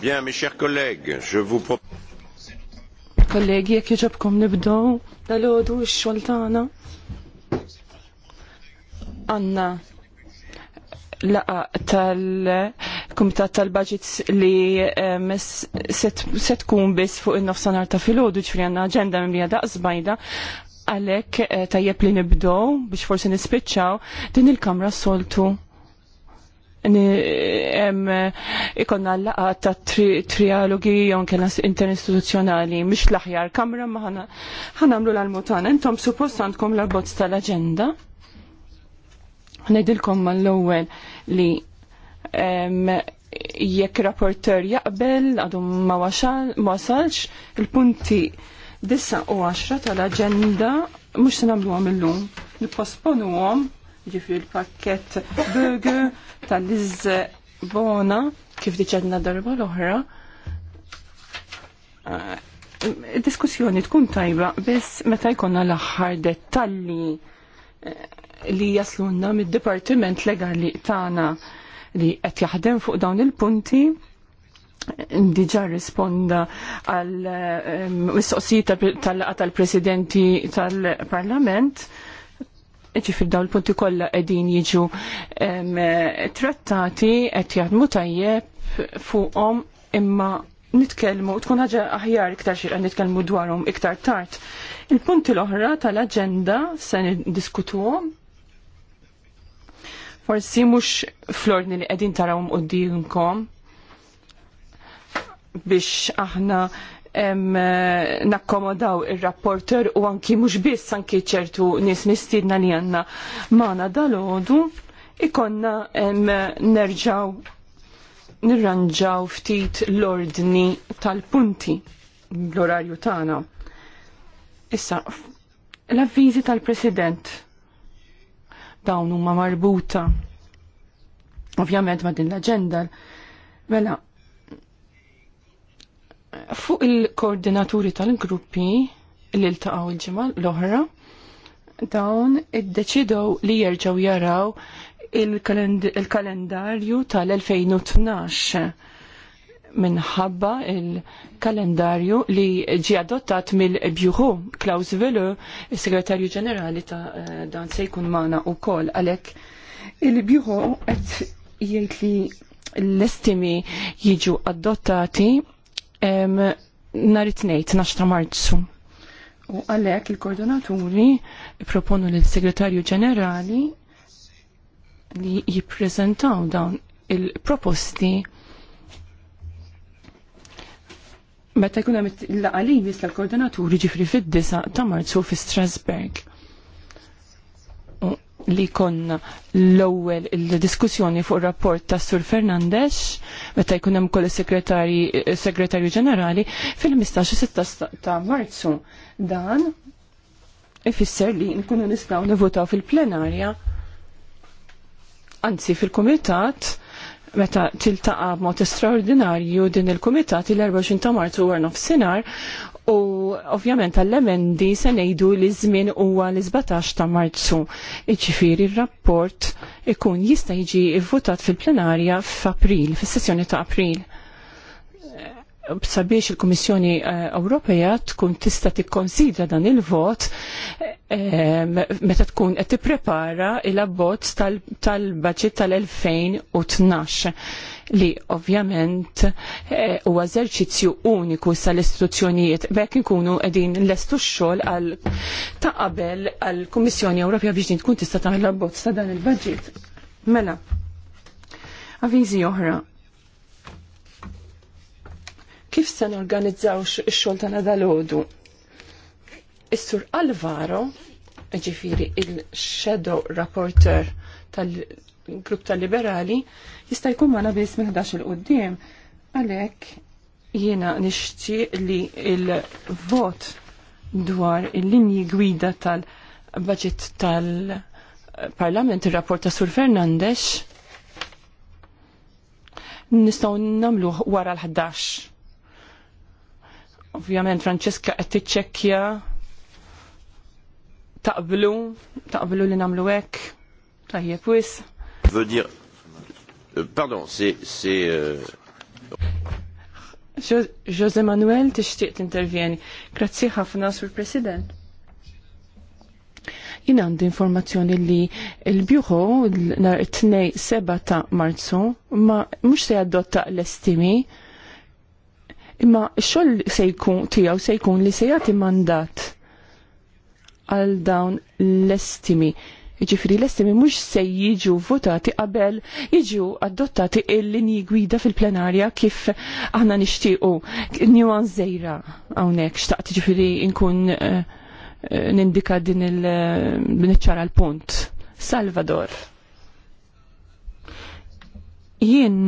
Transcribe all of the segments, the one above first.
Bien, mes chers collègues, je vous propose. Kollegi, jek jġobkom nibdow, dal-ħodu x-xoltana. Anna laqa tal-Kumitat tal-Budgets li eh, se tkun biss fuq il-nofsanar ta' filgħodu ġifri agenda aġenda mimlija daqsbajda għalhekk eh, tajjeb li nibdow biex forsi nispiċċaw din il-kamra soltu ikonna l-laqa ta' trialogi jew kena interistituzzjonali mhix l-aħjar kamra ma ħanamlu l-almutan. Intom suppost għandkom l-abbozz tal-aġenda. Ngħidilkom mal-ewwel li jekk rapporter jaqbel għadu ma wasalx il-punti 9 u 10 tal-aġenda mhux se nagħmluhom illum. Nipposponuhom. għom ġifri l-pakket ta' tal Bona kif diċedna darba l-oħra. Eh, diskussjoni tkun tajba, biss meta jkonna l-axħar dettalli eh, li jaslunna mid-Dipartiment Legali tagħna li qed jaħdem fuq dawn il-punti diġa risponda għal eh, mistoqsija tal-presidenti tal-parlament tal ġifir daw l-punti kollha qegħdin jiġu trattati qed jaħdmu tajjeb fuqhom imma nitkellmu tkun ħaġa aħjar iktar xirqa nitkellmu dwarhom iktar tard. Il-punti l-oħra tal-aġenda se niddiskutuhom forsi mux flordni li qegħdin tarawhom qudiemkom biex aħna Eh, nakkomodaw il-rapporter u anki mux biss anki ċertu nis mistidna li għanna maħna dal-ħodu ikonna nerġaw nirranġaw ftit l-ordni tal-punti l-orarju tagħna. Issa, l-avviżi tal-President dawn huma marbuta ovvjament ma' din l agenda Mela, Fuq il-koordinaturi tal-gruppi li l-taqaw il-ġimgħa l-oħra, dawn id-deċidow li jerġgħu jaraw il-kalendarju il kalendarju tal 2012 minħabba il-kalendarju li ġi adottat mill-Bjuħu Klaus Velu, il-Segretarju Ġenerali ta' eh, dan se jkun u wkoll għalhekk il-Bjuħu qed jgħid li l-estimi jiġu adottati nhar it-tnejn ta' Marzu. U għalhekk il-koordinaturi proponu lill-Segretarju Ġenerali li jippreżentaw dawn il-proposti meta jkun hemm il-laqalimis tal-koordinaturi ġifri fid-disa ta' Marzu fi Strasberg li konna l-ewwel il-diskussjoni fuq rapport ta' Sur Fernandez, meta jkun hemm k-Segretarji segretarju ġenerali fil 15 ta' Marzu. Dan ifisser li nkunu nistgħu nivutaw fil-plenarja anzi fil-kumitat meta tiltaqa' mod straordinarju din il-kumitat il-24 ta' Marzu war nofsinhar U ovvjament għall-emendi se ngħidu li żmien huwa l-17 ta' Marzu. Iġifieri r-rapport ikun jista' jiġi vvutat fil-plenarja f'April, fis-sessjoni ta' April sabiex il-Kummissjoni eh, Ewropea tkun tista' tikkonsidra dan il-vot eh, meta tkun qed tipprepara il abbot tal-baġit tal-2012 li ovvjament eh, huwa eżerċizzju uniku sal-istituzzjonijiet bekk inkunu qegħdin lestu x-xogħol għal ta' qabel għall-Kummissjoni Ewropea biex din tkun tista' tagħmel l-abbozz ta' dan il-baġit. Mela, avviżi oħra Kif se norganizzaw x-xogħol ta' dal Is-Sur Alvaro, ġifiri il-Shadow Rapporter tal-Grupp tal-Liberali, jista' jkun ma biss minn 11 il-qudiem għalhekk jiena nixtieq li il-vot dwar il-linji gwida tal-budget tal-Parlament, il-rapport ta' Sur Fernandez, nistaw namluħ wara l-11 Ovvjament Francesca qed tiċċekkja taqblu, taqblu li nagħmlu hekk. Tajjeb wis. Veux dire euh, Pardon, c'est c'est euh, José Manuel tixtieq tintervjeni. Grazzi ħafna sur President Jien għandi informazzjoni li il-bjuħu nar 2-7 ta' marzu ma mhux se jaddotta l-estimi Imma xoll xogħol se jkun tiegħu se jkun li se jagħti mandat għal dawn l-estimi. Jiġifieri l-estimi mhux se jiġu votati qabel jiġu adottati il-linji gwida fil-plenarja kif aħna nixtiequ nuan zejra hawnhekk xtaqt jiġifieri nkun eh, eh, nindika din il-ċara l-punt. Salvador. Jien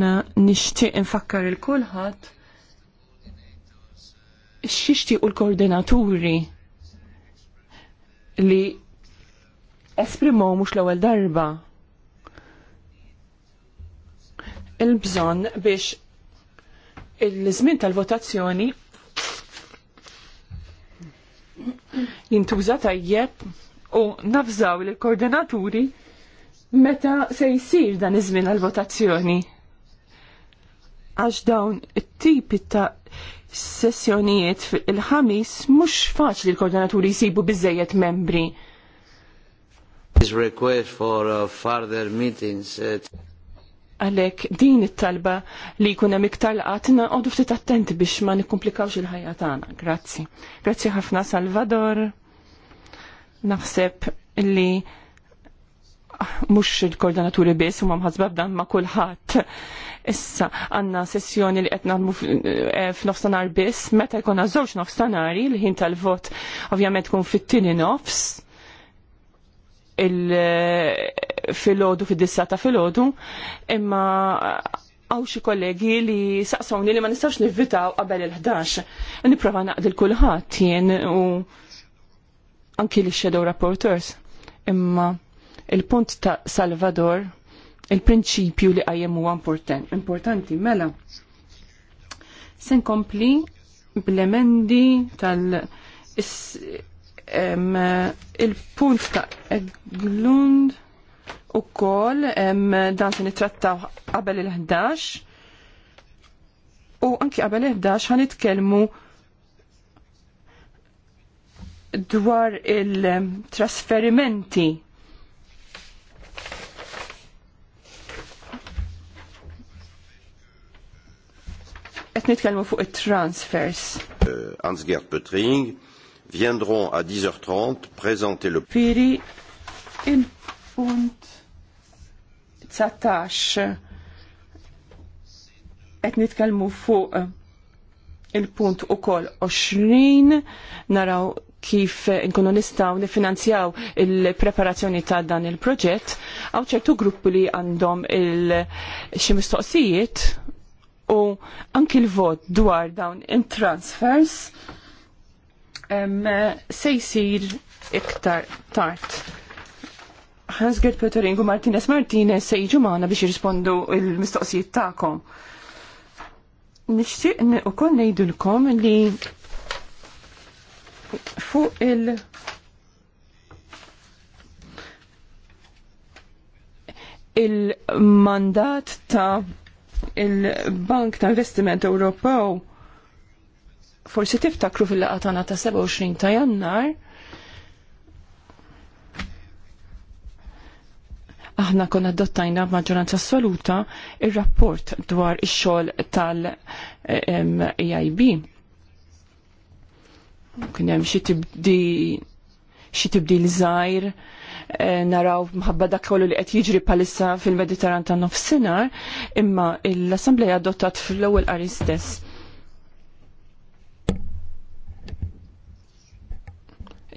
nixtieq infakkar il-kulħadd xiexti u l-koordinaturi li esprimow mux l-ewwel darba il-bżon biex il-żmien tal-votazzjoni jintuża tajjeb u nafżaw li koordinaturi meta se jsir dan iż-żmien għall votazzjoni Għax dawn it-tipi ta' sessjonijiet il-ħamis mhux faċli l-koordinaturi jsibu biżejjed membri. His request for uh, further meetings. Uh, Għalek, din it-talba li jkun hemm iktar laqatna naqogħdu ftit attenti biex ma nikkumplikawx il-ħajja tagħna. Grazzi. Grazzi ħafna Salvador. Naħseb li mux il-koordinaturi bis, u mamħazba b'dan ma kullħat. Issa, għanna sessjoni li għetna eh, f'nofsanar bis, meta jkun zoċ nofsanari, li ħin tal-vot, ovvjament kun fit-tini nofs, il-filodu, eh, fil-dissata filodu, imma għaw xi kollegi li saqsawni li ma nistawx nivvitaw qabel il-11. Niprofa il kulħadd jien u anki li shadow rapporters. Imma il-punt ta' Salvador, il-prinċipju li għajem huwa importanti, mela. Sen kompli bl-emendi tal- il-punt ta' Eglund u kol dan se nitrattaw qabel il-11 u anki qabel il-11 ħanitkellmu dwar il-trasferimenti qed nitkellmu fuq it-transfers. Euh, Hans-Gert Petring viendront à 10h30 présenter le Firi il-punt 19 qed nitkellmu fuq eh, il-punt ukoll 20 naraw kif eh, nkunu nistaw nifinanzjaw il-preparazzjoni ta' dan il-proġett, għaw ċertu gruppi li għandhom il-xi mistoqsijiet u anki l-vot dwar dawn in-transfers se jsir iktar tard. Gert Petering u Martinez Martinez se jiġu maħna biex jirrispondu il-mistoqsijiet ta'kom. Nixtieq u koll nejdulkom li fuq il- il-mandat ta' il-Bank ta' Investiment Ewropew forsi tiftakru fil-laqatana ta' 27 ta' jannar aħna konna adottajna b'maġġoranza assoluta ir-rapport dwar ix-xogħol tal-EIB. E Kien hemm xi tibdi xi tibdil żgħir eh, naraw mħabba dak kollu li qed jiġri palissa fil-Mediterran ta' nofsinhar, imma l-Assembleja adottat fl-ewwel qari stess.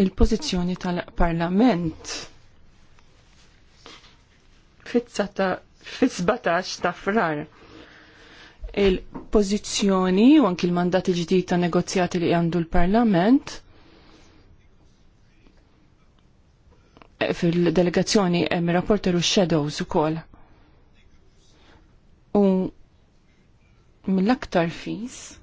Il-pożizzjoni tal-Parlament fit-17 ta' frar il-pożizzjoni u anki l-mandati ġdid ta' negozjati li għandu l-Parlament fil-delegazzjoni hemm eh, rapporter u shadows ukoll. U mill-aktar fis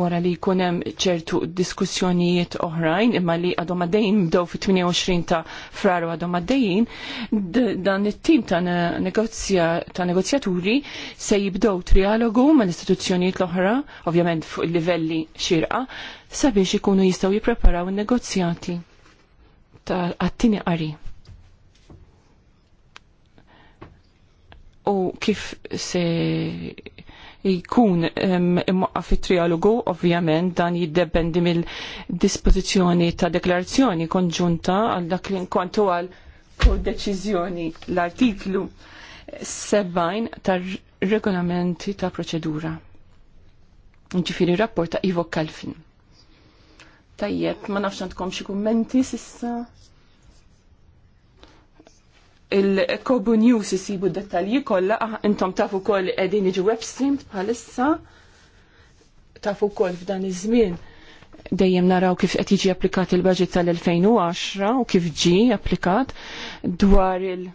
wara li jkun hemm ċertu diskussjonijiet oħrajn imma li għadhom għaddejjin bdew fit-28 ta' fraru għadhom għaddejjin, dan it-tim ta' ta' negozjaturi se jibdew trialogu mal istituzzjonijiet l-oħra, ovvjament fuq il-livelli xirqa, sabiex ikunu jistgħu jippreparaw in-negozjati ta' għattini qari. u kif se jkun imwaqqa fit trialogu ovvjament dan jiddependi mill-dispożizzjoni ta' deklarazzjoni konġunta għal dak li kontu għal deċiżjoni l-artiklu 70 tar-regolamenti ta' proċedura. Ġifiri rapport ta' Ivo Kalfin. Tajjeb, ma nafx għandkom xi kummenti sissa? il-Kobu News jisibu dettalji kolla, ah, intom tafu kol edin iġu webstream bħalissa, tafu kol f'dan iż-żmien dejjem naraw kif qed jiġi applikat il-budget tal-2010 u kif ġi applikat dwar il-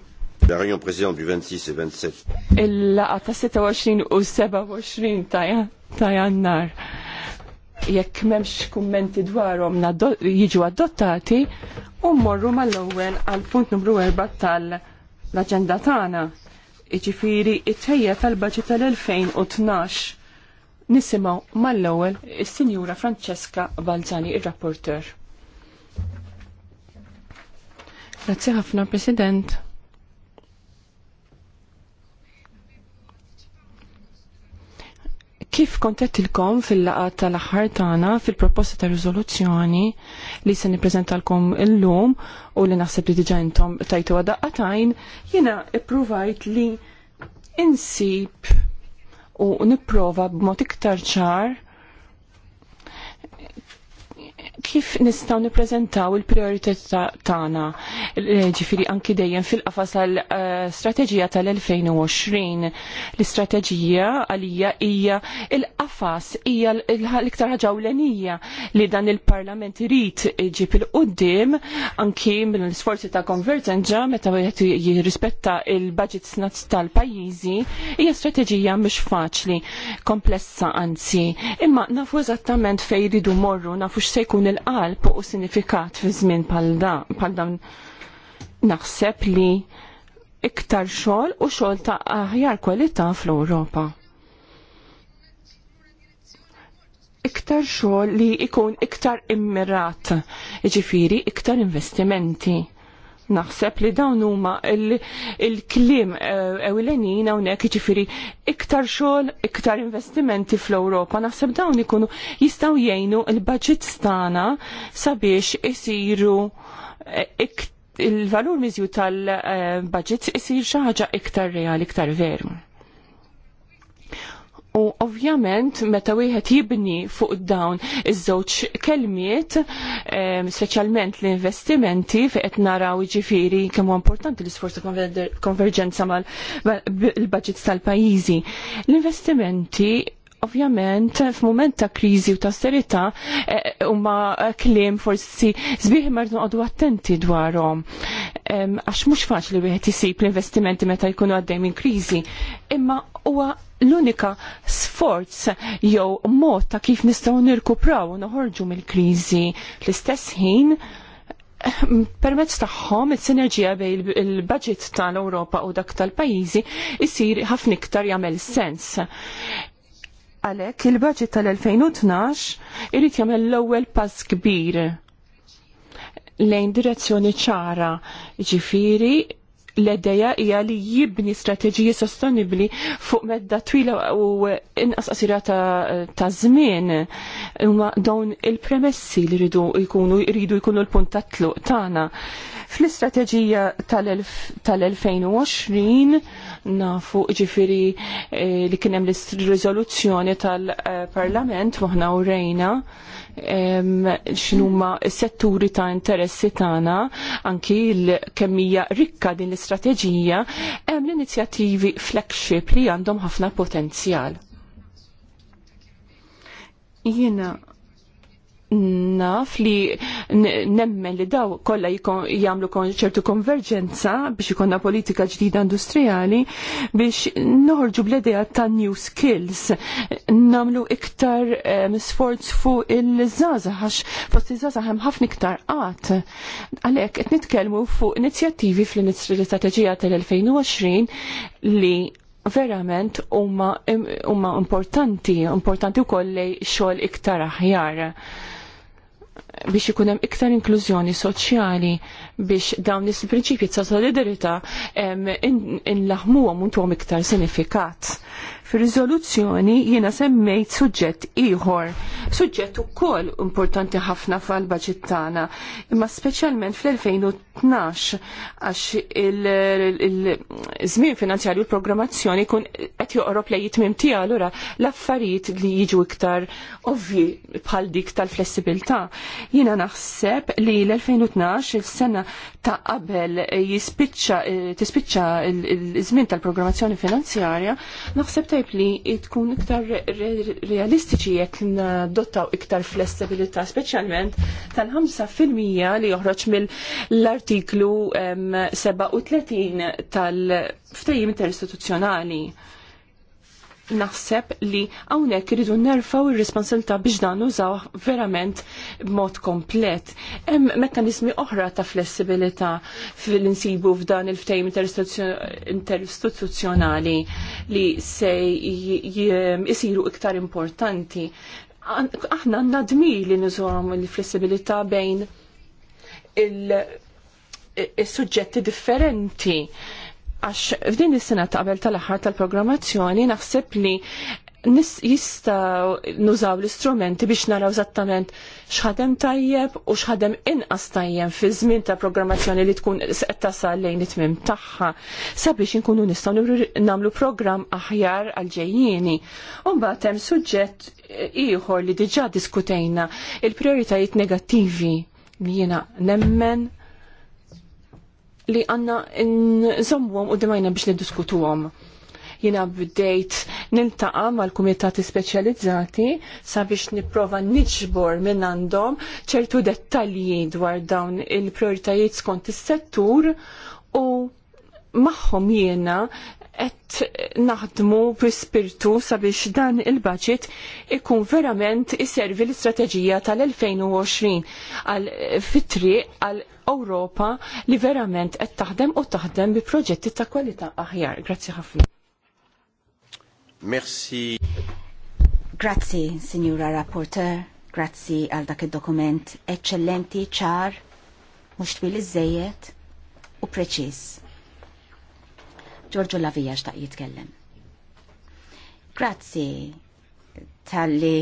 La réunion présidente du 26 et 27. Il-laqa ta' 26 u 27 ta' jannar jekk memx kummenti dwarhom jiġu adottati, u mal-ewwel għal punt numru 4 tal-aġenda tagħna. Iġifieri it-tejja tal baġit tal-2012. Nisimgħu mal-ewwel is-Sinjura Franceska Balzani, ir-rapporter. Grazzi ħafna, President. Kif kontettilkom fil laqa tal-aħħar tagħna fil-proposta ta' riżoluzzjoni li se nippreżentalkom illum u li naħseb li diġà intom tajtu għadaqqatajn, jiena ippruvajt li insib u nipprova b'mod iktar ċar kif nistaw niprezentaw il prioritet tagħna ġifiri anki dejjem fil-qafas għal-strateġija eh, tal-2020. L-istrateġija għalija hija il-qafas hija l-iktar ħaġa li dan il-Parlament irid ġip il qoddim anki mill-sforzi ta' konverġenġa meta wieħed jirrispetta il-budgets tal-pajjiżi hija strateġija mhux faċli, komplessa anzi, imma nafu eżattament fejn ridu morru, nafu xsejkun il-qalb u sinifikat fi żmien pal dan naħseb li iktar xogħol u xogħol ta' aħjar kwalità fl-Ewropa. Iktar xogħol li jkun iktar immirat, jiġifieri iktar investimenti. Naħseb li dawn huma il-kliem eh, ewlenin hawnhekk jiġifieri iktar xogħol, iktar investimenti fl-Ewropa. Naħseb dawn ikunu jistgħu jgħinu l baġit tagħna sabiex isiru eh, il-valur miżju tal eh, baġit isir xi ħaġa iktar reali, iktar veru. U ovvjament meta wieħed jibni fuq dawn iż-żewġ kelmiet, ehm, speċjalment l-investimenti fi qed naraw jiġifieri kemm huwa importanti l-isforz ta' konverġenza mal-budgets tal-pajjiżi. L-investimenti Ovvjament, f'mument ta' kriżi u ta' serita, eh, huma kliem forsi zbieħ mardu għadu attenti dwarhom. Għax mhux faċli wieħed isib l-investimenti meta jkunu għaddej minn kriżi, imma huwa l-unika sforz jew mod ta' kif nistgħu nirkupraw u noħorġu mill-kriżi fl-istess ħin permezz tagħhom is-sinerġija bejn il-budget tal-Ewropa u dak tal-pajjiżi isir ħafna iktar jagħmel sens. Għalhekk il-budget tal-2012 irid jagħmel l-ewwel pass kbir lejn direzzjoni ċara, ġifiri l-edeja hija li jibni strateġiji sostenibli fuq medda twila u inqas qasira ta' żmien huma dawn il-premessi li ridu jkunu jridu jkunu l-punt ta' tluq tagħna. Fl-istrateġija tal-2020 nafu ġifiri eh, li kien hemm l-riżoluzzjoni tal-Parlament eh, moħna u rejna x'numa setturi ta' interessi tagħna anki l-kemmija rikka din l-istrateġija hemm l-inizjattivi flagship li għandhom ħafna potenzjal. Jiena naf li nemmen li daw kolla jamlu ċertu konverġenza biex ikonna politika ġdida industrijali biex noħorġu bl-idea ta' new skills namlu iktar sforz fu il-żaza għax fost il-żaza hemm ħafna iktar għat Għalhekk qed nitkellmu fuq inizjattivi fl strategija tal-2020 li verament huma importanti, importanti wkoll kolli xol iktar aħjar biex ikun hemm iktar inklużjoni soċjali biex dawn is-prinċipji ta' solidarità inlaħmuhom intuhom iktar sinifikat fir rizoluzzjoni jiena semmejt suġġett ieħor, suġġett ukoll importanti ħafna fil-baġit tagħna, imma speċjalment fl-2012 għax il-żmien finanzjarju l-programmazzjoni kun qed joqrob lejn jitmim tiegħu allura l-affarijiet li jiġu iktar ovvi bħal dik tal-flessibilità. Jiena naħseb li l-2012 il-sena ta' qabel jispiċċa eh, tispiċċa l-żmien tal-programmazzjoni finanzjarja naħseb naħseb li tkun iktar realistiċi jek n-dottaw iktar flessibilita, specialment tal-5% li joħroċ mill-artiklu 37 tal ftajim inter-istituzjonali naħseb li hawnhekk iridu nerfaw ir-responsabilità biex dan użaw verament b'mod komplet. Hemm mekkaniżmi oħra ta' flessibilità fil-insibu f'dan il-ftehim interistituzzjonali li se jisiru iktar importanti. Aħna għandna dmir li nużorhom il-flessibilità bejn il-suġġetti differenti għax f'din is-sena ta' qabel tal-aħħar tal-programmazzjoni naħseb li nis jistaw nużaw l-istrumenti biex naraw zattament xħadem tajjeb u xħadem inqas tajjeb fi żmien ta' programmazzjoni li tkun qed tasal lejn it-tmim tagħha sabiex inkunu nistgħu nagħmlu programm aħjar għal ġejjieni. U mbagħad hemm suġġett ieħor li diġà diskutejna il-prijoritajiet negattivi li jiena nemmen li għanna nżommuhom u dimajna biex niddiskutuhom. Jina bdejt nintaqa mal kumitati speċjalizzati sabiex niprofa niġbor minn għandhom ċertu dettalji dwar dawn il-prioritajiet skont is-settur u magħhom jiena qed naħdmu fl-spirtu sabiex dan il-budget ikun verament iservi l-istrateġija tal-2020 għal fitri għal Ewropa li verament qed taħdem u taħdem bi proġetti ta' kwalità aħjar. Grazzi ħafna. Merci. Grazzi, Signora Rapporteur. Grazzi għal dak id-dokument eċċellenti, ċar, mhux twil iż u preċiż. Giorgio Lavija xtaq jitkellem. Grazzi tal-li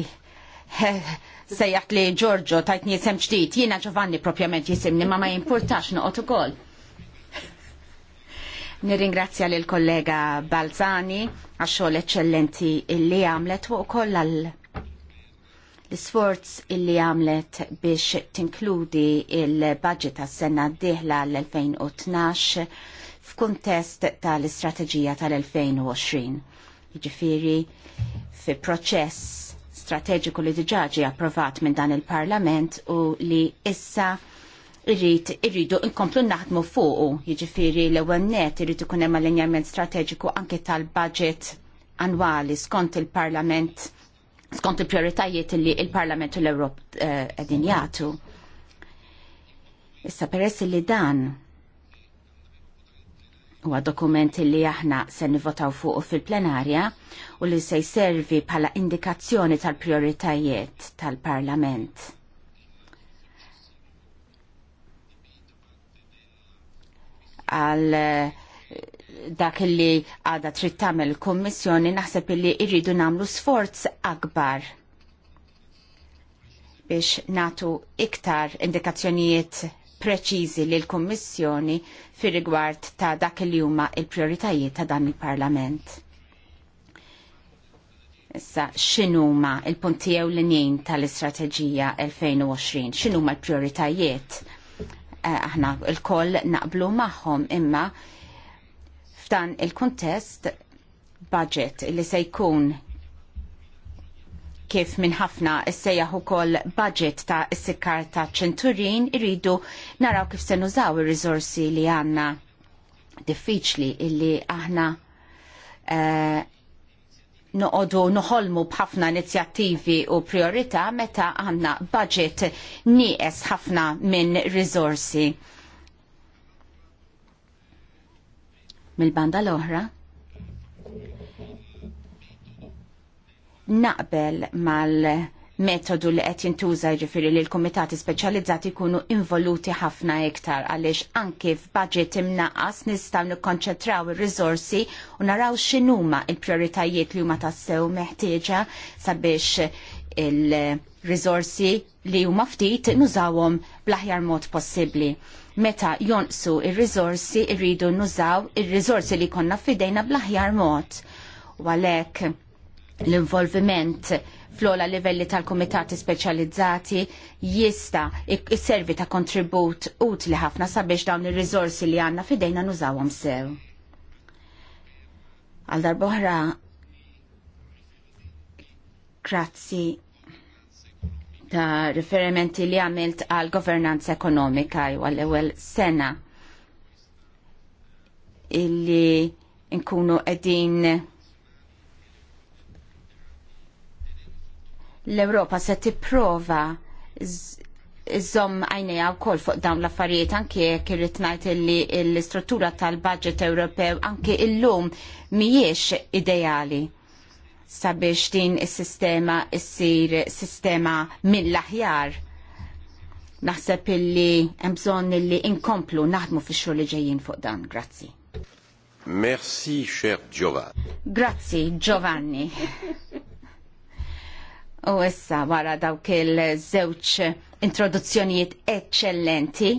sejjaħt li Giorgio tajt jisem ġdid, jiena Giovanni propjament jisimni, ma ma jimpurtax noqgħod ukoll. Nirringrazzja l kollega Balzani għax-xogħol eċċellenti illi għamlet u wkoll għal l-sforz illi għamlet biex tinkludi il-budget tas-sena d-dieħla l-2012 f'kuntest tal-istrateġija tal-2020. Jiġifieri fi proċess strateġiku li diġaġi approvat minn dan il-Parlament u li issa irrit irridu inkomplu naħdmu fuqu, jiġifieri l-ewwel net irrid ikun hemm allinjament strateġiku anke tal-budget annwali skont il-Parlament skont il-prioritajiet li il-Parlament u l-Ewrop qegħdin eh, jagħtu. Issa peress li dan huwa dokumenti li aħna se nivotaw fuq fil-plenarja u li se jservi bħala indikazzjoni tal-prioritajiet tal-Parlament. Għal eh, dak li għada trid tagħmel kummissjoni naħseb li irridu nagħmlu sforz akbar biex natu iktar indikazzjonijiet preċiżi lil kummissjoni fir rigward ta' dak li huma il-prioritajiet ta' dan il-Parlament. Issa x'inhuma il-punti ewlenin tal-Istrateġija 2020, x'inhuma l-prioritajiet eh, aħna lkoll koll naqblu magħhom imma f'dan il-kuntest budget li se jkun kif minn ħafna issejjaħ ukoll budget ta' s-sikkar ta' ċenturin irridu naraw kif se nużaw ir-riżorsi li għandna diffiċli illi aħna eh, noqogħdu noqodu noħolmu bħafna inizjattivi u priorità meta għandna budget nieqes ħafna minn riżorsi. Mil-banda l-oħra, naqbel mal metodu li qed jintuża jiġifieri li l-kumitati speċjalizzati jkunu involuti ħafna iktar għaliex anke f'budget imnaqqas nistgħu nikkonċentraw ir-riżorsi u naraw x'inhuma l-prijoritajiet li huma tassew meħtieġa sabiex il-riżorsi li huma ftit nużawhom bl-aħjar mod possibbli. Meta jonqsu ir-riżorsi rridu nużaw ir-riżorsi li konna f'idejna bl-aħjar mod. U għalhekk l-involviment fl-ola livelli tal-komitati speċjalizzati jista servi ta' kontribut utli ħafna sabiex dawn ir rizorsi li għandna fidejna nużawhom sew. Għal darboħra grazzi ta' riferimenti li għamilt għal governanza ekonomika għal ewwel sena illi nkunu qegħdin l-Ewropa se tipprova iżomm għajnija wkoll fuq dawn l-affarijiet anke jekk irrid ngħid li l-istruttura tal-budget Ewropew anke illum mhijiex ideali sabiex din is-sistema issir sistema mill-aħjar. Naħseb illi hemm bżonn illi inkomplu naħdmu fix-xogħol li ġejjin fuq dan. Grazzi. Merci, cher Giovanni. Grazzi, Giovanni. U issa wara dawk il-żewġ introduzzjonijiet eccellenti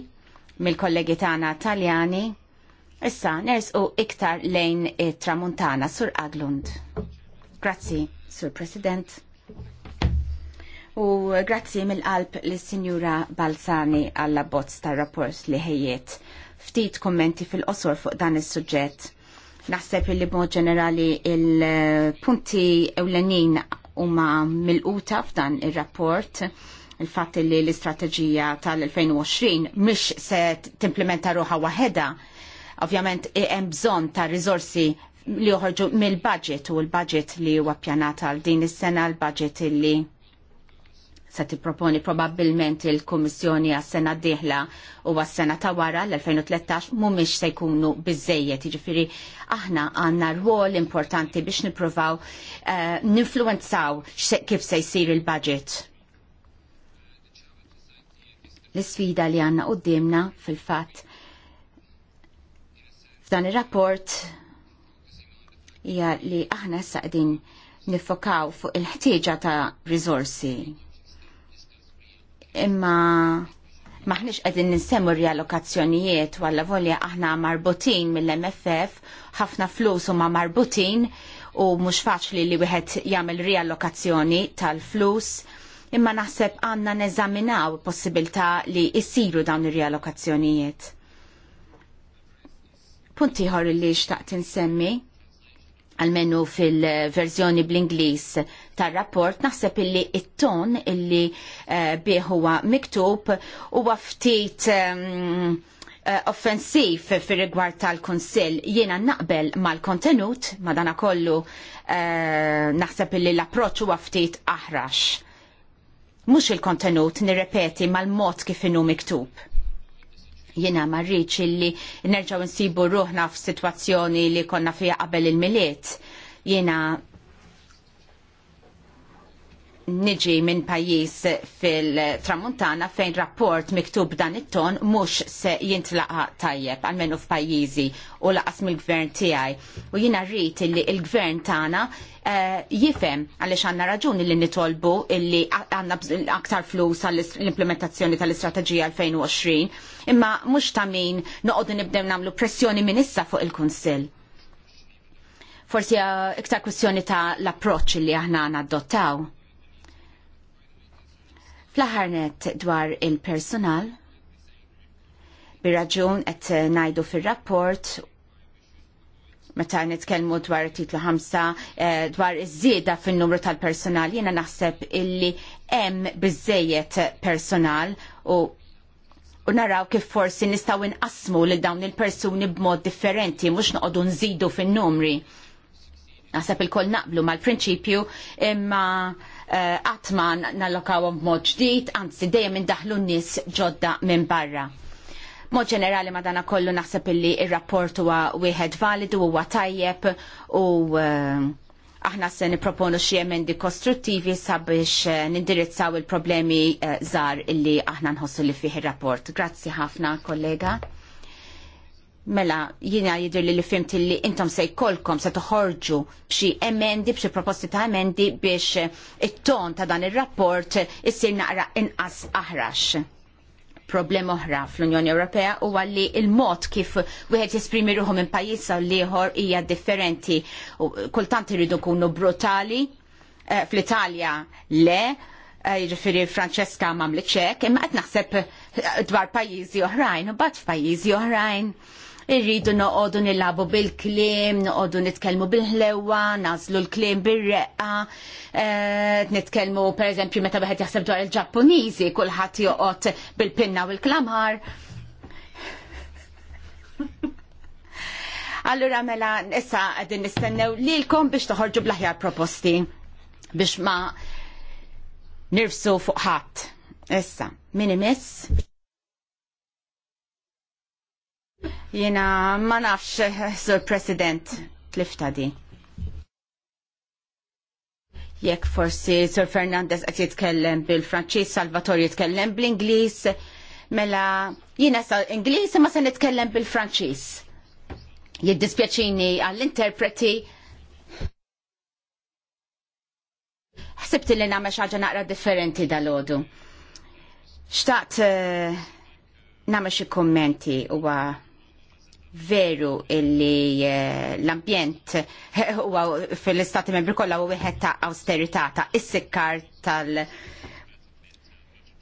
mill-kollegi tagħna Taljani. Issa nersqu iktar lejn it-Tramuntana sur Aglund. Grazzi, Sur President. U grazzi mill-qalb lis sinjura Balzani għall bozz tar-rapport li ħejjiet. Ftit kommenti fil-qosor fuq dan is-suġġett naħseb li b'mod ġenerali il-punti ewlenin huma mill-quta f'dan ir-rapport il-fatt li l-istrateġija tal-2020 mhix se timplementa ruħa waħedha. Ovvjament hemm bżonn ta' riżorsi li joħorġu mill-budget u l-budget li huwa ppjanat għal din is-sena l-budget li se tipproponi probabbilment il-Kummissjoni għas-sena d-dieħla u għas-sena ta' wara l-2013 mhumiex se jkunu biżejjed. Jiġifieri aħna għandna rwol importanti biex nippruvaw uh, eh, ninfluwenzaw kif se jsir il-budget. L-isfida li għandna qudiemna fil-fatt f'dan ir-rapport hija li aħna issa qegħdin nifokaw fuq il-ħtieġa ta' risorsi imma maħniex qegħdin ninsemmu riallokazzjonijiet walla volja aħna marbutin mill-MFF, ħafna flus huma marbutin u mhux faċli li wieħed jagħmel riallokazzjoni tal-flus imma naħseb għandna neżaminaw possibilità li jsiru dawn ir-riallokazzjonijiet. Punt ħor li xtaqt insemmi għalmenu fil-verżjoni bl-Inglis tar-rapport, naħseb illi it-ton illi uh, miktub u ftit um, uh, offensiv fir rigward tal-Konsil. Jiena naqbel mal-kontenut, madana kollu uh, eh, naħseb illi l-approċ u ftit aħrax. Mux il-kontenut nirrepeti mal-mod kif inhu miktub Jiena ma rridx illi nerġgħu nsibu ruħna f'sitwazzjoni li konna fiha qabel il-miliet. Jiena niġi minn pajjiż fil-Tramuntana fejn rapport miktub dan it-ton mhux se jintlaqa tajjeb għalmenu f'pajjiżi u laqas mill-gvern tiegħi. U jiena rrid illi l-gvern tagħna eh, jifhem għaliex għandna raġuni li nitolbu illi għandna aktar flus għall-implementazzjoni tal-istrateġija 2020 imma mhux ta' min noqogħdu nibdew nagħmlu pressjoni minn issa fuq il-Kunsill. Forsi eh, iktar kwistjoni ta' l-approċċ li aħna għandna adottaw Fl-ħarnet dwar il-personal, bir-raġun qed ngħidu fir-rapport meta nitkellmu dwar titlu 5 eh, dwar iż-żieda fin-numru tal-personal jiena naħseb illi hemm biżejjed personal u u naraw kif forsi nistgħu inqasmu lil dawn il-persuni b'mod differenti mhux noqogħdu nżidu fin-numri. Naħseb il-koll naqblu mal-prinċipju imma Eh, ma nallokawhom b'mod ġdid, anzi dejjem indaħlu n-nies ġodda minn barra. Mod ġenerali madana kollu naħseb illi ir-rapport huwa wieħed validu huwa tajjeb u eh, aħna se niproponu xi emendi kostruttivi sabiex eh, nindirizzaw il-problemi żgħar illi aħna nħossu li fih ir-rapport. Grazzi ħafna kollega. Mela, jina jidir li l fimt li intom se jkollkom se toħorġu bxi emendi, bxi proposti ta' emendi biex eh, it-ton ta' dan il-rapport eh, issir naqra inqas aħrax. Problem oħra fl-Unjoni Ewropea u għalli il-mod kif wieħed jesprimi ruħu minn pajjiż u liħor hija differenti. Kultant iridu kunu brutali, eh, fl-Italja le, jiġifieri Franceska mamli ċek, imma qed naħseb dwar pajizi oħrajn, u bat f'pajjiżi oħrajn irridu noqogħdu nilabu bil-kliem, noqogħdu nitkellmu bil-ħlewa, nazlu l-kliem bil reqqa e, nitkellmu pereżempju meta wieħed jaħseb dwar il-Ġappuniżi, kulħadd joqgħod bil-pinna u l-klamar. Allura mela issa qegħdin nistennew lilkom biex toħorġu bl-aħjar proposti biex ma nirfsu fuq ħadd. Issa, minimis. imiss? Jena ma nafx, eh, Sur President, tlifta di. Jekk forsi Sur Fernandez qed jitkellem bil-Franċiż, Salvatore jitkellem bl-Ingliż, mela jiena sa Ingliż ma se nitkellem bil-Franċiż. Jiddispjaċini għall-interpreti. Ħsibt li nagħmel xi ħaġa naqra differenti dal-għodu. Xtaqt uh, nagħmel xi kummenti huwa veru illi eh, l-ambjent eh, huwa fil-istati membri kollha huwa wieħed ta' austerità ta' issikkar tal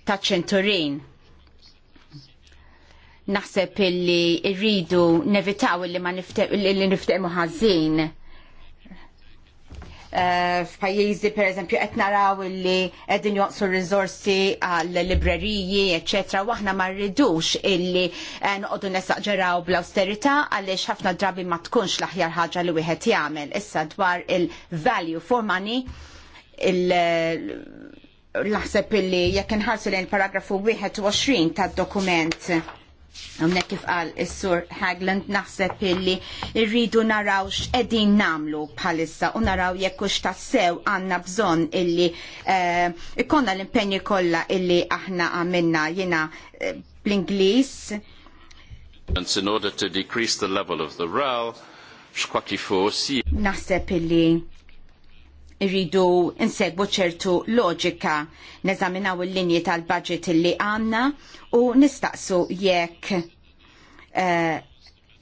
ta' ċenturin. Naħseb illi rridu nevitaw illi ma niftehmu ħażin f'pajjiżi pereżempju qed naraw illi qegħdin joqsu rizorsi għal libreriji, eċetera, u aħna ma rridux illi noqogħdu nesaqġeraw bl-austerità għaliex ħafna drabi ma tkunx l-aħjar ħaġa li wieħed jagħmel issa dwar il-value for money il laħseb illi jekk inħarsu lejn paragrafu 21 tad-dokument Unnek kif qal is-sur Hagland naħseb illi rridu naraw x'qegħdin namlu bħalissa u naraw jekk hux tassew għandna bżonn illi eh, ikonna l-impenji kollha illi aħna għamilna jiena eh, bl-Ingliż. In order to decrease the level of the si. Naħseb illi irridu insegbu ċertu loġika neżaminaw il-linji tal-budget li għanna u nistaqsu jekk eh,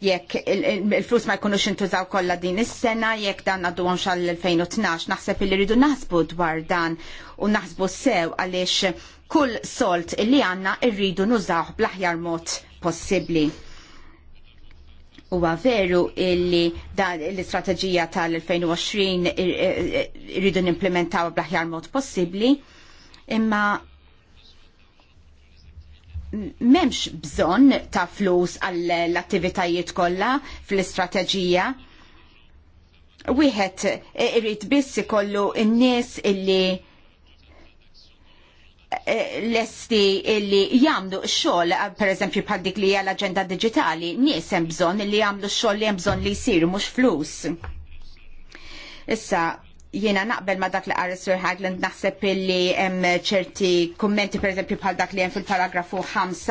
jekk il-flus ma jkunux intużaw kollha din is-sena, jekk dan għaddu għom xal-2012, naħseb li rridu naħsbu dwar dan u naħsbu sew għaliex kull solt li għanna irridu nużaw bl-aħjar mod possibbli. Huwa veru illi dan l-istrateġija tal-2020 eh, eh, irridu nimplementaw bl-aħjar mod possibbli, imma memx bżon ta' flus għall-attivitajiet kollha fl-istrateġija. Wieħed eh, irrid biss ikollu n-nies illi Eh, lesti illi jamlu xol, per eżempju, bħal dik li hija l-agenda digitali, nies hemm bżonn illi jamlu xol li hemm bżonn li jsiru mhux flus. Issa, jiena naqbel ma dak li qari Sir Hagland naħseb illi hemm ċerti kummenti per eżempju bħal dak li hemm fil-paragrafu 5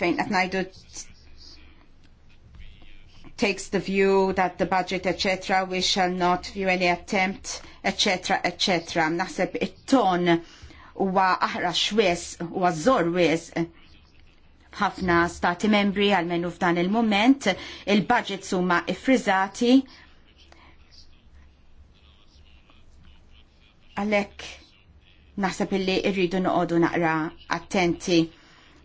fejn qed ngħidu takes the view that the budget, etc., we shall not view any attempt, etc., etc. Naħseb it-ton huwa aħra xwes, huwa żor wes ħafna stati membri għal menu f'dan il-moment, il-budgets huma ifrizzati Għalhekk naħseb illi irridu noqogħdu naqra attenti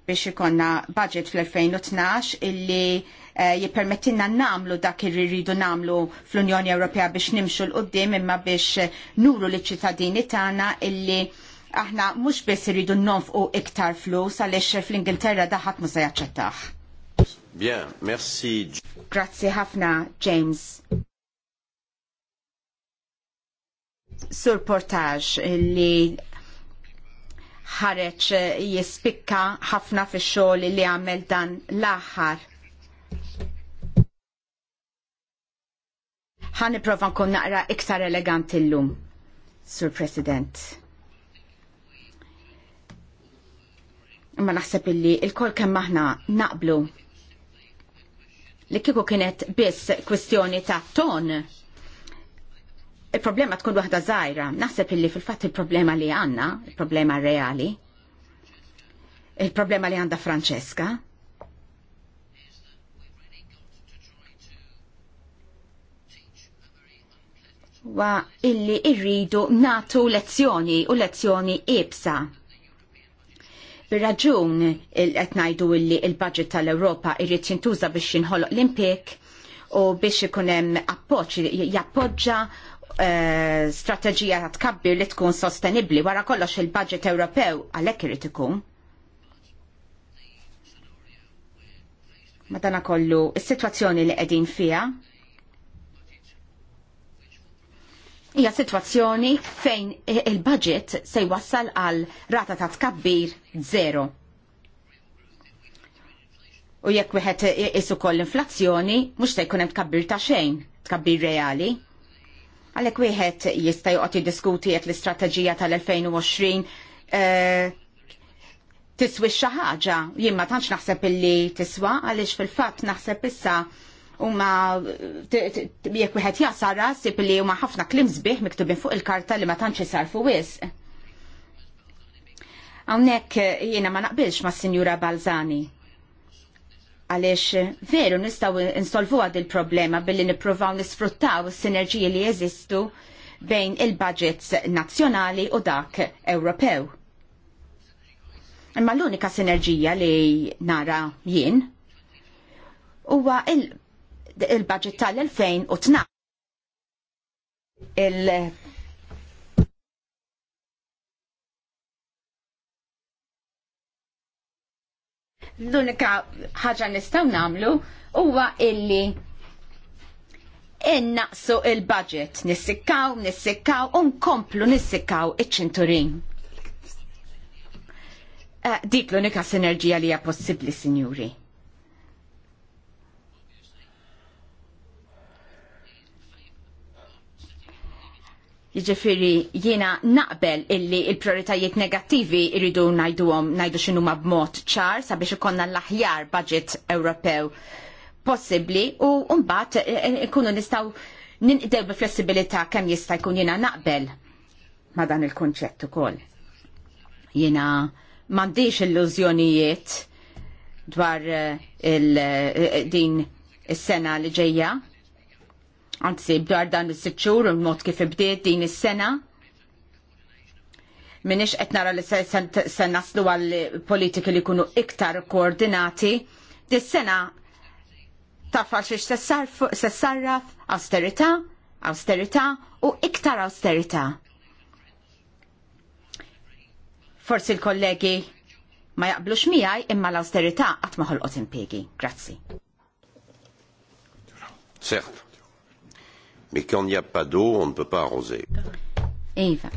biex ikonna budget fl-2012 illi jipermettinna eh, jippermettinna namlu dak irridu namlu fl-Unjoni Ewropea biex nimxu l-qoddim imma biex nuru l-ċittadini tagħna illi aħna mhux biss iridu nonfqu iktar flus għaliex fl-Ingilterra daħat ma se jaċċettaħ. Bien, merci. Grazzi ħafna, James. Sur li ħareċ jispikka ħafna fi xogħol li għamel dan l-aħħar. Ħa nipprova nkun naqra iktar eleganti llum, Sur President. Ma naħseb illi il-kol kemm aħna naqblu li kieku kienet biss kwestjoni ta' ton il-problema tkun waħda zaħira. Naħseb illi fil-fat il-problema li għanna, il-problema reali, il-problema li għanda Francesca, wa illi irridu natu lezzjoni u lezzjoni ibsa Bir-raġun qed ngħidu li l-budget tal-Ewropa jrid jintuża biex jinħoloq l-impik u biex ikun hemm appoġġ jappoġġa uh, strateġija ta' tkabbir li tkun sostenibbli wara kollox il-budget Ewropew għalhekk irid ikun. Madana kollu, is-sitwazzjoni li qegħdin fiha hija sitwazzjoni fejn il-budget se jwassal għal rata ta' tkabbir zero. U jekk wieħed isu koll inflazzjoni, mhux se jkun hemm tkabbir ta' xejn, tkabbir reali. Għalhekk wieħed jista' joqgħod jiddiskuti jekk l-istrateġija tal-2020 eh, tiswi xi ħaġa, jien ma tantx naħseb illi tiswa għaliex fil-fatt naħseb issa huma jekk wieħed jasar rasib li huma ħafna klim sbieħ miktubin fuq il-karta li ma tantx isarfu wisq. Hawnhekk eh, jiena ma naqbilx mas-Sinjura Balzani għaliex veru nistgħu insolvu għad il-problema billi nippruvaw nisfruttaw is-sinerġiji li jeżistu bejn il-budgets nazzjonali u dak Ewropew. Imma l-unika sinerġija li nara jien huwa il il-budget tal-2012. Il L-unika ħaġa nistgħu nagħmlu huwa illi innaqsu il-budget, nissikkaw, nissikkaw, unkomplu nissikkaw iċ-ċinturin. Eh, dik l-unika sinerġija li hija possibbli, sinjuri. Jiġifieri jiena naqbel illi il-prioritajiet negattivi irridu ngħiduhom ngħidu x'inhuma b'mod ċar sabiex ikollna l-aħjar budget Ewropew possibbli u mbagħad ikunu eh, eh, nistgħu ninqdew bi flessibilità kemm jista' jkun jiena naqbel ma' dan il-konċett ukoll. Jiena m'għandix illużjonijiet dwar eh, il-din is-sena li ġejja anzi bdar dan is-sitxur u mod kif ibdiet din is-sena. Minix qed nara li se naslu għal politiki li jkunu iktar koordinati. Dis-sena ta' xiex se sarraf austerita, austerita u iktar austerita. Forsi l-kollegi ma jaqblux miegħi imma l austerita qatt ma ħolqot Grazzi. Seħħ. Mais quand il n'y a pas d'eau, on ne peut pas arroser. Eva.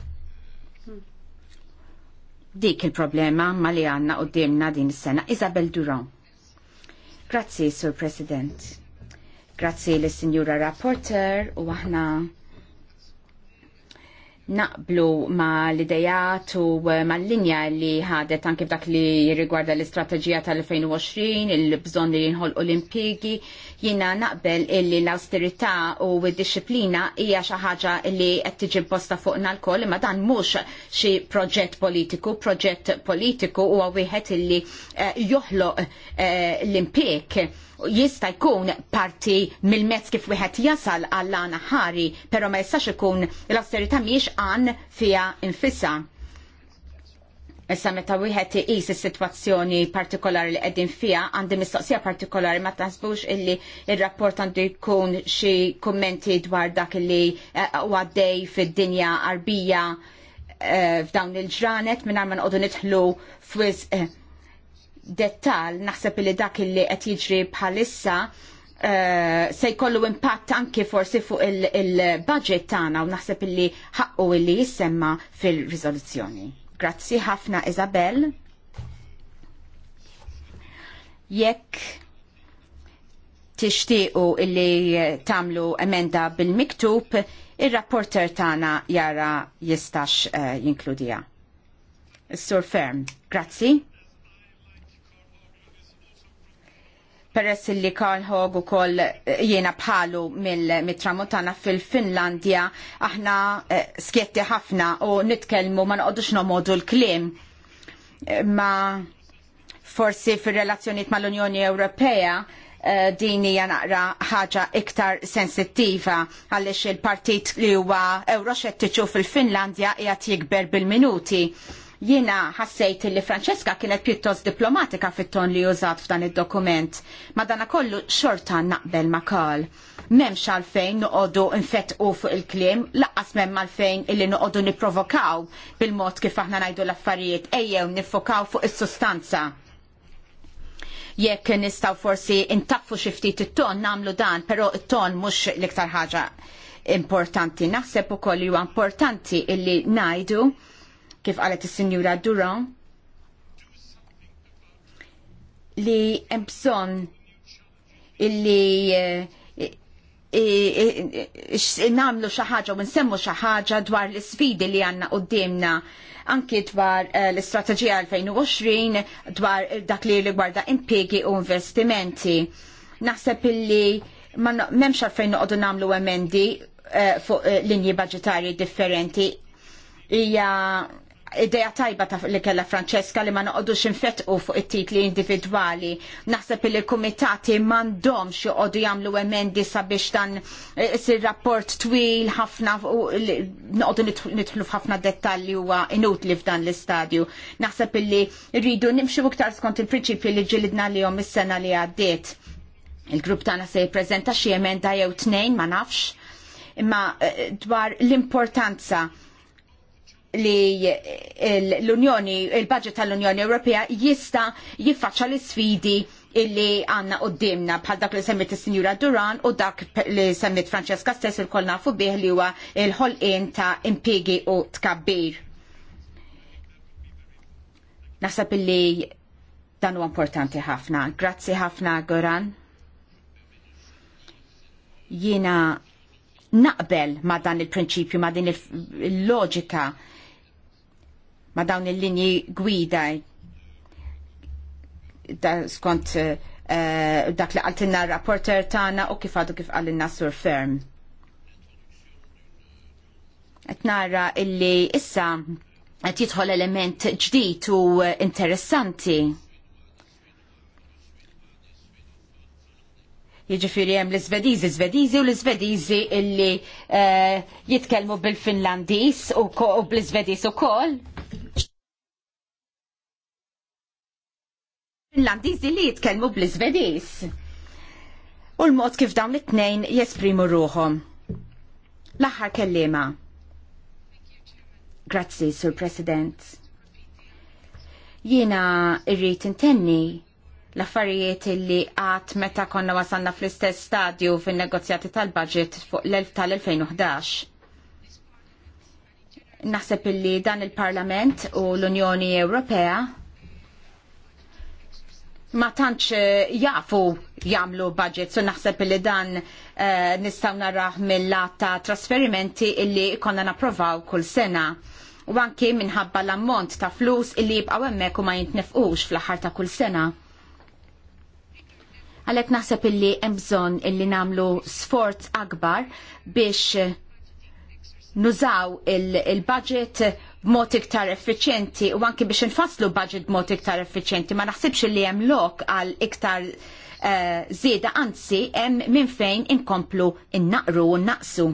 Dik il-problema ma li għanna u dimna din sena Isabel Duran. Grazie, Sir President. Grazie, l signora Rapporter u għahna naqblu ma l-idejat u eh, ma l-linja li ħadet anke f'dak li rigwarda l-istrateġija tal-2020, il-bżon li jinħol olimpiki, jina naqbel illi l-austerità u d-disciplina hija xi ħaġa li qed tiġi imposta fuqna l-koll, imma dan mhux xi proġett politiku, proġett politiku huwa wieħed illi eh, joħloq eh, l impjeg jista' jkun parti mill-mezz kif wieħed jasal għall ħari, però ma jistax ikun l-austerità mhijiex għan fiha infissa. Issa meta wieħed iqis is-sitwazzjoni partikolari li qegħdin fiha għandi mistoqsija partikolari ma taħsbux illi ir-rapport għandu jkun xi kummenti dwar dak li eh, għaddej dej fid-dinja qarbija eh, f'dawn il-ġranet mingħajr ma nqogħdu nidħlu f'wiz eh, dettal naħseb li dak li qed jiġri bħalissa uh, se jkollu impatt anki forsi fuq il-budget il tagħna u naħseb illi ħaqqu illi jissemma fil-riżoluzzjoni. Grazzi ħafna Isabel. Jekk tixtiequ illi tagħmlu emenda bil-miktub, ir-rapporter tagħna jara jistax uh, jinkludija. Is-sur ferm, grazzi. peress li Karl Hog u koll eh, jena bħalu mill-tramutana fil-Finlandja, aħna eh, skjetti ħafna u nitkelmu ma noqdux nomodu l-klim. Eh, ma forsi fil-relazzjoniet mal-Unjoni Ewropea din hija naqra ħaġa iktar sensittiva għaliex il-partit li huwa euroxettiċu fil-Finlandja qiegħed jikber bil-minuti Jiena ħassejt li Franceska kienet pjuttost diplomatika fit-ton li użat f'dan id-dokument. Madana kollu xorta naqbel ma' kol. Memx għalfejn noqogħdu nfetqu fuq il-klim, laqqas memm għalfejn illi noqogħdu nipprovokaw bil-mod kif aħna ngħidu l-affarijiet ejjew nifokaw fuq is-sustanza jekk nistaw forsi intaffu ftit it-ton namlu dan, pero it-ton mux l-iktar ħaġa importanti. Naħseb u koll huwa importanti illi najdu kif qalet is-Sinjura Duran li hemm bżonn illi eh, namlu xaħġa u nsemmu xaħġa dwar l-sfidi li għanna qoddimna anki dwar eh, l-istrategija 2020 dwar dak li rigwarda impiegi u investimenti. Naħseb illi memx għalfejn noqdu namlu emendi eh, fuq linji budgetari differenti. Ija ideja tajba ta' li kella Franceska li ma noqodux infetqu fuq it-titli individwali. Naħseb li l-kumitati m'għandhomx joqogħdu jagħmlu emendi sabiex dan e, sir rapport twil ħafna u noqogħdu nidħlu f'ħafna dettalji huwa inutli f'dan l-istadju. Naħseb li rridu nimxu iktar skont il prinċipju li ġilidna lihom is-sena li għaddiet. Il-grupp tagħna se jippreżenta xi emenda jew tnejn ma nafx imma e, dwar l-importanza li l-Unjoni, il-budget tal-Unjoni Ewropea jista jiffaċċa l-sfidi illi għanna u dimna bħal dak li semmit il-Sinjura Duran u dak li semmit Francesca stess il kolna fu bih li huwa il-ħolqien ta' impiegi u tkabbir. Nasab illi dan huwa importanti ħafna. Grazzi ħafna Goran. Jiena naqbel ma dan il-prinċipju, ma din il-loġika il prinċipju ma din il loġika ma dawn il-linji gwida da skont uh, dak li għaltinna rapporter tana u kif għadu kif għallinna sur ferm. narra illi issa għet jitħol element ġdijt u interessanti. Jiġifieri hemm l-Iżvediżi, Svedizi u l-Iżvediżi illi uh, jitkellmu bil-Finlandiż u bl-Iżvediż ukoll. L-Landizi li jitkelmu bl izvedis U l-mod kif dawn it-tnejn jesprimu ruhom. L-aħħar kellima. Grazzi, Sur President. Jiena irrit intenni l-affarijiet li għat meta konna wasanna fl-istess stadju fin negozjati tal-budget fuq l-2011. tal Naħseb illi dan il-Parlament u l-Unjoni Ewropea ma tantx eh, jafu jagħmlu budget, so naħseb illi dan uh, nistgħu naraħ mill-lat ta' trasferimenti illi konna napprovaw kull sena u anki minħabba l-ammont ta' flus illi jibqaw hemmhekk u ma jintnefqux fl-aħħar ta' kull sena. Għalhekk naħseb illi hemm bżonn illi nagħmlu sforz akbar biex nużaw il-budget b'mod iktar effiċjenti u anki biex nfasslu budget b'mod iktar effiċenti, ma naħsibx li hemm lok għal iktar zieda eh, anzi hemm minn fejn inkomplu innaqru u naqsu.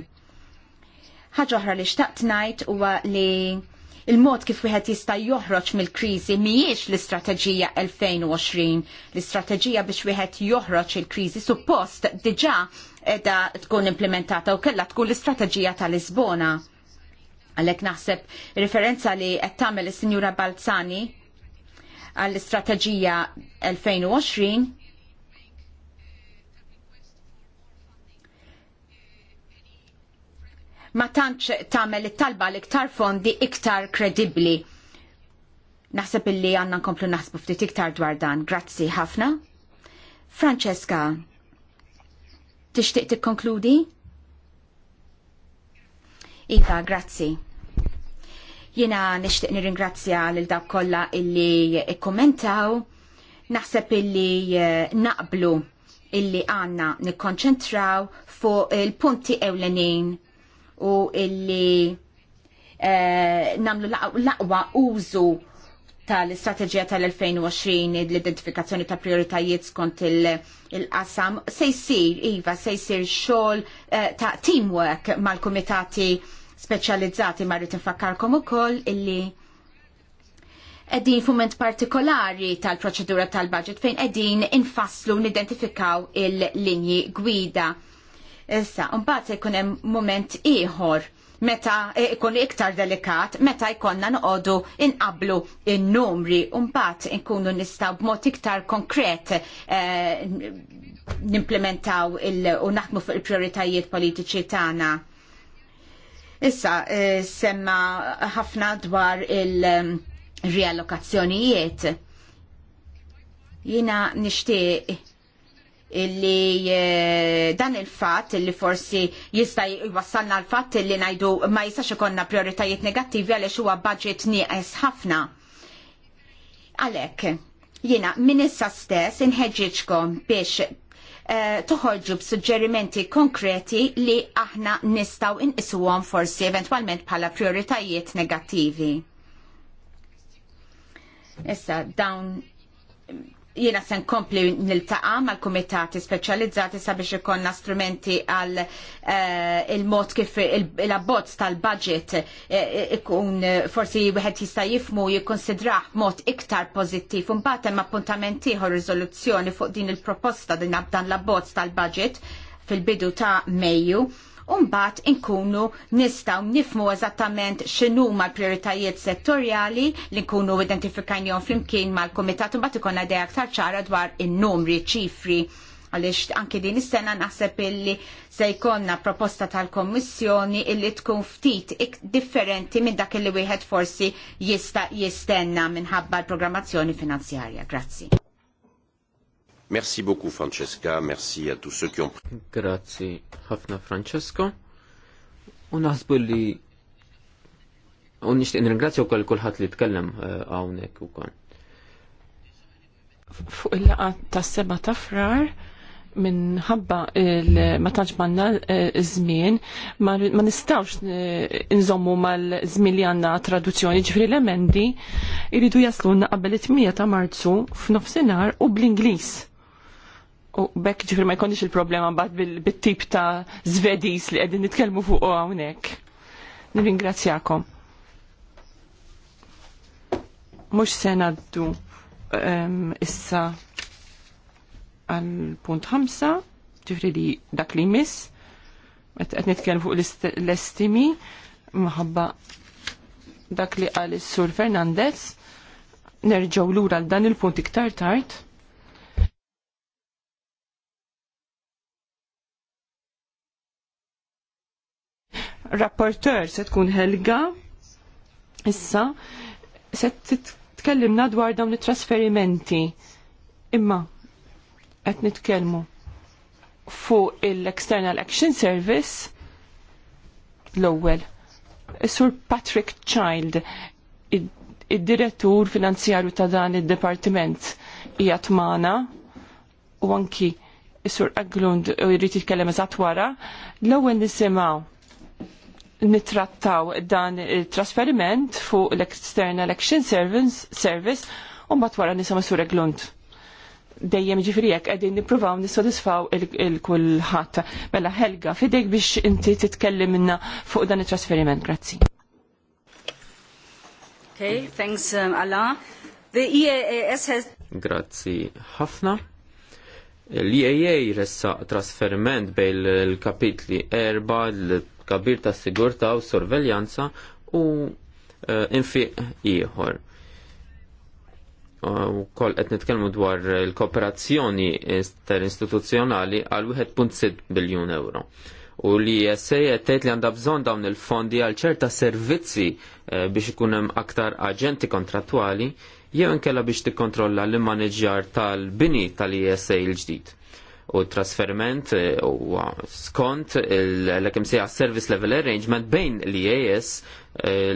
Ħaġa oħra li xtaqt ngħid huwa li il-mod kif wieħed jista' joħroġ mill-kriżi mhijiex l-istrateġija 2020. L-istrateġija biex wieħed joħroġ il-kriżi suppost diġà edha tkun implementata u kella tkun l-istrateġija tal-Lisbona. Għalek naħseb referenza li qed tagħmel is-Sinjura Balzani għall-istrateġija 2020 ma tantx tagħmel it-talba l-iktar fondi iktar kredibbli. Naħseb illi għandna nkomplu naħsbu ftit iktar dwar dan. Grazzi ħafna. Francesca, Tixtieq tikkonkludi? Iva, grazzi. Jiena nixtieq nirringrazzja lil dawk kollha illi kkommentaw. Naħseb illi eh, naqblu illi għanna nikkonċentraw fuq il-punti ewlenin u illi nagħmlu eh, namlu laqwa użu tal-istrateġija tal-2020 l-identifikazzjoni ta' prioritajiet skont il-qasam il se jsir iva se jsir xogħol uh, ta' teamwork mal-kumitati speċjalizzati ma rrid infakkarkom ukoll illi qegħdin fument partikolari tal-proċedura tal-budget fejn qegħdin infasslu nidentifikaw il-linji gwida. Issa, mbagħad se jkun hemm mument ieħor meta e, ikun iktar delikat, meta jkollna noqogħdu inqablu in-numri u mbagħad inkunu nistgħu b'mod iktar konkret eh, nimplementaw u naħdmu fuq il-prioritajiet politiċi tagħna. Issa eh, semma ħafna dwar il-riallokazzjonijiet. Eh, Jiena nixtieq illi eh, dan il-fat illi forsi jista' jwassalna l-fat illi najdu ma jistax ikonna prioritajiet negattivi għaliex huwa budget nieqes ħafna. Għalhekk, jiena min issa stess inħeġġiġkom biex eh, toħorġu b'suġġerimenti konkreti li aħna nistaw inqisuhom forsi eventwalment bħala prioritajiet negattivi. Issa dawn jiena se nkompli niltaqa' mal-kumitati speċjalizzati sabiex ikonna strumenti għal eh, il-mod kif il-abbozz tal-budget eh, ikun forsi wieħed jista' jifmu jikkonsidrah b'mod iktar pożittiv u mbagħad hemm appuntament ieħor riżoluzzjoni fuq din il-proposta din dan l-abbozz tal-budget fil-bidu ta' Mejju Umbat inkunu nistaw nifmu eżattament xinu ma l-prioritajiet settorjali li nkunu identifikajnijom flimkien ma l-komitat umbat ikonna dej aktar ċara dwar in-numri ċifri għalix anki din is-sena naħseb illi se jkollna proposta tal-Kommissjoni illi tkun ftit differenti minn dak illi wieħed forsi jista' jistenna minħabba l-programmazzjoni finanzjarja. Grazzi. Merci beaucoup Francesca, merci a tous ceux qui ont pris. Grazzi ħafna Francesco. U naħsbu li u nixtieq nirringrazzja wkoll kulħadd li tkellem eh, hawnhekk ukoll. Fuq il-laqgħa tas-seba' ta' frar minħabba ma tantx manna eh, żmien ma nistawx inżommu eh, mal-żmien li għandna traduzzjoni ġifri l-emendi jridu jaslunna qabel it-8 ta' Marzu f'nofsinhar u bl-Ingliż. U bekk ġifir ma jkunx il-problema bat bil-tip ta' zvedis li għedin nitkelmu fuq għawnek. Nirringrazzjakom. Mux sena għaddu ehm, issa għal-punt ħamsa, ġifri li dak li mis, għed nitkelmu fuq l-estimi, maħabba dak li għal-sur Fernandez, nerġaw l-ura l-dan il-punt iktar tard. rapporteur se tkun Helga, issa, se titkellimna dwar dawn it-trasferimenti. Imma, qed nitkellmu fuq l-External Action Service l-ewwel. Sur Patrick Child, id-direttur finanzjarju ta' dan id dipartiment hija tmana u anki Sur Aglund u jrid jitkellem eżatt wara, l-ewwel nisimgħu nitrattaw dan il-trasferiment fuq l-External Election Service, u un bat wara nisa Sur Eglunt. Dejjem ġifri jek għedin nipruvaw nissodisfaw il-kullħat. Il Mela Helga, fidejk biex inti titkellim minna fuq dan il-trasferiment. Grazzi. Okay, thanks um, Allah. The EAS has... Grazzi ħafna. L-EAA ressa trasferiment bejn il-kapitli 4, kabir ta' sigurta u sorveljanza u eh, infiq ieħor. U koll qed nitkellmu dwar il-kooperazzjoni interistituzzjonali għal 1.6 biljun euro. U li jessa jettajt li għandha bżonn dawn il-fondi għal ċerta servizzi eh, biex ikun hemm aktar aġenti kontrattwali jew inkella biex tikkontrolla l-maneġjar tal-bini tal-ISA il-ġdid u t-trasferment e, u skont l ekem seja service level arrangement bejn l-IAS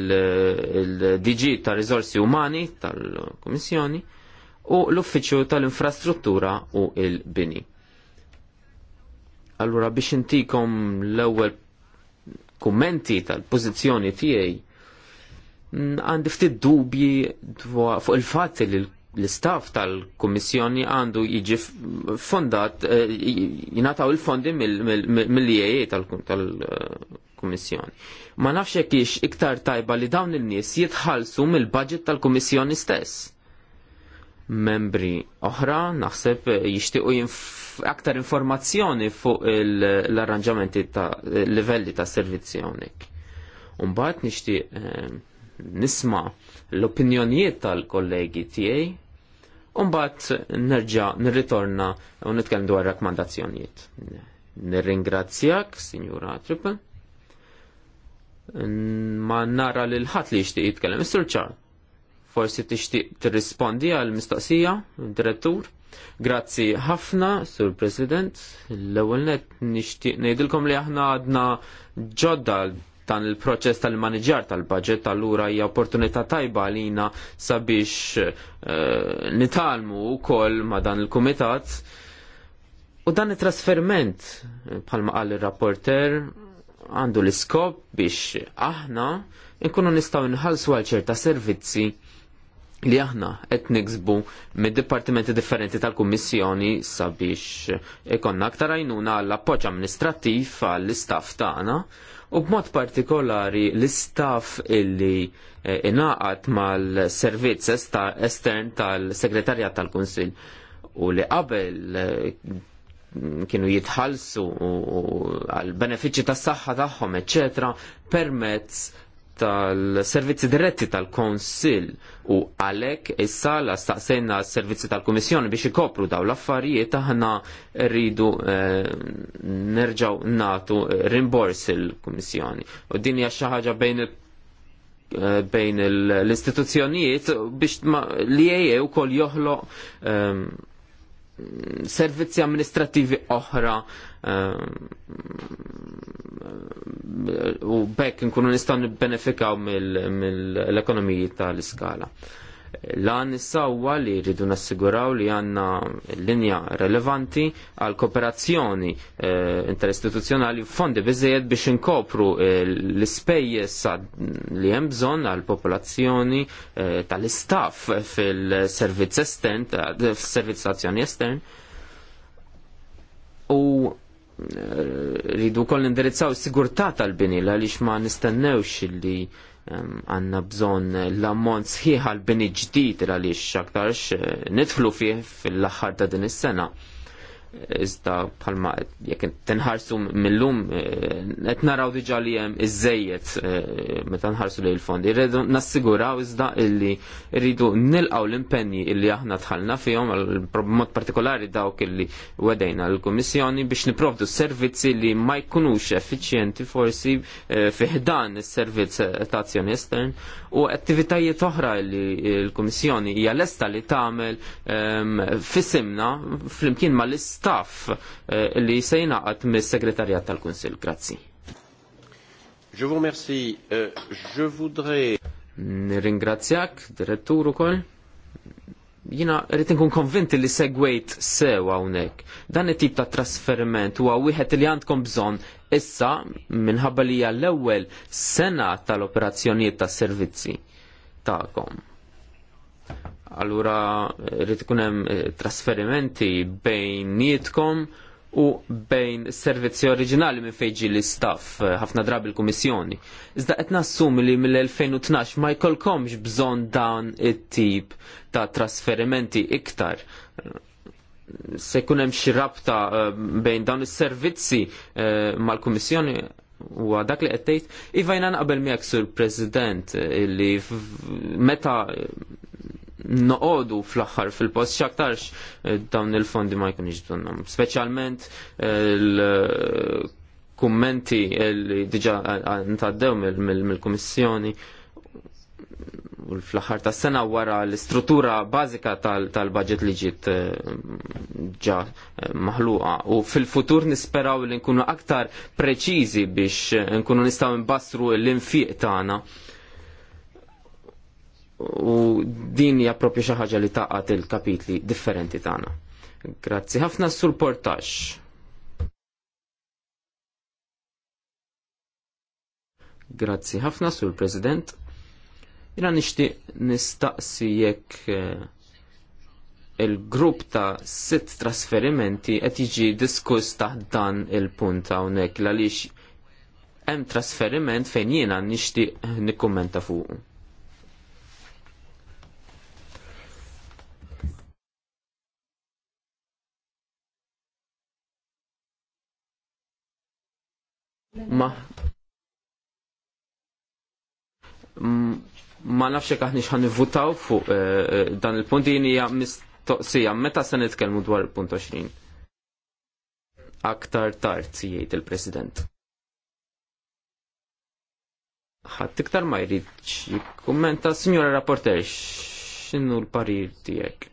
l dg ta' rizorsi umani tal-Komissjoni u l-Uffiċċju tal-Infrastruttura u l-Bini. Allura biex intikom l-ewwel kummenti tal-pożizzjoni tiegħi għandi ftit dubji fuq il-fatt li l l-istaff tal-Kummissjoni għandu jiġi fondat, eh, jinataw il-fondi mill-IEA tal-Kummissjoni. Ma nafx jekk iktar tajba li dawn il-nies jitħallsu mill-budget tal kommissjoni stess. Membri oħra naħseb jixtiequ aktar informazzjoni fuq l-arranġamenti ta' livelli ta' għonek. Umbat nixtieq eh, nisma' l-opinjonijiet tal-kollegi tiegħi Umbat nerġa nirritorna u nitkellem dwar rakkomandazzjonijiet. Nirringrazzjak, Sinjura Triple. Ma nara li l-ħat li jixtieq jitkellem. Mr. Char, forsi tixtieq tirrispondi għal mistoqsija, direttur. Grazzi ħafna, Sur President. L-ewwel net nixtieq ngħidilkom li aħna għadna ġodda dan il-proċess tal-maniġjar tal-budget allura hija opportunità tajba għalina sabiex uh, nitalmu wkoll ma dan il-kumitat u dan it-trasferment bħalma qal ir-rapporter għandu l-iskop biex aħna nkunu nistgħu nħallsu għal ċerta servizzi li aħna qed niksbu mid-dipartimenti differenti tal-Kummissjoni sabiex ikonna aktar għajnuna għall appoġġ amministrattiv għall-istaff tagħna u b'mod partikolari l-istaff illi eh, inaqat mal-servizz estern tal-segretarjat tal-Kunsil u li qabel eh, kienu jitħallsu għal benefiċċji tas saħħa tagħhom, eċetera, permezz tal-servizzi diretti tal-Konsil u għalek issa la staqsejna s-servizzi tal-Komissjoni biex ikopru daw l-affarijiet aħna rridu eh, nerġaw natu eh, rimbors il-Komissjoni. U din hija xi ħaġa bejn eh, bejn l-istituzzjonijiet biex li jeje u kol joħlo ehm, servizzi amministrativi oħra u bekk nkunu nistgħu nibbenefikaw mill-ekonomiji tal-iskala. Lan issawwa li rridu nassiguraw li għanna linja relevanti għal kooperazzjoni eh, interistituzzjonali fondi biżejjed biex inkopru eh, l-ispejjeż li hemm bżonn għal popolazzjoni eh, tal-istaff fil-servizz estern, fil-servizz azzjoni estern. U eh, rridu koll indirizzaw is-sigurtà tal-bini għaliex ma nistennewx li għanna bżon l-ammont sħiħa l-bini ġdid għaliex aktarx eh, nidħlu fih fil-aħħar ta' din is-sena iżda bħalma jekk tinħarsu millum eh, qed naraw diġà li hemm iżejjed eh, meta nħarsu lejn il-fondi. Irridu nassiguraw iżda illi rridu nilqgħu l-impenni illi aħna tħallna fihom mod partikolari dawk illi wedejna l-Kummissjoni biex niprovdu servizzi li ma jkunux effiċjenti forsi eh, fiħdan is-servizz ta' azzjoni estern u attivitajiet oħra li l-Kummissjoni hija lesta li tagħmel ehm, fisimna flimkien mal-lista staff eh, li se jingħaqad mis-segretarjat tal-Kunsill. Grazzi. Je vous remercie. Eh, je voudrais Nirringrazzjak, direttur ukoll. Jina rrit nkun konvinti li segwejt sew hawnhekk. Dan it-tip ta' trasferiment huwa wieħed li għandkom bżonn issa minħabba li hija l-ewwel sena tal-operazzjonijiet tas-servizzi tagħkom. Allura rrid ikun hemm eh, trasferimenti bejn nietkom u bejn servizzi oriġinali minn fejġi l-istaff eh, ħafna drabi l-Kummissjoni. Iżda qed nassumi li mill-2012 ma jkollkomx bżonn dan it-tip ta' trasferimenti iktar eh, se jkun hemm xi rabta bejn dawn is-servizzi mal-Kummissjoni u dak li qed tgħid iva jina naqbel miegħek sur President li meta noqodu fl-axħar fil-post xaktarx eh, dawn il-fondi ma jkunx bżonnhom. Speċjalment il-kummenti eh, li diġa eh, ntaddew mill-Kummissjoni u fl-axħar ta' sena wara l-istruttura bażika tal-budget li ġiet ġa maħluqa u fil-futur nisperaw li nkunu aktar preċiżi biex nkunu nistgħu nbassru l-infiq tagħna. Ta u din hija proprju xi ħaġa li taqgħet il-kapitli differenti tagħna. Grazzi ħafna sul portax. Grazzi ħafna sul President. Jina nixtieq nistaqsi jekk eh, il-grupp ta' sitt trasferimenti qed jiġi diskuss taħt dan il-punt hawnhekk għaliex hemm trasferiment fejn jiena nixtieq nikkummenta fuq. Ma ma nafx jekk aħniex ħan votaw fuq eh, eh, dan il-punt din hija mistoqsija meta se nitkellmu dwar il-punt 20. Aktar tard jgħid il-President. Ħadd iktar ma jridx jikkummenta, Sinjora Rapporter, x'inhu l-parir tiegħek?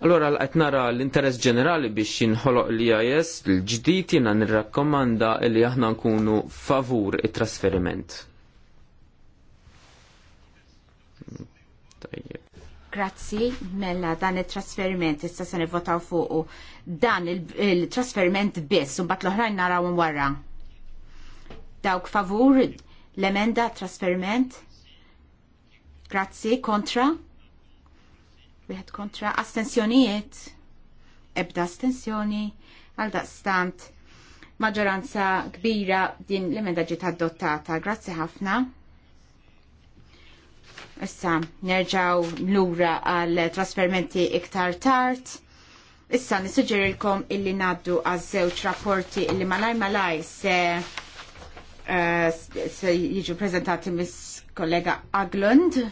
Allora qed nara l-interess ġenerali biex jinħoloq l-IIS l-ġdid jiena nirrakkomanda li aħna nkunu favur it-trasferiment. Grazzi, mella dan il-trasferiment, issa se nivvotaw fuqu dan il-trasferiment biss, un bat l-oħrajn naraw wara. Dawk favur l-emenda trasferiment? Grazzi, kontra? wieħed kontra astensjonijiet ebda astensjoni għal daqstant maġġoranza kbira din l-emenda ġiet adottata. Grazzi ħafna. Issa nerġaw lura għal trasfermenti iktar tard. Issa nisuġġerilkom illi naddu għaż-żewġ rapporti illi malaj malaj se, uh, se jiġu prezentati mis kollega Aglund.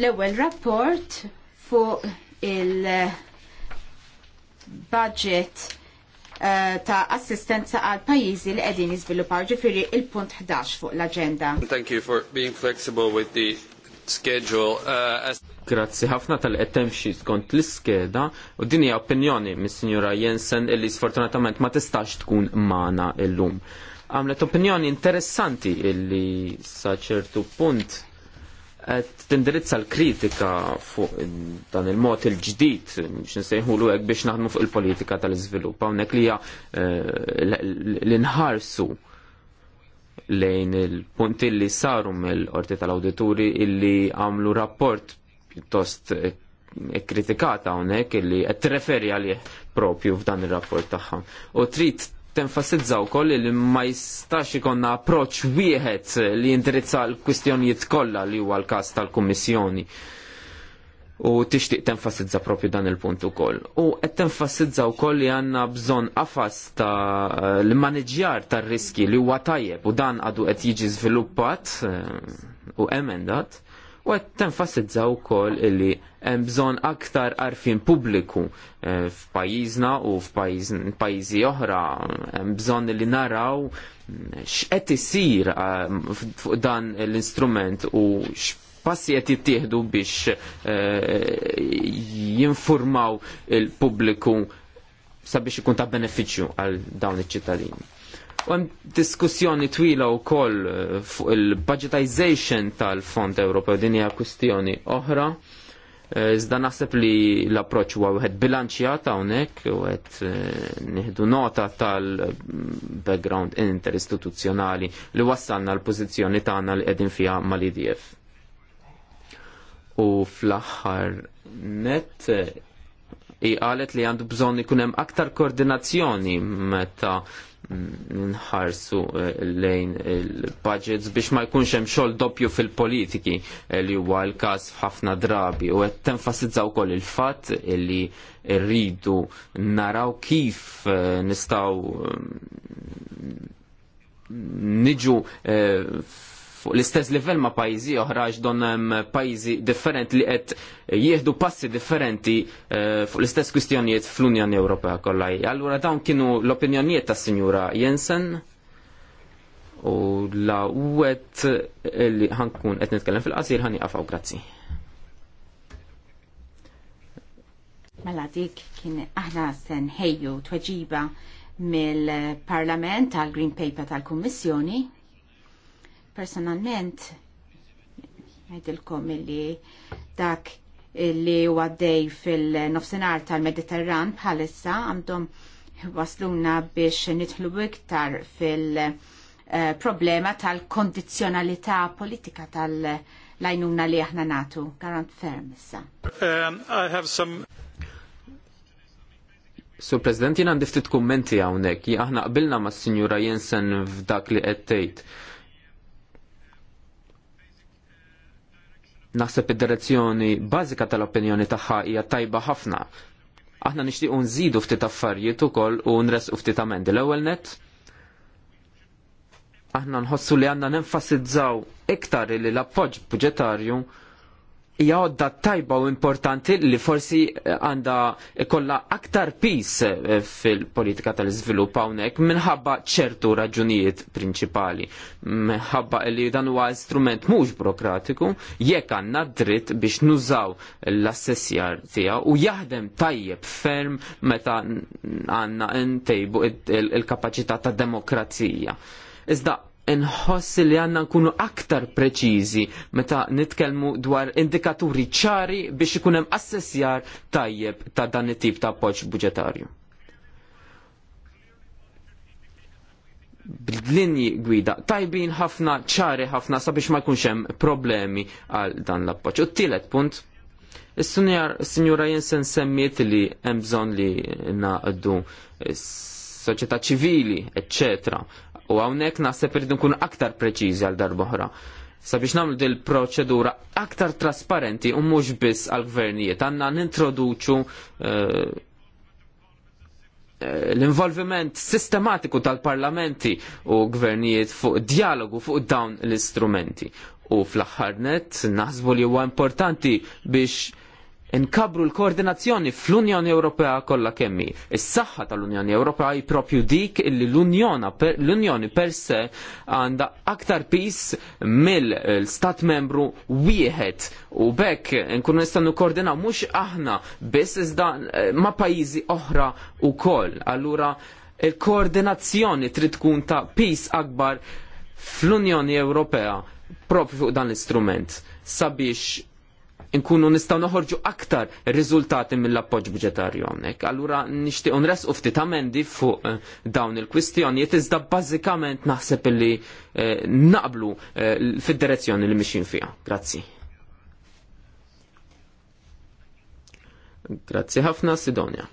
l-ewwel rapport fuq il-budget eh, uh, eh, ta' assistenza għal pajjiżi li qegħdin jiżviluppaw ġifieri il-punt 11 fuq l-aġenda. Thank you for being flexible with the schedule. Uh, as... Grazzi ħafna tal-qed temxi skont l-iskeda u din hija opinjoni mis-Sinjura Jensen illi sfortunatament ma tistax tkun magħna illum. Għamlet opinjoni interessanti illi sa ċertu punt tindirizza l-kritika fuq dan il-mod il-ġdid biex nsejħulu hekk biex naħdmu fuq il-politika tal-iżvilupp hawnhekk li hija eh, l-inħarsu lejn il-punti li saru mill-qorti tal auditori illi għamlu rapport pjuttost eh, kritikata hawnhekk illi qed referi għalih propju f'dan ir-rapport tagħha. U trid tenfasizza wkoll li ma jistax ikonna approċċ wieħed li jindirizza l-kwistjonijiet kollha li huwa l-każ tal-Kummissjoni. U tixtieq tenfasizza propju dan il-punt ukoll. U qed tenfasizza wkoll li għandna bżonn qafas ta' l-maniġjar tar-riski li huwa tajjeb u dan għadu qed jiġi żviluppat eh, u emendat u għed tenfasizza u koll illi bżon aktar arfin publiku eh, f'pajizna u f'pajizi oħra bżon illi naraw mm, x'qed isir eh, fuq dan l-instrument u passi qed jittieħdu biex eh, jinformaw il-pubbliku sabiex ikun ta' beneficju għal dawn iċ-ċittadini. Għan diskussjoni twila wkoll eh, fuq il-budgetization tal-Fond Ewropew din hija kwistjoni oħra. Eh, iżda naħseb li l-approċċ huwa wieħed bilanċjat hawnhekk u qed eh, nieħdu nota tal-background interistituzzjonali li wassalna l-pożizzjoni tagħna li qegħdin fiha mal-IDF. U fl-aħħar net i qalet li għandu bżonn ikun hemm aktar koordinazzjoni meta nħarsu eh, lejn il-budgets biex ma jkunx hemm xogħol doppju fil-politiki eh, li huwa l-każ f'ħafna drabi u qed tenfasizzaw ukoll il-fatt li rridu naraw kif eh, nistgħu niġu fuq l-istess livell ma' pajjiżi oħra għax don hemm pajjiżi differenti li qed jieħdu passi differenti eh, fuq l-istess kwistjonijiet fl-Unjoni Ewropea kollha. Allura dawn kienu l-opinjonijiet tas-Sinjura Jensen u la wet eh, li ħankun qed nitkellem fil-qasir ħani qafaw grazzi. Mela dik kien aħna sen ħejju tweġiba mill-Parlament tal-Green Paper tal-Kummissjoni personalment għedilkom illi dak illi għaddej fil-nofsenar tal-Mediterran bħalissa għamdom wasluna biex nidħlu iktar fil-problema tal-kondizjonalità politika tal-lajnuna li aħna natu. Garant ferm issa. Um, I have some So, President, jina għandi ftit kommenti għawnek, aħna qbilna ma' Signora Jensen f'dak li qed tgħid. Naħseb id-direzzjoni bażika tal-opinjoni tagħha hija tajba ħafna. Aħna nixtiequ nżidu ftit affarijiet ukoll u nresqu ftit amendi. L-ewwel net aħna nħossu li għandna nenfasizzaw iktar li l-appoġġ budġetarju hija għodda tajba u importanti li forsi eh, għandha kollha aktar pis eh, fil-politika tal-iżvilupp hawnhekk minħabba ċertu raġunijiet prinċipali. Minħabba li dan huwa strument mhux burokratiku jekk għandna dritt biex nużaw l-assessjar tiegħu u jaħdem tajjeb ferm meta għandna ntejbu il-kapaċità ta' demokrazija. Iżda nħoss li għanna nkunu aktar preċiżi meta nitkellmu dwar indikaturi ċari biex ikun hemm assessjar tajjeb ta' dan it-tip ta' appoġġ budġetarju. B'linji gwida tajbin ħafna ċari ħafna sabiex ma jkunx hemm problemi għal dan l-appoġġ. U t-tielet punt, is-sunjar sinjura Jensen semmiet li hemm bżonn li naqdu soċjetà ċivili, eccetera, U hawnhekk naħseb irridu nkun aktar preċiżi għal darb'oħra. Sabiex nagħmlu din il-proċedura aktar trasparenti u mhux biss għall gvernijiet għandna nintroduċu eh, eh, l-involviment sistematiku tal-parlamenti u gvernijiet fuq dialogu fuq dawn l-istrumenti. U fl-aħħar naħsbu li huwa importanti biex nkabru l-koordinazzjoni fl-Unjoni Ewropea kollha kemmi. Is-saħħa tal-Unjoni Ewropea hi propju dik illi l-Unjona l-Unjoni per se għandha aktar pis mill-Stat membru wieħed u bekk nkunu nistgħu nikkoordinaw mhux aħna biss iżda eh, ma' pajjiżi oħra wkoll. Allura il-koordinazzjoni trid tkun ta' pis akbar fl-Unjoni Ewropea propju fuq dan l-istrument sabiex nkunu nistgħu noħorġu aktar riżultati mill-appoġġ budġetarju għonek. Allura nixtieq nres u ftit fuq eh, dawn il-kwistjonijiet iżda bażikament naħseb li eh, naqblu eh, fid-direzzjoni li mixin fiha. Grazzi. Grazzi ħafna Sidonia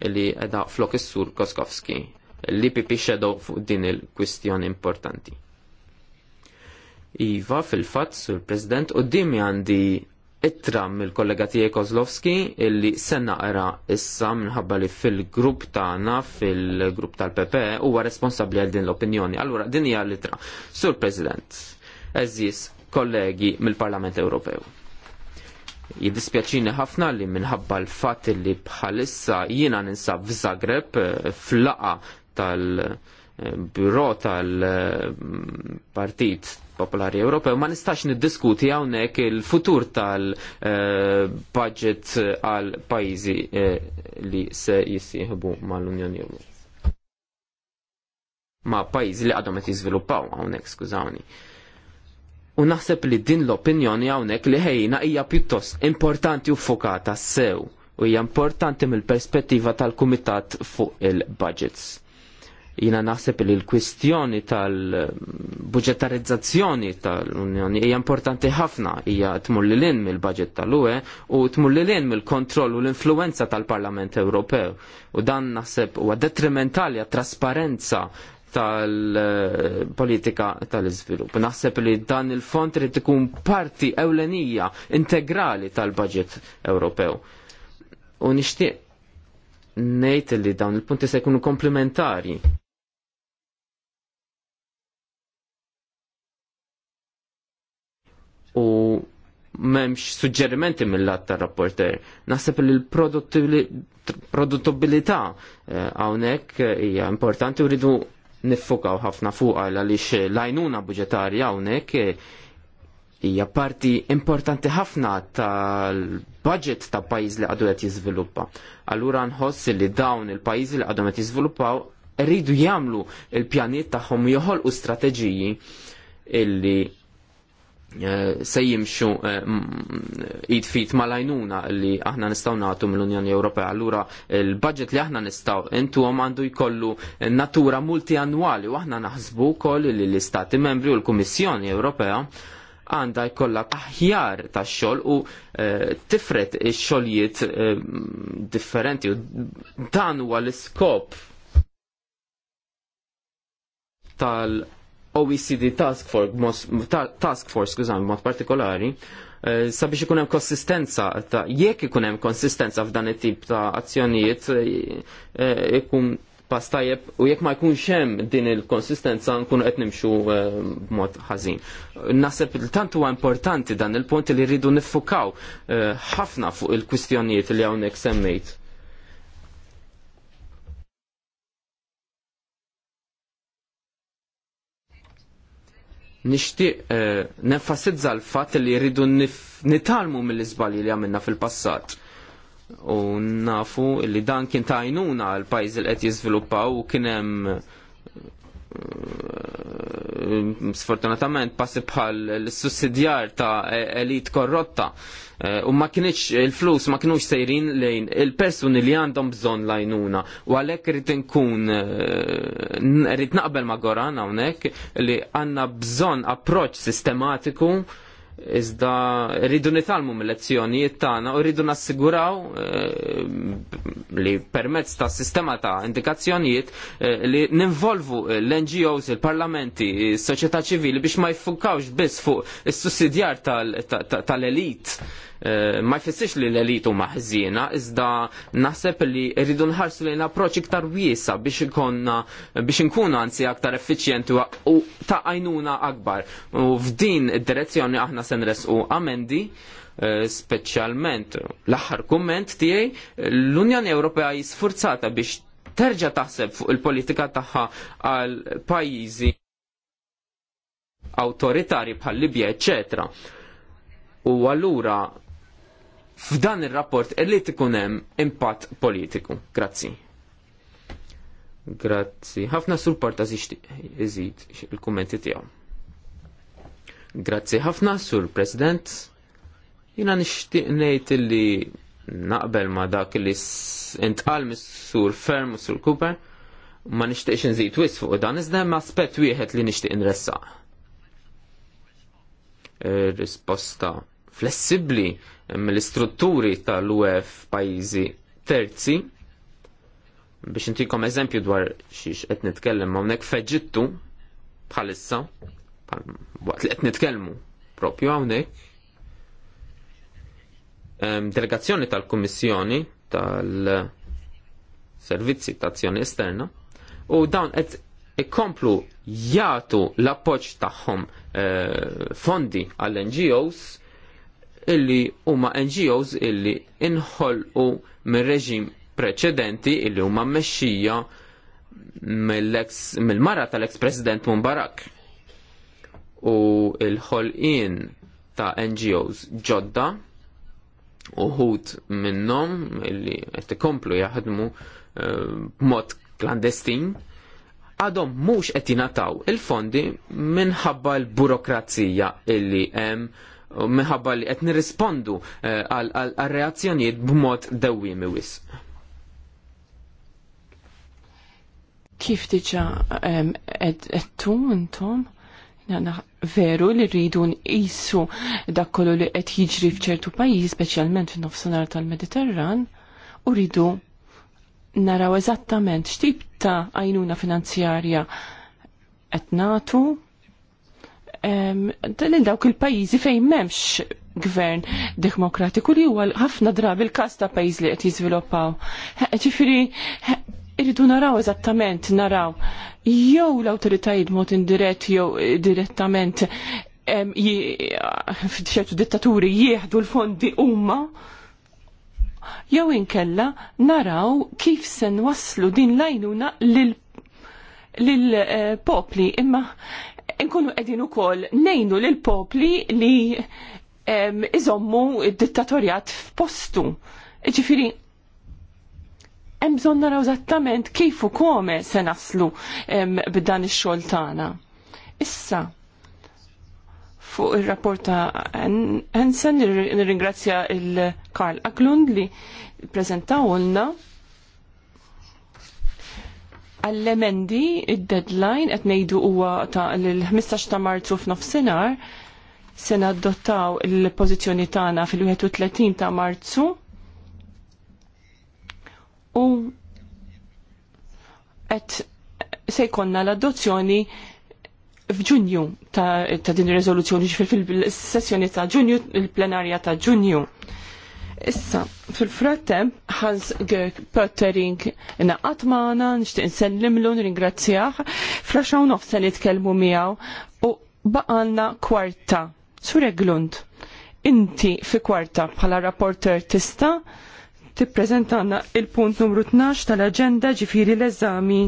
illi edha flok is-sur Koskowski l-IPP shadow fuq din il-kwistjoni importanti. Iva, fil-fat, sur President, u dimmi għandi ittra mill-kollega tijie Kozlovski illi senna naqra issa minħabba li fil-grupp tagħna fil-grupp tal-PP e, huwa responsabbli għal din l-opinjoni. Allura din hija l-ittra. Sur President, eżis kollegi mill-Parlament Ewropew. Jiddispjaċini ħafna li minħabba l-fatt li bħalissa jiena ninsab f'Zagreb eh, flaqa tal-biro eh, tal-partit eh, Popolari Ewropew ma nistax niddiskuti hawnhekk il-futur tal-budget eh, għal pajjiżi eh, li se jissieħbu mal-Unjoni Ewropea. Ma pajzi li għadhom qed jiżviluppaw hawnhekk skużawni. U naħseb li din l-opinjoni hawnhekk li ħejna hija pjuttost importanti u fokata sew u hija importanti mill-perspettiva tal-Kumitat fuq il-budgets Jina naħseb li l-kwistjoni tal-budġetarizzazzjoni tal-Unjoni hija importanti ħafna, hija tmulli lin mill-budget tal-UE u tmulli lin mill-kontroll u l-influenza tal-Parlament Ewropew. U dan naħseb huwa detrimentali għat-trasparenza tal-politika tal-izvilup. Naħseb li dan il-fond trid ikun parti ewlenija, integrali tal-budget Ewropew. U nixtieq nejt li dawn il-punti se jkunu komplementari. U memx suġġerimenti mill-lat ta' rapporter. Naħseb li l-produttibilità eh, hawnhekk eh, hija importanti u rridu nifukaw ħafna fuq għaliex l-għajnuna budgetarja hawnhekk eh, hija parti importanti ħafna tal budget ta' pajjiż li għadu għet jiżviluppa. Allura nħoss li dawn il-pajjiżi li għadu qed jiżviluppaw rridu jagħmlu il-pjaniet tagħhom joħolqu strateġiji illi eh, se jimxu eh, id fit mal-għajnuna li aħna nistaw natu mill-Unjoni Ewropea. Allura il-budget li aħna nistaw intu għom għandu jkollu natura annuali u aħna naħsbu koll li l-Istati membri u l-Kummissjoni Ewropea għandha jkollha aħjar tax-xogħol u eh, tifret ix-xogħlijiet eh, differenti u dan huwa l-iskop tal-OECD Task Force, task force mod partikolari, eh, sabiex ikun hemm konsistenza ta' jekk ikun hemm konsistenza f'dan it-tip ta' azzjonijiet ikun pass tajjeb u jekk ma jkunx hemm din il-konsistenza nkunu qed nimxu eh, b'mod ħażin. Naseb tant huwa importanti dan il-punt li rridu niffukaw eh, ħafna fuq il-kwistjonijiet li hawnhekk semmejt. Nixtieq eh, nenfasizza l-fatt li rridu nitalmu mill-iżbalji li għamilna fil-passat u nafu li dan kien tajnuna għal pajjiż li qed jiżviluppaw u kien hemm eh, eh, sfortunatament passi bħal l-sussidjar ta' elit korrotta eh, u ma kinitx il-flus ma kienux sejrin lejn il-persuni li għandhom bżon lajnuna u għalek rrit nkun rrit naqbel ma' Goran għonek li għanna bżon approċ sistematiku Iżda rridu nitalmu mill-lezzjonijiet tagħna u rridu nassiguraw eh, li permezz ta' sistema ta' indikazzjonijiet eh, li ninvolvu l-NGOs, il-parlamenti, s-soċjetà ċivili biex ma jfukawx biss fuq is-sussidjar tal-elit. tal elit Eh, ma jfessix li l-elitu maħżina, iżda naħseb li rridu nħarsu lejn approċ iktar wiesa biex ikonna biex nkunu anzi aktar effiċjenti u ta' għajnuna akbar. U f'din id-direzzjoni aħna se nresqu amendi eh, speċjalment l-aħħar kumment tiegħi l-Unjoni Ewropea jisfurzata biex terġa' taħseb fuq il-politika tagħha għal pajjiżi autoritari bħal Libja, eċċetera. U allura f'dan ir-rapport irrid ikun hemm impatt politiku. Grazzi. Grazzi. Ħafna sur ta' iżid il-kummenti tiegħu. Grazzi ħafna sur President. Jina nixtieq ngħid illi naqbel ma dak li intqal sur Ferm sur Cooper ma nixtieqx nżid wis fuq dan iżda hemm aspett wieħed li nixtieq nressaq. E, risposta flessibbli mill-istrutturi tal uf f'pajjiżi terzi biex intikom eżempju dwar xiex qed nitkellem hawnhekk f'Eġittu bħalissa waqt li qed nitkellmu propju hawnhekk delegazzjoni tal-Kummissjoni tal-Servizzi ta' Azzjoni Esterna u dawn qed ikomplu jagħtu l-appoġġ tagħhom eh, fondi għall-NGOs illi huma NGOs illi inħolqu mir-reġim preċedenti illi huma mmexxija mill-mara mil tal-ex-president Mubarak u l-ħolqien ta' NGOs ġodda uħut minnom illi qed ikomplu jaħdmu eh, b'mod uh, klandestin għadhom mhux qed jingħataw il-fondi minħabba l-burokrazija illi hemm minħabba li qed nirrispondu eh, għal reazzjonijiet b'mod dewwiemi wis. Kif diġa għedtu intom? Veru li rridu nqisu dak kollu li qed jiġri f'ċertu pajjiż, speċjalment fin-nofsinhar tal-Mediterran, u rridu naraw eżattament x'tip ta' għajnuna finanzjarja qed nagħtu lil dawk il-pajjiżi fejn m'hemmx gvern demokratiku li huwa ħafna drabi l-każ ta' pajjiż li qed jiżviluppaw. Ġifieri irridu naraw eżattament naraw jew l-awtoritajiet mod indirett jew direttament f'ċertu dittaturi jieħdu l-fondi huma jew inkella naraw kif se nwasslu din lajnuna għajnuna lil eh, popli imma nkunu qegħdin ukoll nejnu lil popli li iżommu il dittatorjat f'postu. postu hemm bżonn naraw eżattament kif u kome se naslu b'dan ix-xogħol tagħna. Issa, fuq ir-rapport ta' Hansen nirringrazzja il-Karl Aklund li prezentawlna għall-emendi id-deadline qed ngħidu huwa ta' l-15 ta' Marzu f'nofsinhar se nadottaw il-pożizzjoni tagħna fil-31 ta' Marzu u qed se jkollna l-adozzjoni f'Ġunju ta', din ir-riżoluzzjoni fil-sessjoni ta' Ġunju, il-plenarja ta' Ġunju. Issa, fil-frattem, Hans Gerg Pottering naqat maħna, nishtiq l-un nringrazzjaħ, fraxaw nofsa tkelmu miegħu u baqalna kwarta. Sure Glund, inti fi kwarta bħala rapporter tista tippreżentana il-punt numru 12 tal-agenda ġifiri l-eżami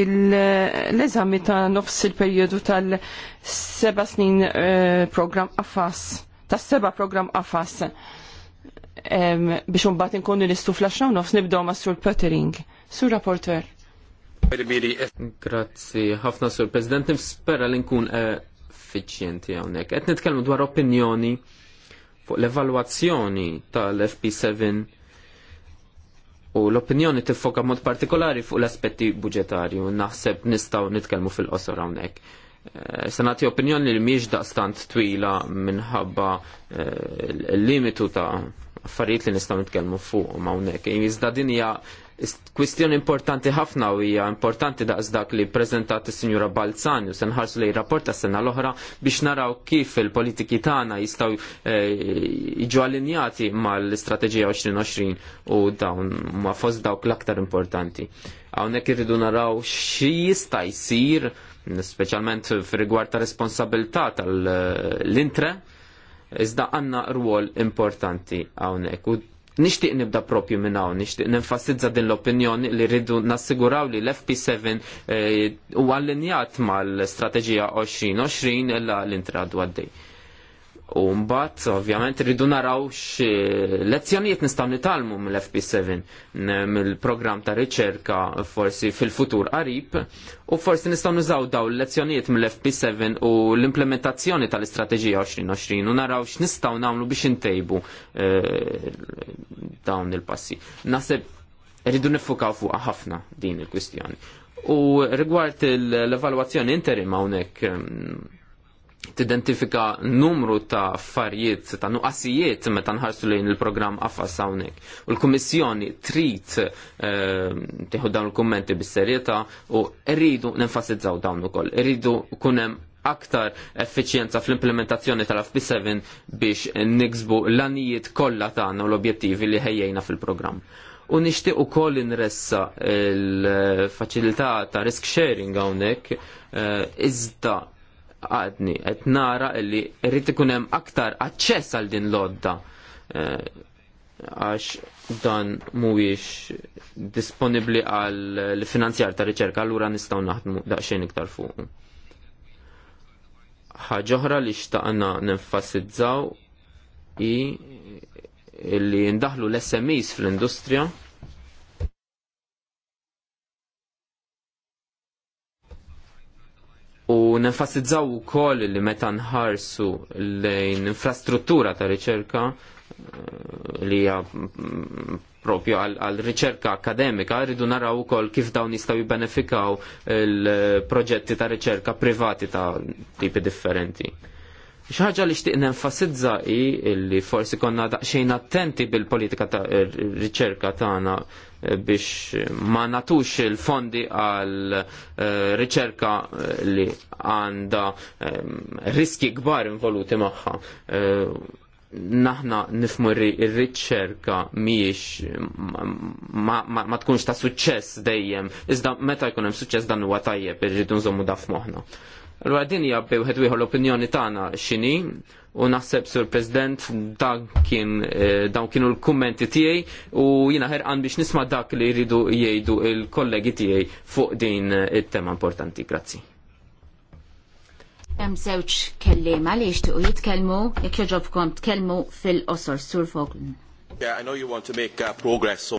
l-eżami ta' nofs il-periodu tal-seba snin eh, program AFAS, tas seba program AFAS. biex unbat inkonu nistu flasġna u nofs nibdow ma' Sur Pöttering. Sur Rapporter. Grazzi, ħafna Sur President, nispera li nkun eh, effiċjenti għawnek. Etnet nitkellmu dwar opinjoni fuq l-evaluazzjoni tal-FP7 u l-opinjoni tiffoka mod partikolari fuq l-aspetti budġetarju, naħseb nistaw nitkelmu fil-qosor hawnhekk. Eh, Senati nagħti opinjoni li miex daqstant twila minħabba eh, l-limitu ta' affarijiet li nistgħu nitkellmu fuq hawnhekk. Iżda din hija Kwistjoni importanti ħafna u hija importanti daqs dak li prezentat is-Sinjura Balzani u se nħarsu rapport tas sena l-oħra biex naraw kif il-politiki tagħna jistgħu eh, jiġu allinjati mal-istrateġija 2020 u dawn ma fost dawk l-aktar importanti. Hawnhekk irridu naraw xi jista' jsir speċjalment f'rigward ta' responsabilità tal-intre iżda għandna rwol importanti hawnhekk u Nixtieq nibda propju minn hawn, nixtieq nenfasizza din l-opinjoni li rridu nassiguraw li l-FP7 huwa eh, allinjat mal-Strateġija 2020 illa l-intradu għaddej. U mbagħad ovvjament rridu naraw x'lezzjonijiet nistgħu nitalmu mill-FP7 mill-programm ta' riċerka forsi fil-futur qarib u forsi nistgħu nużaw daw l-lezzjonijiet mill-FP7 u l-implementazzjoni tal-istrateġija 2020 u naraw x'nistgħu nagħmlu biex intejbu eh, dawn il-passi. Naħseb rridu nifukaw fuqha ħafna din il-kwistjoni. U rigward l-evalwazzjoni interim hawnhekk tidentifika numru ta' affarijiet ta' nuqasijiet meta nħarsu lejn il-programm affas hawnhekk. U l-Kummissjoni trid ehm, tieħu dawn il-kummenti bis-serjetà u rridu nenfasizzaw dawn ukoll. Irridu kun hemm aktar effiċjenza fl-implementazzjoni tal-FP7 biex niksbu l-anijiet kollha tagħna u l-objettivi li ħejjejna fil-programm. U nixtieq ukoll inressa l faċilità ta' risk sharing hawnhekk eh, iżda għadni qed nara li rrit ikun hemm aktar aċċess għal din lodda eh, għax dan mhuwiex disponibbli għal finanzjar ta' riċerka għallura nistgħu naħdmu daqsxejn iktar fuq. Ħaġa oħra li xtaqna nenfasizzaw i li ndaħlu l-SMEs fl-industrija U nenfasizzaw ukoll li meta nħarsu lejn infrastruttura ta' riċerka eh, li hija propju għal riċerka akademika, rridu naraw ukoll kif dawn jistgħu jibbenefikaw il-proġetti ta' riċerka privati ta' tipi differenti ħaġa li xtiq nenfasizza hi li forsi konna daqsxejn attenti bil-politika ta' riċerka tagħna eh, biex ma natux il-fondi għal eh, riċerka eh, li għanda riski kbar involuti magħha. Naħna nifmu r-riċerka miex ma, ma tkunx ta' suċċess dejjem, iżda meta jkun hemm suċċess dan huwa tajjeb irridu nżommu daf moħħna. Allora din hija wieħed l-opinjoni tana xini, u naħseb sur President dan eh, kienu l kommenti tiegħi u jiena ħerqan biex nisma' dak li jridu jgħidu il-kollegi tiegħi fuq din eh, it-tema importanti. Grazzi. Hemm żewġ kelliema li jixtiequ jitkellmu jekk joġobkom tkellmu fil-qosor sur Vogel. Yeah, I know you want to make uh, progress. So...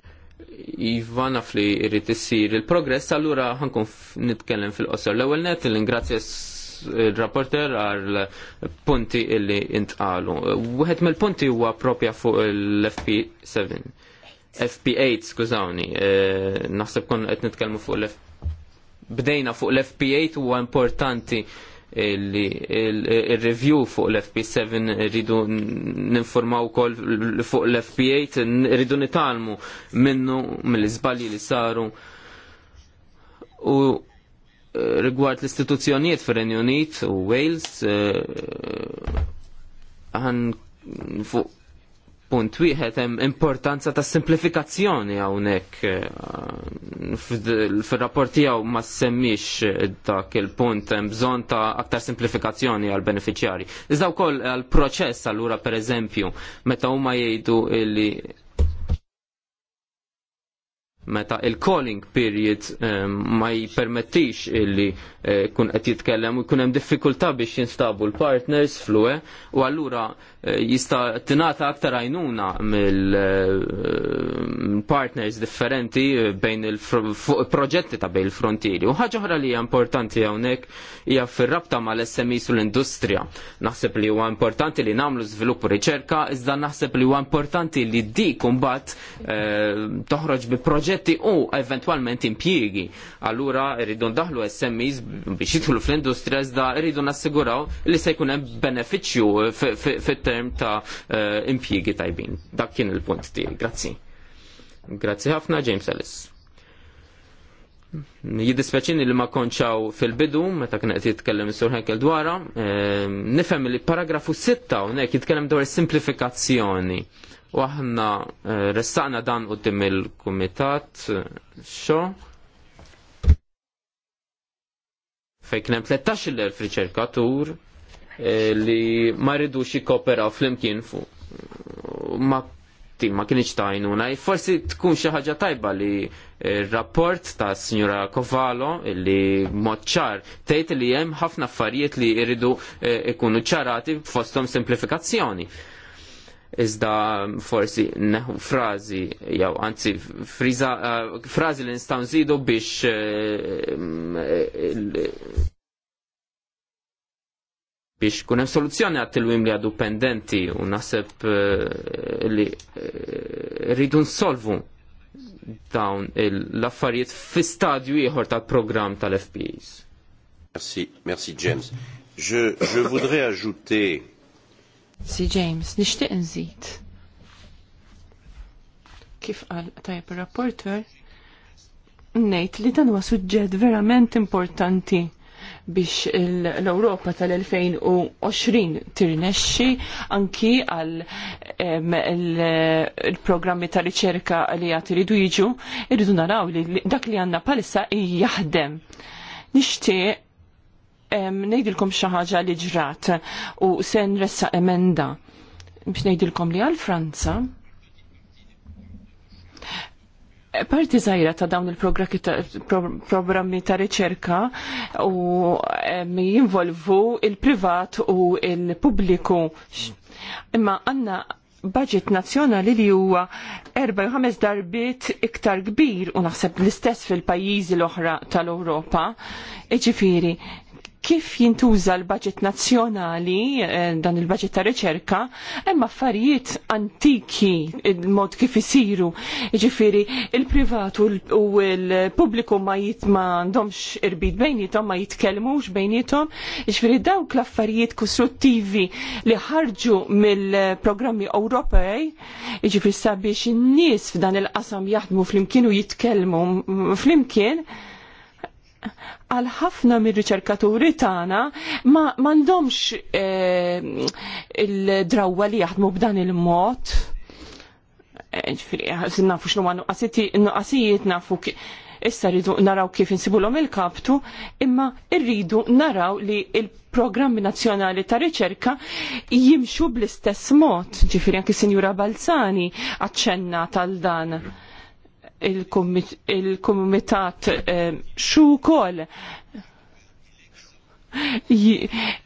Iva naf li irrid il-progress, allura ħankun nitkellem fil-qosor. l ewel net l ingrazzjes il-rapporter għal punti illi intqalu. Wieħed mill-punti huwa propja fuq l-FP7. FP8, skużawni, eh, naħseb kon qed nitkellmu fuq l fp bdejna fuq l-FP8 huwa importanti li il-review fuq l-FP7 rridu ninformaw kol fuq l-FP8 rridu nitalmu minnu mill izbali li saru u rigward l-istituzzjonijiet fir-Renju Unit u Wales eh, għan fuq punt wieħed hemm importanza ta' simplifikazzjoni hawnhekk eh, fir-rapport tiegħu ma semmix eh, dak il-punt hemm bżonn ta' aktar simplifikazzjoni għal beneficjari. Iżda wkoll għal proċess allura pereżempju meta huma jgħidu li meta il-calling period ehm, ma jipermettix illi eh, kun qed jitkellem u jkun hemm diffikultà biex jinstabu l-partners flue u allura Eh, jista tinata aktar għajnuna mill-partners eh, differenti bejn il-proġetti ta' bejn il-frontieri. U ħaġa oħra li hija importanti hawnhekk hija fir-rabta mal-SMEs u l-industrija. Naħseb li huwa importanti li nagħmlu sviluppu riċerka, iżda naħseb li huwa importanti li dik imbagħad eh, toħroġ bi proġetti u eventwalment impjiegi. Allura rridu ndaħlu SMEs biex jidħlu fl-industrija iżda rridu nassiguraw li se jkun hemm benefiċċju fit ferm ta' eh, impjiegi tajbin. Dak kien il-punt tiegħi. Grazzi. Grazzi ħafna James Ellis. Jidispeċini li ma konċaw fil-bidu, meta kien qed jitkellem is-Sur Henkel dwara, nifhem li paragrafu 6 hawnhekk jitkellem dwar simplifikazzjoni. U aħna eh, ressaqna dan qudiem il-kumitat xo. Fejn kien hemm 13 riċerkatur Eh, li ma rridux jikkoperaw flimkien fuq. Ma tim ma kienx tajnuna. Forsi tkun xi ħaġa tajba li eh, rapport ta' signora Kovalo li moċċar tgħid li hemm ħafna affarijiet li rridu eh, ikunu ċarati fosthom simplifikazzjoni. Iżda forsi neħu frażi jew anzi frażi li nistgħu nżidu biex biex kun hemm soluzzjoni għat il-wim li għadu pendenti u naseb eh, li eh, rridu nsolvu dawn l-affarijiet fi stadju ieħor tal-programm tal fps Merci, merci James. Je, je voudrais ajouter. Si James, nishtiq nżid. Kif qal tajb rapporter ngħid li dan huwa suġġett verament importanti biex l-Europa tal-2020 tirnexxi anki għal il-programmi ta' riċerka li għat iridu jiġu, irridu naraw li dak li għanna palissa jaħdem. Nixtieq ngħidilkom xi ħaġa li ġrat u se ressa emenda biex ngħidilkom li għal Franza parti zaħira ta' dawn il-programmi ta' riċerka u jinvolvu il-privat u il-pubbliku. Imma għanna budget nazjonali li huwa 4-5 darbit iktar kbir u naħseb l-istess fil-pajjiżi l-oħra tal-Ewropa. Iġifieri, kif jintuża l-budget nazzjonali, eh, dan il-budget ta' riċerka, hemm affarijiet antiki mod kif isiru. Ġifiri, il-privat u l-pubbliku ma jitmandomx irbit bejnietom, ma jitkellmux bejnietom. Ġifiri, dawk l-affarijiet kostruttivi li ħarġu mill-programmi Ewropej, ġifiri sabiex n nies f'dan il-qasam jaħdmu flimkien u jitkellmu flimkien, għal ħafna mir-riċerkaturi tagħna ma m'għandhomx eh, il-drawwa li jaħdmu b'dan il-mod. Eh, nafu xnu għan nuqqasijiet nafu issa rridu naraw kif insibulhom il-kaptu, imma rridu naraw li il-programmi nazzjonali ta' riċerka jimxu bl-istess mod, ġifieri anke Sinjura Balzani aċċenna tal dan il-Kumitat ehm, xu kol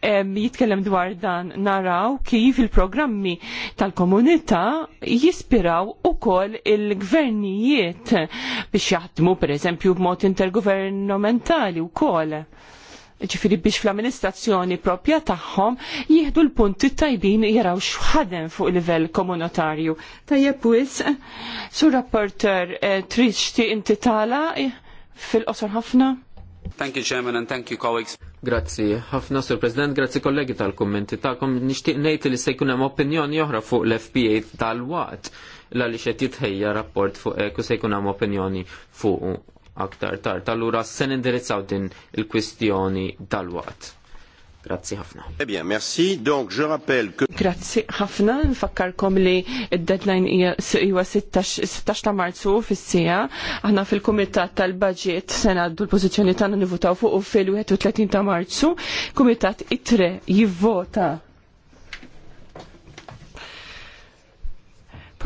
ehm, jitkellem dwar dan naraw kif il-programmi tal-komunità jispiraw ukoll il-gvernijiet biex jaħdmu pereżempju b'mod intergovernamentali wkoll ġifiri biex fl-amministrazzjoni propja tagħhom jieħdu l-punti tajbin jaraw xħadem fuq livell komunitarju. Tajjeb wis, sur rapporter eh, trixti inti tala eh, fil-qosor ħafna? Thank you, Chairman, and thank you, colleagues. Grazzi, ħafna sur President, grazzi kollegi tal-kommenti tal-kom. Nixtieq ngħid li se jkun hemm opinjoni oħra fuq l-FPA tal-waqt l għaliex qed jitħejja rapport fuq eku se jkun hemm opinjoni fuq aktar tard. Allura se nindirizzaw din il-kwistjoni dal-waqt. Grazzi ħafna. Eh merci. Donc, je rappelle que... Grazzi ħafna. Nfakkarkom li id-deadline hija 16 ta' marzu fis-sija. Aħna fil-Kumitat tal-Budget se ngħaddu l-pożizzjoni tagħna nivutaw fuq u fil-31 ta' marzu. Kumitat it-tre jivvota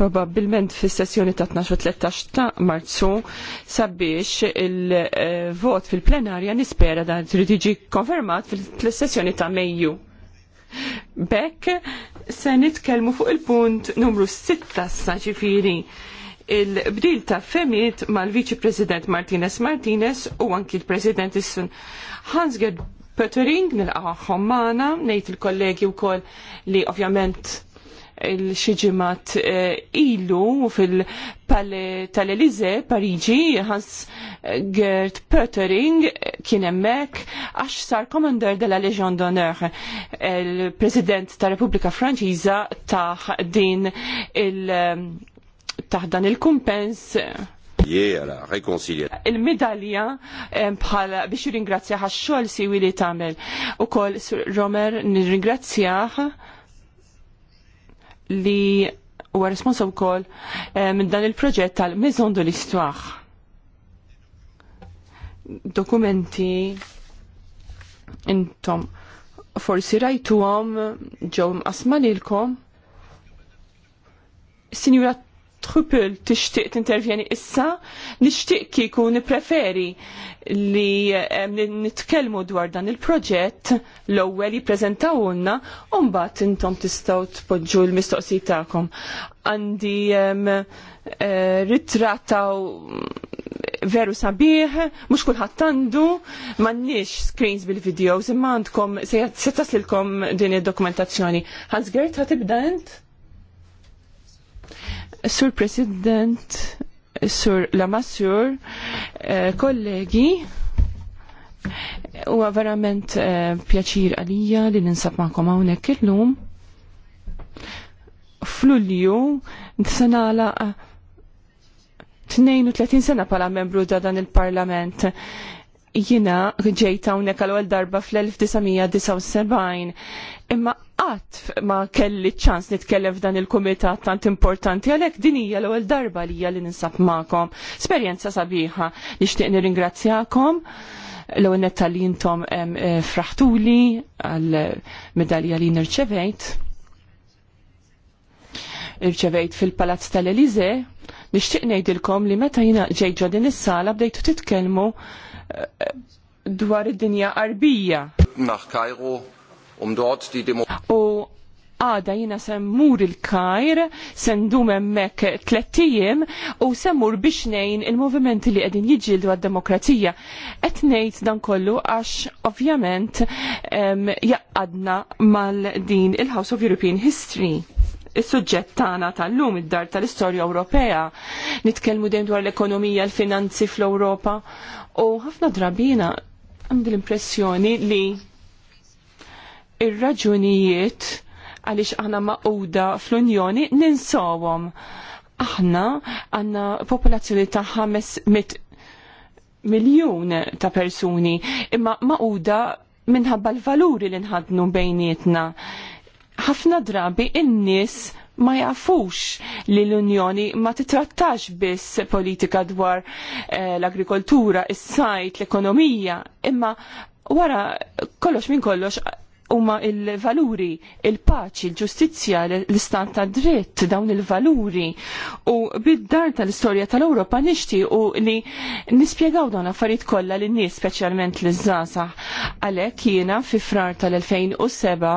Probabilment fis sessjoni ta' 12 13 ta' marzu sabiex il-vot fil-plenarja nispera dan trid jiġi konfermat fil-sessjoni ta' Mejju. Bekk se nitkellmu fuq il-punt numru 6 sa il-bdil ta' femiet mal-Viċi President Martinez Martinez u anki l-President Issun Hans-Gerd Pöttering nil-qaħħom maħna, nejt il-kollegi u koll li ovvjament il xieġimat eh, ilu fil palle tal-Elize, Parigi, Hans Gert Pöttering kien hemmhekk għax sar Commander della Legion d'Honneur, il-President tar Repubblika Franċiża ta' din il- taħ dan il-kumpens Il-medalja eh, bħala biex ringrazzjaħ xol xogħol siwi li tagħmel. kol Romer nirringrazzjah li huwa responsaw wkoll eh, minn dan il-proġett tal-Maison de l'Histoire. Dokumenti intom forsi rajtuhom ġew mqasma lilkom. Sinjura Tħupil tixtieq tintervjeni issa, nixtieq kieku nippreferi li eh, nitkellmu dwar dan il-proġett l-ewwel jippreżentawulna unna mbagħad intom tistgħu tpoġġu l mistoqsi tagħkom. Għandi ehm, eh, ritrataw veru sabiħ, mhux kulħadd għandu, m'għandniex screens bil-videos, imma għandkom se taslilkom din id-dokumentazzjoni. Hans Gert ħatibda int? Sur President, Sur Lamassur, eh, kollegi, u verament eh, pjaċir għalija li ninsab ma'kom hawnhekk illum. F'Lulju sanala 32 sena pala membru ta' dan il-Parlament jina ġejta hawnhekk għal darba fl-1979 imma qatt ma kelli ċans nitkellem f'dan il-kumitat tant importanti għalhekk din hija l-ewwel darba li hija li ninsab magħkom. Esperjenza sabiħa nixtieq nirringrazzjakom l-ewwel netta li intom eh, fraħtuli għal medalja li nirċevejt irċevejt fil-Palazz tal-Elize, nixtieq ngħidilkom li meta jiena ġejt din is-sala bdejtu titkellmu eh, dwar id-dinja qarbija. Nach Kajru um dort die għada jina semmur il-kajr, sendum emmek tlettijim u semmur biex nejn il-movimenti li għedin jġildu għad-demokrazija. Et nejt dan kollu għax ovvjament jaqqadna mal-din il-House of European History is-suġġett tagħna tal-lum id-dar tal-istorja Ewropea. Nitkellmu dejjem dwar l-ekonomija, l-finanzi fl-Ewropa u ħafna drabina għandi l-impressjoni li ir-raġunijiet għaliex aħna maquda fl-Unjoni ninsawom. Aħna għandna popolazzjoni ta' 500 miljun ta' persuni imma maquda minħabba l-valuri li nħadnu bejnietna. Ħafna drabi in-nies ma jafux li l-Unjoni ma titrattax biss politika dwar eh, l-agrikoltura, is-sajt, l-ekonomija, imma wara kollox minn kollox huma il-valuri, il-paċi, il-ġustizzja, l-istan ta' dritt dawn il-valuri u bid-dar tal-istorja tal-Ewropa nixti u li nispjegaw dawn affarijiet kollha lin nies speċjalment l żgħażagħ Għalhekk jiena fi frar tal-2007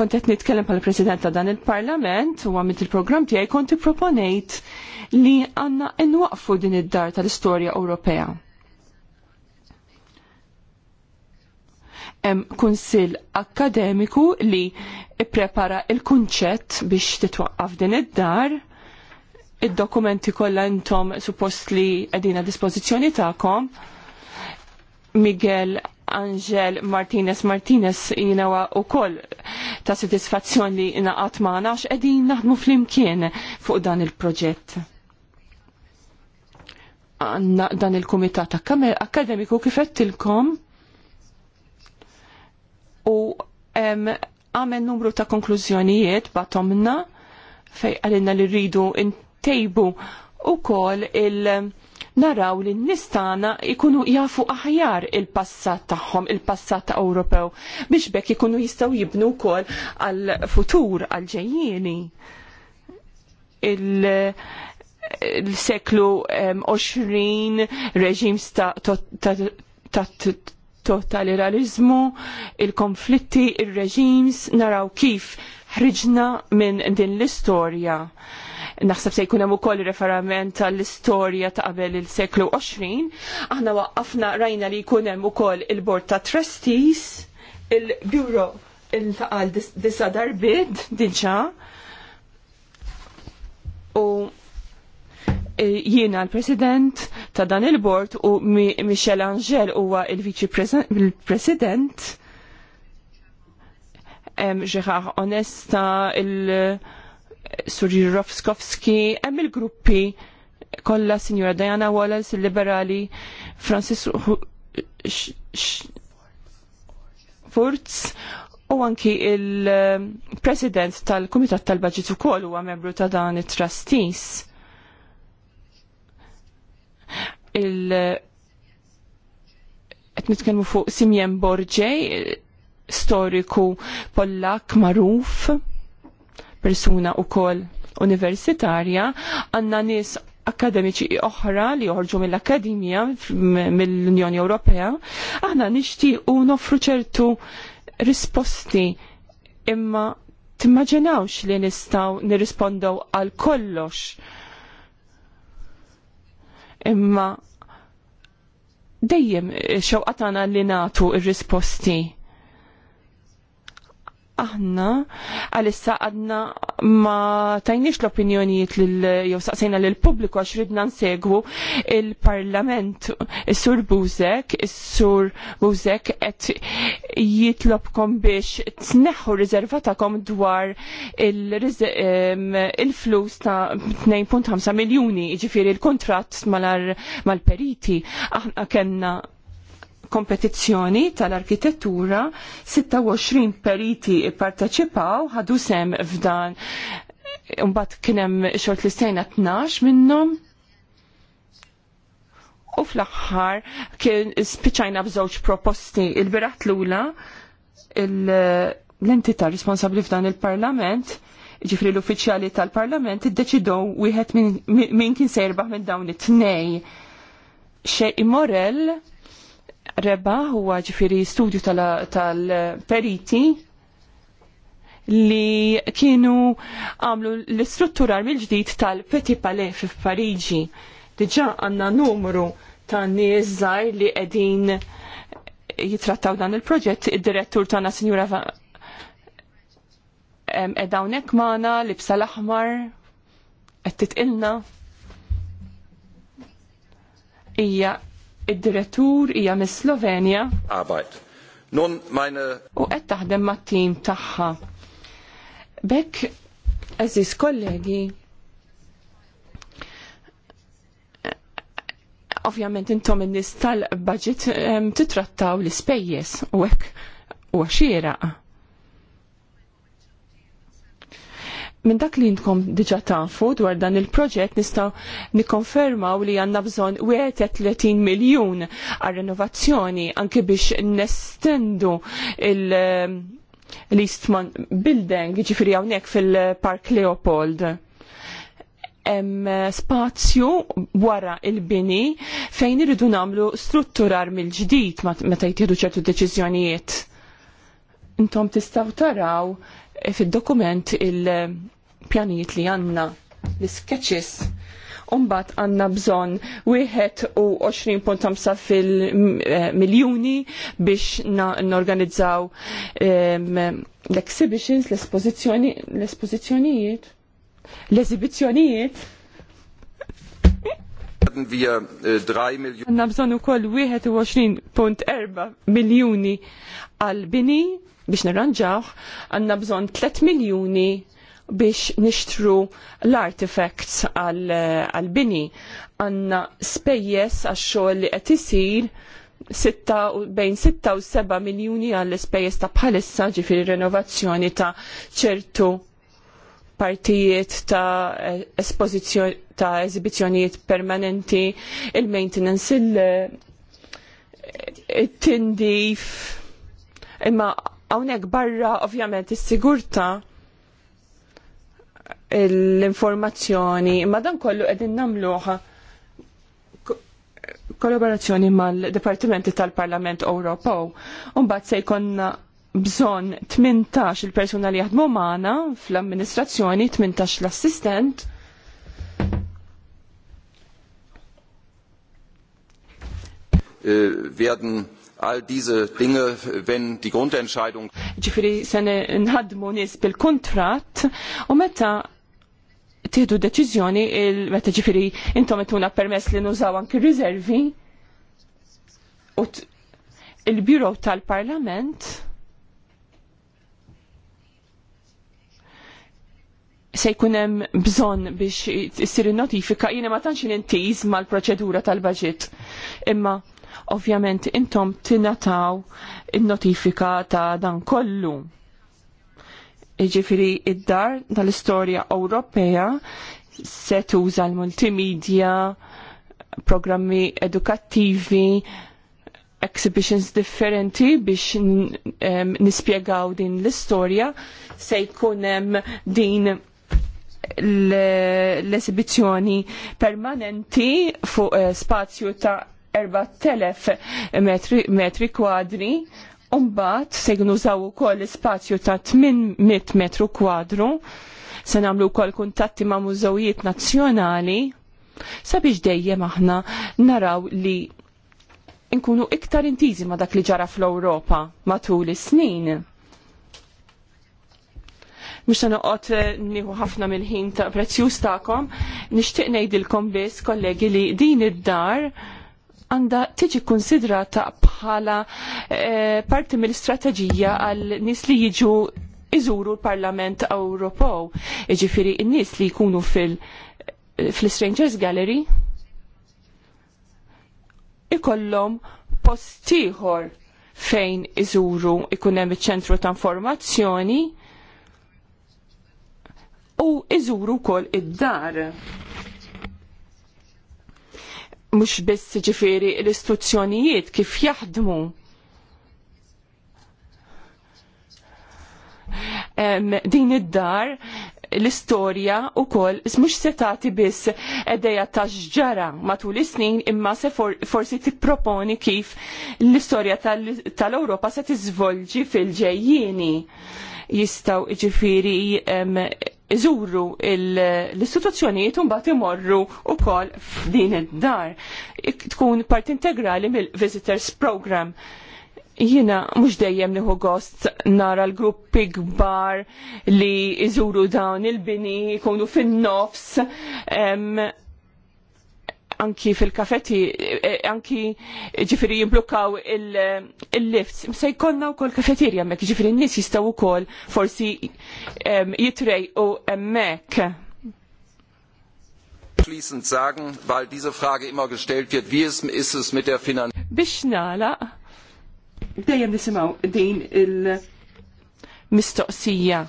kont qed nitkellem bħal president ta' dan il-Parlament u għamilt il-programm tiegħi kont ipproponejt li għandna nwaqfu din id-dar tal-istorja Ewropea hemm kunsill akkademiku li ipprepara il-kunċett biex titwaqqaf din id-dar id-dokumenti kollha intom suppost li qegħdin dispożizzjoni tagħkom. Miguel Angel Martinez Martinez jinawa u koll ta' satisfazzjon li naqat maħna għax edin naħdmu fl-imkien fuq dan il-proġett. Dan il-Kumitat Akademiku kifettilkom u għamel numru ta' konklużjonijiet batomna fej għalina li rridu intejbu u kol il- naraw li n-nistana ikunu jafu aħjar il-passat tagħhom, il-passat ta' Ewropew, biex bekk ikunu jistaw jibnu kol għal-futur, għal-ġejjieni. Il-seklu 20 reġim ta' totalitarizmu, il-konflitti, il-reġims, naraw kif ħriġna minn din l-istorja. Naħseb se jkun hemm ukoll referament tal-istorja ta' qabel il-seklu 20, aħna waqqafna rajna li jkun hemm ukoll il-Bord ta' Trustees, il-Bureau il-taqal disa darbid, diġa u Eh, jiena l-president ta' dan il-bord u Michel Angel huwa il-viċi president Gerard Onesta, il-Suri Rofskowski, hemm il-gruppi kollha Signora Diana Wallace, il-Liberali, Francis Furz u anki il-President tal-Kumitat tal-Baġit ukoll huwa membru ta' dan it-Trustees il qed nitkellmu fuq Simjen Borġej, storiku Pollak magħruf, persuna wkoll universitarja, għandna nies akademiċi oħra li joħorġu mill-Akademija mill-Unjoni Ewropea, aħna nixtiequ nofru ċertu risposti imma timmaġinawx li nistgħu nirrispondew għal kollox imma dejjem xewqa tagħna li nagħtu r-risposti aħna għalissa għadna ma tajniex l-opinjonijiet jew saqsejna l pubbliku għax ridna nsegwu il-parlament is-sur Buzek, is-sur Buzek qed jitlobkom biex tneħħu riservatakom dwar il-flus ta' 2.5 miljuni, jiġifieri l-kuntratt mal-periti. Aħna kellna kompetizzjoni tal-arkitettura 26 periti parteċipaw ħadu sem f'dan Umbat kienem xort li stejna 12 minnom u fl-axħar kien spiċajna bżoċ proposti il-birat l-ula l-entità responsabli f'dan il-parlament ġifri l-uffiċjali tal-parlament id deċidu wieħed minn min kien serbaħ minn dawn it-tnej xej Morel reba huwa ġifiri studju tal-periti li kienu għamlu l istruttura mill-ġdid tal-Petit Palais fi Pariġi. Diġa għanna numru ta' nizzaj li edin jitrattaw dan il-proġett, id-direttur tana Signora edawnek mana li bsa l-aħmar qed ilna Ija Id-direttur hija mis Slovenja. Arbeit. Nun meine U qed taħdem mat-tim tagħha. Bekk eżis kollegi ovvjament intom in-nies tal-budget titrattaw l-ispejjeż u hekk huwa xieraq. minn dak li jintkom diġa tafu dwar dan il-proġett nistaw nikkonfermaw li għanna bżon 30 miljon għal renovazzjoni anki biex nestendu il- ehm, l-Eastman Building, ġifiri għawnek fil-Park Leopold. Em eh, spazju wara il-bini fejn irridu namlu strutturar mill-ġdid meta jtidu ċertu deċiżjonijiet. Intom tistaw taraw eh, fil-dokument il- pjanijiet li għanna l-sketches Umbat għanna bżon 21.5 fil-miljoni eh, biex n-organizzaw l-exhibitions, l-espozizjonijiet, l-ezibizjonijiet. Eh, għanna bżon u koll 21.4 miljoni għal-bini biex nirranġaw, għanna bżon 3 miljoni biex nixtru l-artifacts għal-bini. Għanna spejjes għax xogħol li qed isir bejn 6 u 7 miljuni għall spejjes ta' bħalissa ġifiri renovazzjoni ta' ċertu partijiet ta' esposizjoni ta' eżibizzjonijiet permanenti, il-maintenance, il-tindif, eh, imma għonek barra ovvjament is-sigurta' l-informazzjoni, ma dan kollu qegħdin nagħmluh kollaborazzjoni mal-Dipartimenti tal-Parlament Ewropew. mbagħad se jkollna bżonn 18 il-persuna li jaħdmu magħna fl-amministrazzjoni, 18 l-assistent. Äh, werden all diese Dinge, wenn die Grundentscheidung. Ġifiri se nħadmu nies bil-kontrat u meta tieħdu deċiżjoni meta ġifiri intom etuna permess li nużaw anki riservi u il-Biro tal-Parlament se jkun hemm bżonn biex issir notifika jiena ma tantx intiż mal-proċedura tal-baġit. Imma Ovvjament intom tinataw il-notifika ta' dan kollu. Iġifiri id-dar tal-istorja Ewropea se tuża l-multimedja, programmi edukattivi, exhibitions differenti biex nispjegaw din l-istorja se jkun hemm din l-esibizjoni permanenti fuq eh, spazju ta' 4,000 metri, metri kwadri Umbat se nużaw ukoll spazju ta' 800 metru kwadru, se nagħmlu wkoll kuntatti ma' mużewijiet nazzjonali sabiex dejjem aħna naraw li nkunu iktar intiżi ma' dak li ġara fl-Ewropa matul is-snin. Mux ta' noqot eh, nieħu ħafna mill-ħin ta' prezzjuż tagħkom, nixtieq ngħidilkom biss kollegi li din id-dar għanda tiġi konsidrata bħala eh, parti mill-istrateġija għal nis li jiġu iżuru l-Parlament Ewropew. Iġifiri, n-nis li jkunu fil- fl-Strangers Gallery ikollhom postiħor fejn iżuru ikun hemm iċ-ċentru ta' informazzjoni u iżuru wkoll id-dar mhux biss ġifiri l istruzzjonijiet kif jaħdmu. din id-dar l-istorja u koll mux setati biss edeja ta' xġara matul is-snin imma se forsi tipproponi kif l-istorja tal-Europa se tiżvolġi fil-ġejjieni jistaw ġifiri iżuru l-istituzzjonijiet un bat imorru u kol f'din id-dar. Tkun part integrali mill-Visitors Program. Jina mux dejjem nieħu gost nara l-gruppi kbar li iżuru dawn il-bini jkunu fin-nofs anki fil-kafetti, e, e, anki ġifiri jimblukaw il-lifts. Il Se jkollna u kol kafetiri mek, ġifiri n-nis jistaw u kol forsi jitrej u emmek. Schließend sagen, weil diese Frage immer gestellt wird, wie es, ist es mit der Finanzierung? Biex dejjem nisimaw din il-mistoqsija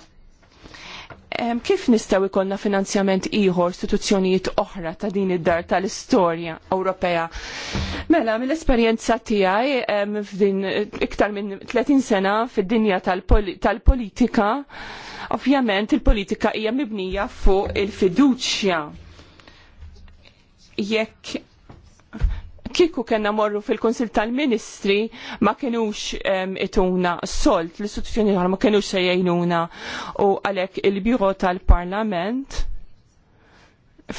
Kif nistaw ikonna finanzjament ieħor istituzzjonijiet oħra ta' din id-dar tal-istorja Ewropea? Mela, mill-esperjenza tiegħi f'din iktar minn 30 sena fid-dinja tal-politika, tal ovvjament il-politika hija mibnija fuq il-fiduċja. Jekk kieku kena morru fil-Konsil tal-Ministri ma kienux ituna solt, l-istituzjoni ma kienux se jgħinuna u għalek il-Biro tal-Parlament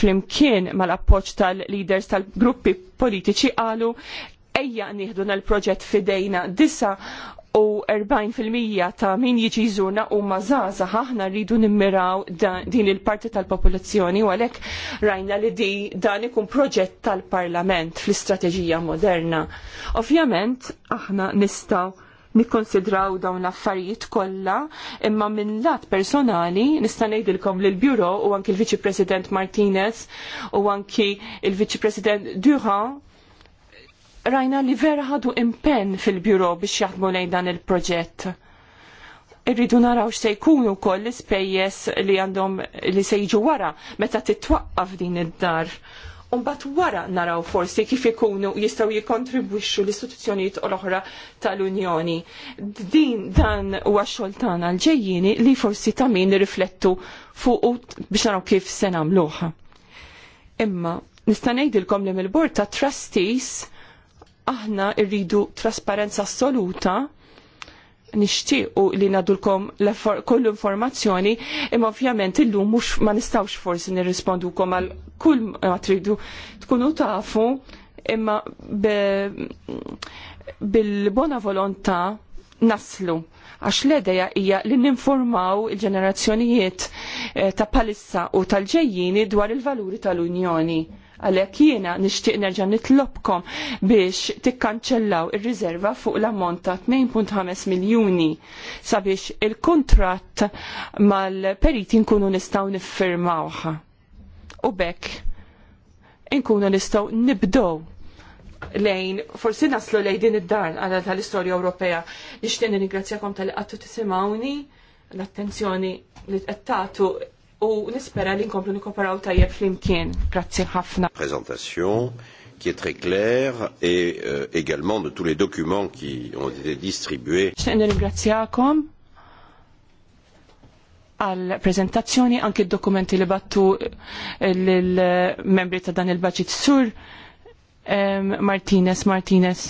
flimkien mal-appoċ tal-leaders tal-gruppi politiċi għalu ejja nieħdu l proġett fidejna disa u 40% ta' min jiġi jżurna u mażaza ħahna rridu nimmiraw din il-parti tal-popolazzjoni u għalek rajna li di dan ikun proġett tal-parlament fl-istrateġija moderna. Ovvjament, aħna nistaw nikkonsidraw dawn l-affarijiet kollha, imma minn lat personali nista' ngħidilkom li l bureau u anki l-Viċi President Martinez u anki l-Viċi President Durand rajna li vera ħadu impenn fil-biro biex jaħdmu lejn dan il-proġett. Irridu naraw x'se jkunu wkoll l-ispejjeż li għandhom li se jiġu wara meta titwaqqaf din id-dar. Umbat wara naraw forsi kif ikunu jistaw jikontribwixxu l-istituzzjonijiet u l-oħra tal-Unjoni. Din dan huwa tagħna l-ġejjini li forsi ta' min riflettu fuq biex naraw kif se nagħmluha. Imma nista' ngħidilkom li mill-bord ta' trustees aħna rridu trasparenza assoluta nixtiequ li nadulkom kollu informazzjoni imma ovvjament illum mhux ma nistawx forsi kom għal kull ma tridu tkunu tafu imma bil-bona volontà naslu għax l-edeja hija li ninformaw il-ġenerazzjonijiet eh, ta' palissa u tal-ġejjini dwar il-valuri tal-Unjoni Għalhekk jiena nixtieq nerġa' nitlobkom biex tikkanċellaw ir-riserva fuq l-ammont ta' 2.5 miljuni sabiex il-kuntratt mal-periti nkunu nistgħu niffirmawha. U bekk inkunu nistgħu nibdow lejn, forsi naslu lejn din id-dar għala tal-istorja Ewropea. Nixtieq nirringrazzjakom tal-qattu tisimawni l-attenzjoni li tagħtu u nispera li nkomplu nikoperaw tajjeb flimkien. Grazzi ħafna. Presentation qui est très claire et euh, également de tous les documents qui ont été distribués. Ringrazzjakom għal prezentazzjoni anke dokumenti li battu eh, l-membri eh, ta' dan il-budget sur Martinez Martinez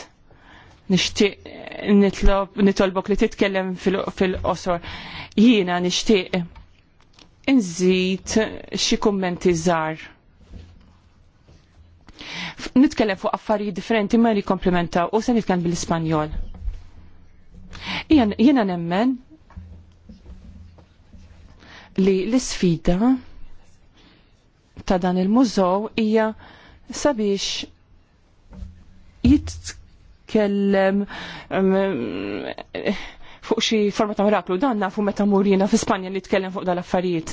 nitlob nitolbok li titkellem fil-qosor jiena nixtieq nżid xi kummenti żgħar. Nitkellem fuq affarijiet differenti ma jkomplementaw u se nitkellem bil-Ispanjol. Jiena nemmen li l-isfida ta' dan il-mużow hija sabiex jitkellem um, fuq xi forma ta' miraklu. Dan nafu meta murina fi Spanja li tkellem fuq dal-affarijiet.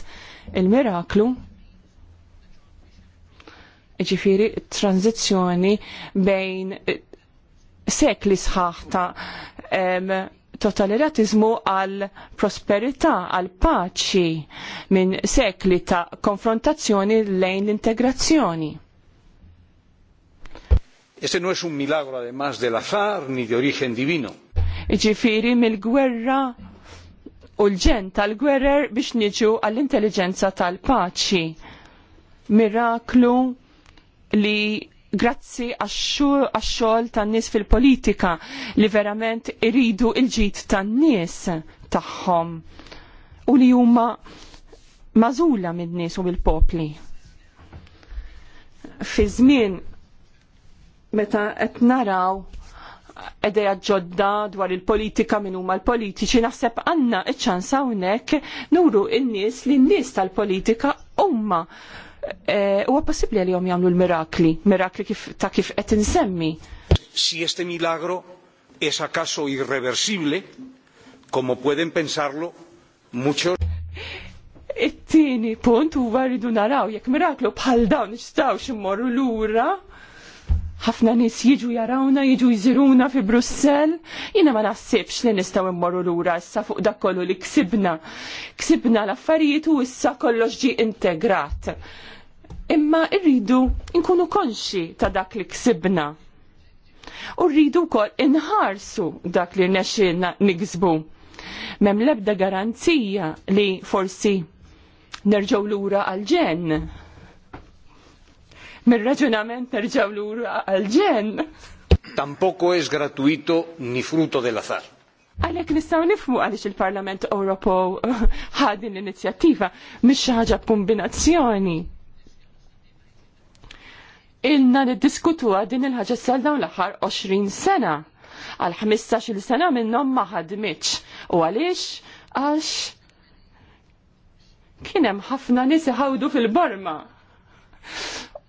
Il-miraklu ġifiri tranzizzjoni bejn sekli sħaħ ta' totalitarizmu għal prosperità, għal paċi minn sekli ta' konfrontazzjoni lejn l-integrazzjoni. Este no es un milagro además del azar ni de origen divino. Ġifiri mill-gwerra u l-ġen tal gwerrer biex niġu għall-intelligenza tal-paċi. Miraklu li grazzi għax-xogħol tan-nies fil-politika li verament iridu il ġit tan-nies tagħhom u li huma mażula mid-nies u mill-popli. Fi żmien meta qed naraw ideja ġodda dwar il-politika minn huma l-politiċi naħseb għandna iċ-ċans hawnhekk nuru n-nies li n-nies tal-politika huma e, huwa possibbli jom jagħmlu l-mirakli, mirakli kif ta' kif qed insemmi. Si este milagro es acaso irreversible, como pueden pensarlo muchos It-tieni punt huwa rridu naraw jekk miraklu bħal dawn nistgħux immorru lura ħafna nis jiġu jarawna, jiġu jżiruna fi Brussel, jina ma naħsibx li nistaw immorru lura issa fuq dak kollu li ksibna. Ksibna l-affarijiet u issa kollox ġi integrat. Imma rridu nkunu konxi ta' dak li ksibna. U rridu kol inħarsu dak li nexxilna niksbu. Mem lebda garanzija li forsi nerġaw lura għal-ġen mir-raġunament nerġaw lura għal-ġen. Tampoco es gratuito ni fruto del azar. Għalek nistaw nifmu għalix il-Parlament Ewropew ħadin l-inizjattiva, mis ħaġa kombinazzjoni. Ilna niddiskutu din il ħagġa s dawn l-aħħar 20 sena. Għal 15-il sena minnhom ma ħadmitx. U għaliex? Għax kien hemm ħafna nisi ħawdu fil-Borma.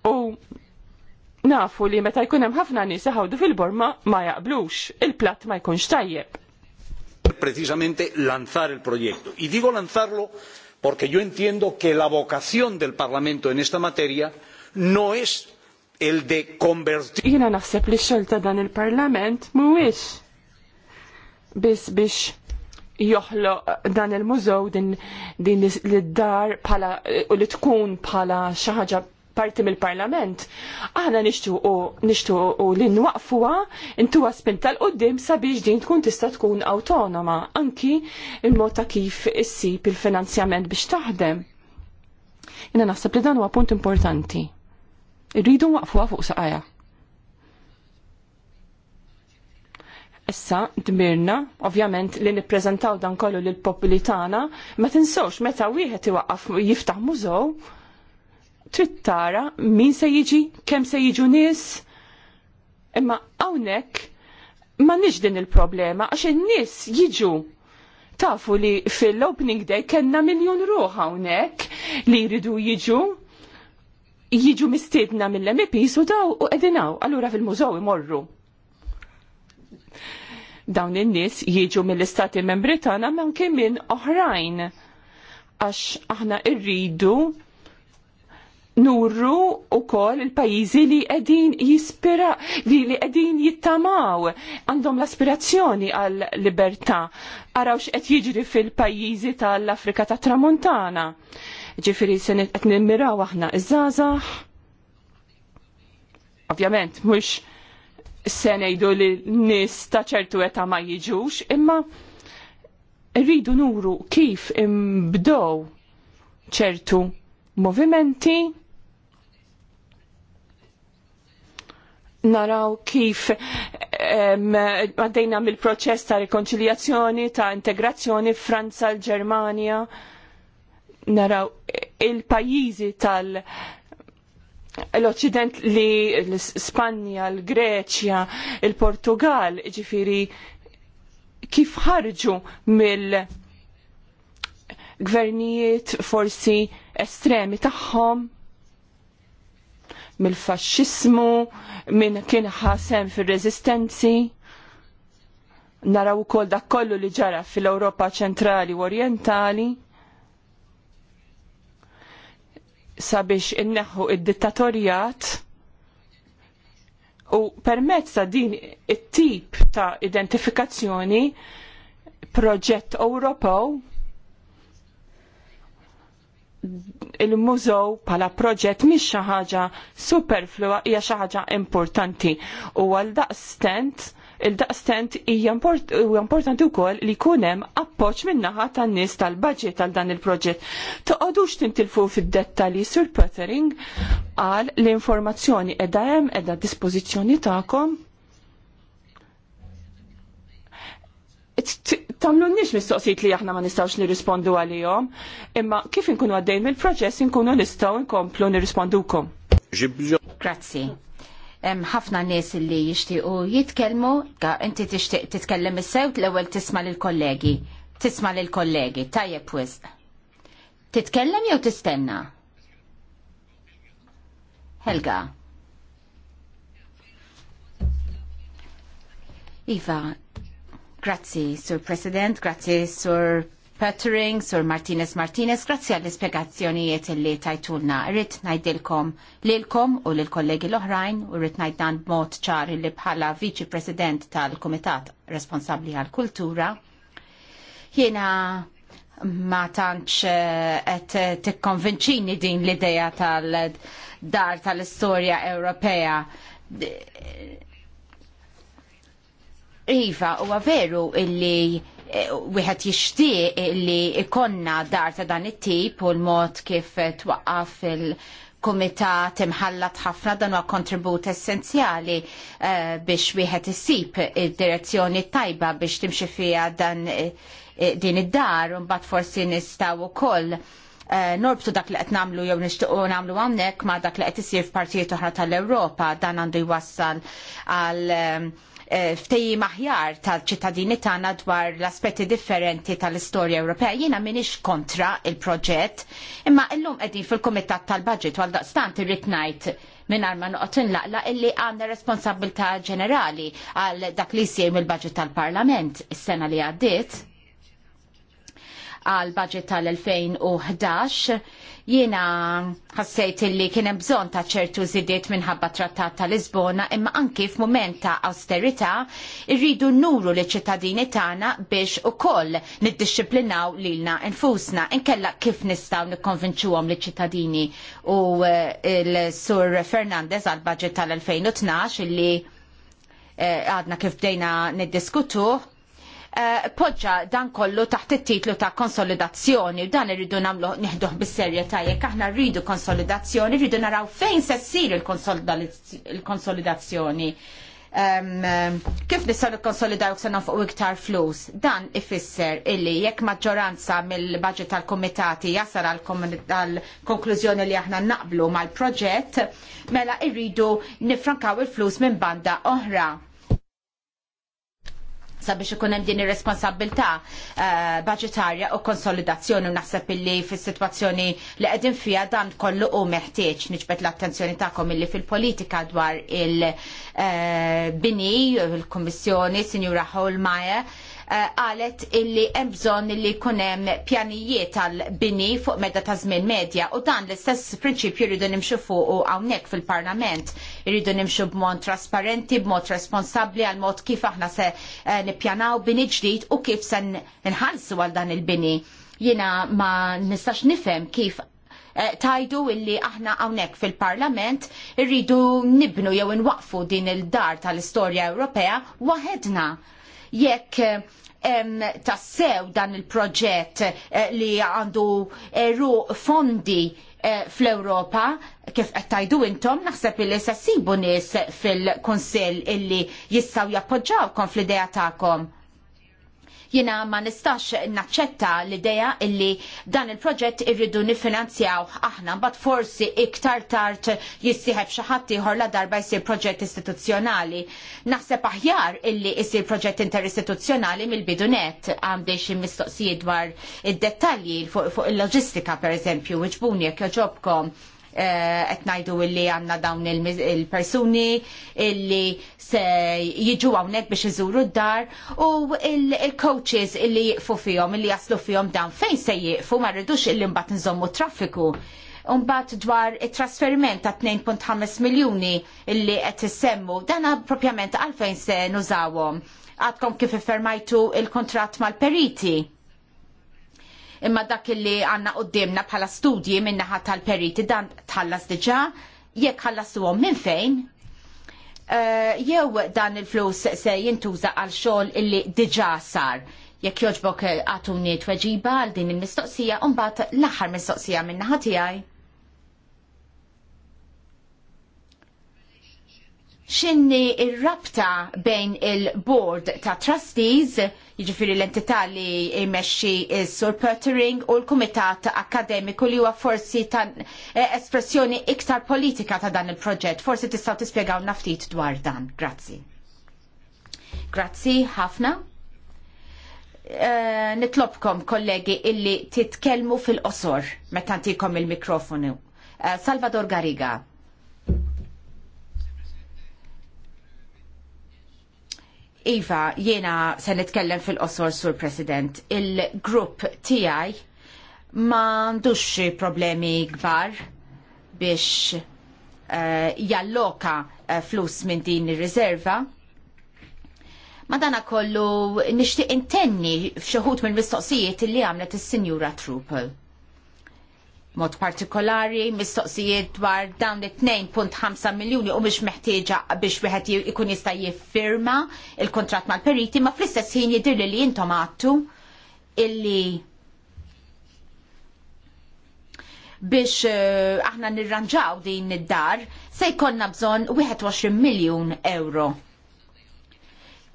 U nafu li meta jkun hemm ħafna nies iħawdu fil-borma ma jaqblux, il-platt ma jkunx tajjeb. Precisamente lanzar il proyecto. Y digo lanzarlo porque yo entiendo que la vocación del Parlamento en esta materia no es el de convertir. Jina naħseb li xolta dan il-parlament mhuwiex biss biex joħlo dan il mużow din, din l-dar pala u li tkun pala xi ħaġa parti mill-parlament, aħna nixtuqu li nwaqfuha intuwa spin tal-qoddim sabiex din tkun tista' tkun awtonoma anki il-mod ta' kif issib il-finanzjament biex taħdem. Jena naħseb li dan huwa punt importanti. Irridu nwaqfuha fuq saqajja. Issa dmirna, ovvjament li nippreżentaw dan kollu lil popoli tagħna, ma tinsowx meta wieħed iwaqqaf jiftaħ mużow, trid tara min se jiġi, kemm se jiġu nies. Imma hawnhekk ma nix din il-problema għax in-nies jiġu tafu li fil-opening day kellna miljon ruħ hawnhekk li jridu jiġu jiġu mistiedna mill mp u daw u edinaw, allura fil-mużew imorru. Dawn in-nies jiġu mill-istati membri tagħna ma kemm minn oħrajn għax aħna irridu nurru u kol il-pajizi li edin jispira, li li edin jittamaw, għandhom l-aspirazzjoni għal libertà għaraw x'qed jiġri fil-pajizi tal-Afrika ta' Tramontana. Ġifiri se għet nimmiraw aħna iż-żgħażagħ. Ovvjament, mhux se li nis ta' ċertu età ma jiġux, imma rridu nuru kif imbdow ċertu movimenti naraw kif għaddejna mill-proċess ta' rikonċiljazzjoni, ta' integrazzjoni Franza, l ġermania naraw il-pajizi tal- l-Occident li l-Spanja, l-Greċja, il-Portugal, ġifiri kif ħarġu mill-gvernijiet forsi estremi tagħhom mill-fasċismu, minn kien ħasem fil-rezistenzi. Naraw ukoll dak kollu li ġara fil-Ewropa ċentrali u orientali sabiex inneħħu id-dittatorjat u permezz ta' din it-tip ta' identifikazzjoni proġett Ewropew il-mużow pala proġett mhix xi ħaġa superflua hija xi ħaġa importanti. U għal daqstent il-daqstent hija import, importanti wkoll li jkun hemm appoġġ min-naħa tan-nies tal budget tal dan il-proġett. Toqodux tintilfu fid-dettalji sur Petering għal l-informazzjoni qiegħda hemm qiegħda dispożizzjoni tagħkom tamlu nix li aħna ma nistawx nirrispondu għalihom, imma kif inkunu għaddejn mill-proċess inkunu nistaw nkomplu nirrispondukom. Grazzi. Ħafna nies li jixtiequ jitkellmu, inti tixtieq titkellem is-sew l-ewwel tisma' lill-kollegi. Tisma' lill-kollegi, tajjeb wisq. Titkellem jew tistenna? Helga. Iva, Grazzi, Sur President, grazzi, Sur Pettering, Sur Martinez Martinez, grazzi għall-ispiegazzjonijiet li tajtulna. Rrit najdilkom lilkom u lil-kollegi l-oħrajn u rrit najdan mod ċar li bħala Viċi President tal-Komitat Responsabli għal-Kultura. Jena ma tantx eh, qed tikkonvinċini din l-idea tal-dar tal-istorja Ewropea Iva, huwa veru illi eh, wieħed jixtieq li ikonna dar ta' dan it-tip u l-mod kif twaqqaf il- kumitat imħallat ħafna dan huwa kontribut essenzjali eh, biex wieħed issib id-direzzjoni tajba biex timxi fiha dan eh, din id-dar u mbagħad forsi nistgħu wkoll norbtu dak li qed nagħmlu jew nixtiequ nagħmlu hawnhekk ma' dak li qed isir f'partijiet oħra tal-Ewropa dan għandu jwassal għal Eh, ftejji maħjar tal-ċittadini tagħna dwar l-aspetti differenti tal-istorja Ewropea. Jiena m'iniex kontra il-proġett, imma llum qegħdin fil-Kumitat tal-Baġit għal daqstant irrid ngħid mingħajr ma noqgħod inlaqla illi għandna responsabilità ġenerali għal dak li jsir mill-Baġit tal-Parlament is-sena li għaddiet għal budget tal-2011 jiena ħassejt li kien hemm bżonn ta' ċertu żidiet minħabba trattat ta' Lisbona imma anki f'mument ta' austerità irridu nuru li ċittadini tagħna biex ukoll niddixxiplinaw lilna infusna inkella kif nistgħu nikkonvinċuhom li ċittadini u eh, l-Sur Fernandez għal budget tal-2012 illi eh, għadna kif bdejna niddiskutuh Eh, poġġa dan kollu taħt it-titlu ta' konsolidazzjoni u dan irridu nagħmlu nieħduh bis-serjetà jekk aħna rridu konsolidazzjoni, rridu naraw fejn se ssir il-konsolidazzjoni. Um, kif nistgħu nikkonsolidaw se nofqu iktar flus? Dan ifisser illi jekk maġġoranza mill-budget tal-kumitati jasal għal-konklużjoni li aħna naqblu mal-proġett, mela irridu nifrankaw il-flus minn banda oħra sabiex ikun hemm din ir-responsabilità eh, budgetarja u konsolidazzjoni u naħseb illi fis-sitwazzjoni li qegħdin fiha dan kollu hu meħtieġ niġbed l-attenzjoni tagħkom illi fil-politika dwar il-bini, eh, il-Kummissjoni, Sinjura Holmeyer, Eh, qalet illi hemm bżonn illi jkun hemm pjanijiet għal bini fuq medda ta' żmien medja u dan l-istess prinċipju jridu nimxu fuq hawnhekk fil-Parlament. Irridu nimxu b'mod trasparenti, b'mod responsabbli għal mod kif aħna se eh, nippjanaw bini ġdid u kif se nħallsu għal dan il-bini. Jiena ma nistax nifhem kif eh, tajdu illi aħna hawnhekk fil-Parlament irridu nibnu jew nwaqfu din il-dar tal-istorja Ewropea waħedna jekk tassew dan il-proġett eh, li għandu eru eh, fondi eh, fl-Europa, kif qed intom, naħseb li se ssibu nies fil-Kunsill illi jistgħu jappoġġawkom fl-idea tagħkom. Jina ma nistax naċċetta l-idea illi dan il-proġett irridu nifinanzjaw aħna, bat forsi iktar tard jissiħeb xaħat ieħor la darba jsir proġett istituzzjonali. Naħseb aħjar illi jsir proġett interistituzzjonali mill-bidu net għandi xi mistoqsijiet dwar id-dettalji fuq il-loġistika pereżempju, eżempju, jekk kħoġobkom. Eh, qed ngħidu illi għandna dawn il-persuni illi se jiġu hawnhekk biex iżuru d-dar u il-coaches illi jiqfu fihom illi jaslu fihom dawn fejn se jiqfu ma rridux illi mbagħad nżommu traffiku. Umbat dwar it-trasferiment ta' 2.5 miljuni illi qed issemmu dana propjament għalfejn se nużawhom. Għadkom kif iffermajtu il kuntratt mal-periti imma dak li għanna qoddimna bħala studji minnaħa tal-periti dan tħallas diġa, jekk ħallasu għom minn fejn, eh, jew dan il-flus se jintuża għal xogħol illi diġa sar. Jekk joġbok eh, għatuni tweġiba għal din il-mistoqsija, un bat l-aħħar mistoqsija minnaħa tiegħi. xinni il-rabta bejn il-board ta' trustees, jġifiri l-entità li jmexxi il-Sur Pertering u l-Kumitat Akademiku li huwa forsi ta' espressjoni iktar politika ta' dan il-proġett. Forsi tistgħu tispjegaw naftit dwar dan. Grazzi. Grazzi ħafna. Eh, nitlobkom kollegi illi titkelmu fil-qosor meta ntikom il-mikrofonu. Eh, Salvador Gariga. Iva, jiena se nitkellem fil-qosor sur President. Il-grupp tiegħi ma ndux problemi kbar biex uh, jalloka uh, flus minn din ir-riserva. Ma dana kollu nixtieq intenni f'xi ħut mill-mistoqsijiet li għamlet is-Sinjura Trupel mod partikolari mistoqsijiet dwar dawn it-2.5 miljuni u mhix meħtieġa biex wieħed ikun jista' jiffirma il-kontratt mal-periti ma fl-istess ħin jidhirli li intom għattu illi biex uh, aħna nirranġaw din id-dar se jkollna bżonn 21 miljun euro.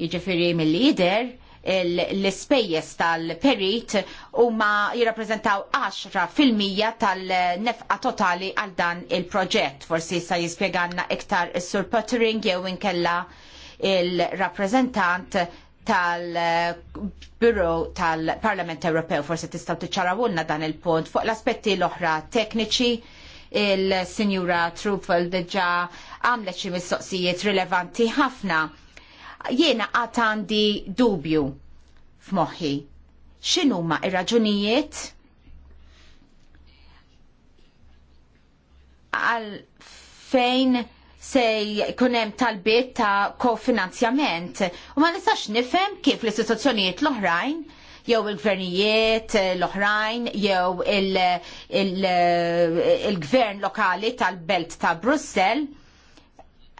Jiġifieri mill-lider l-spejjes tal-perit huma jirrappreżentaw 10% tal-nefqa totali għal dan il-proġett. Forsi sa jispjeganna iktar is-sur Pottering jew inkella il-rappreżentant tal-Bureau tal-Parlament Ewropew forsi tistaw tiċċarawulna dan il-punt fuq l-aspetti l-oħra tekniċi il-Sinjura Trupel deġa għamlet xi mistoqsijiet rilevanti ħafna jiena għad għandi dubju f'moħħi. X'inhuma ir-raġunijiet għal fejn se jkun hemm talbiet ta' kofinanzjament u ma nistax nifhem kif l-istituzzjonijiet l-oħrajn jew il-gvernijiet l-oħrajn jew il-gvern il il il lokali tal-belt ta' Brussell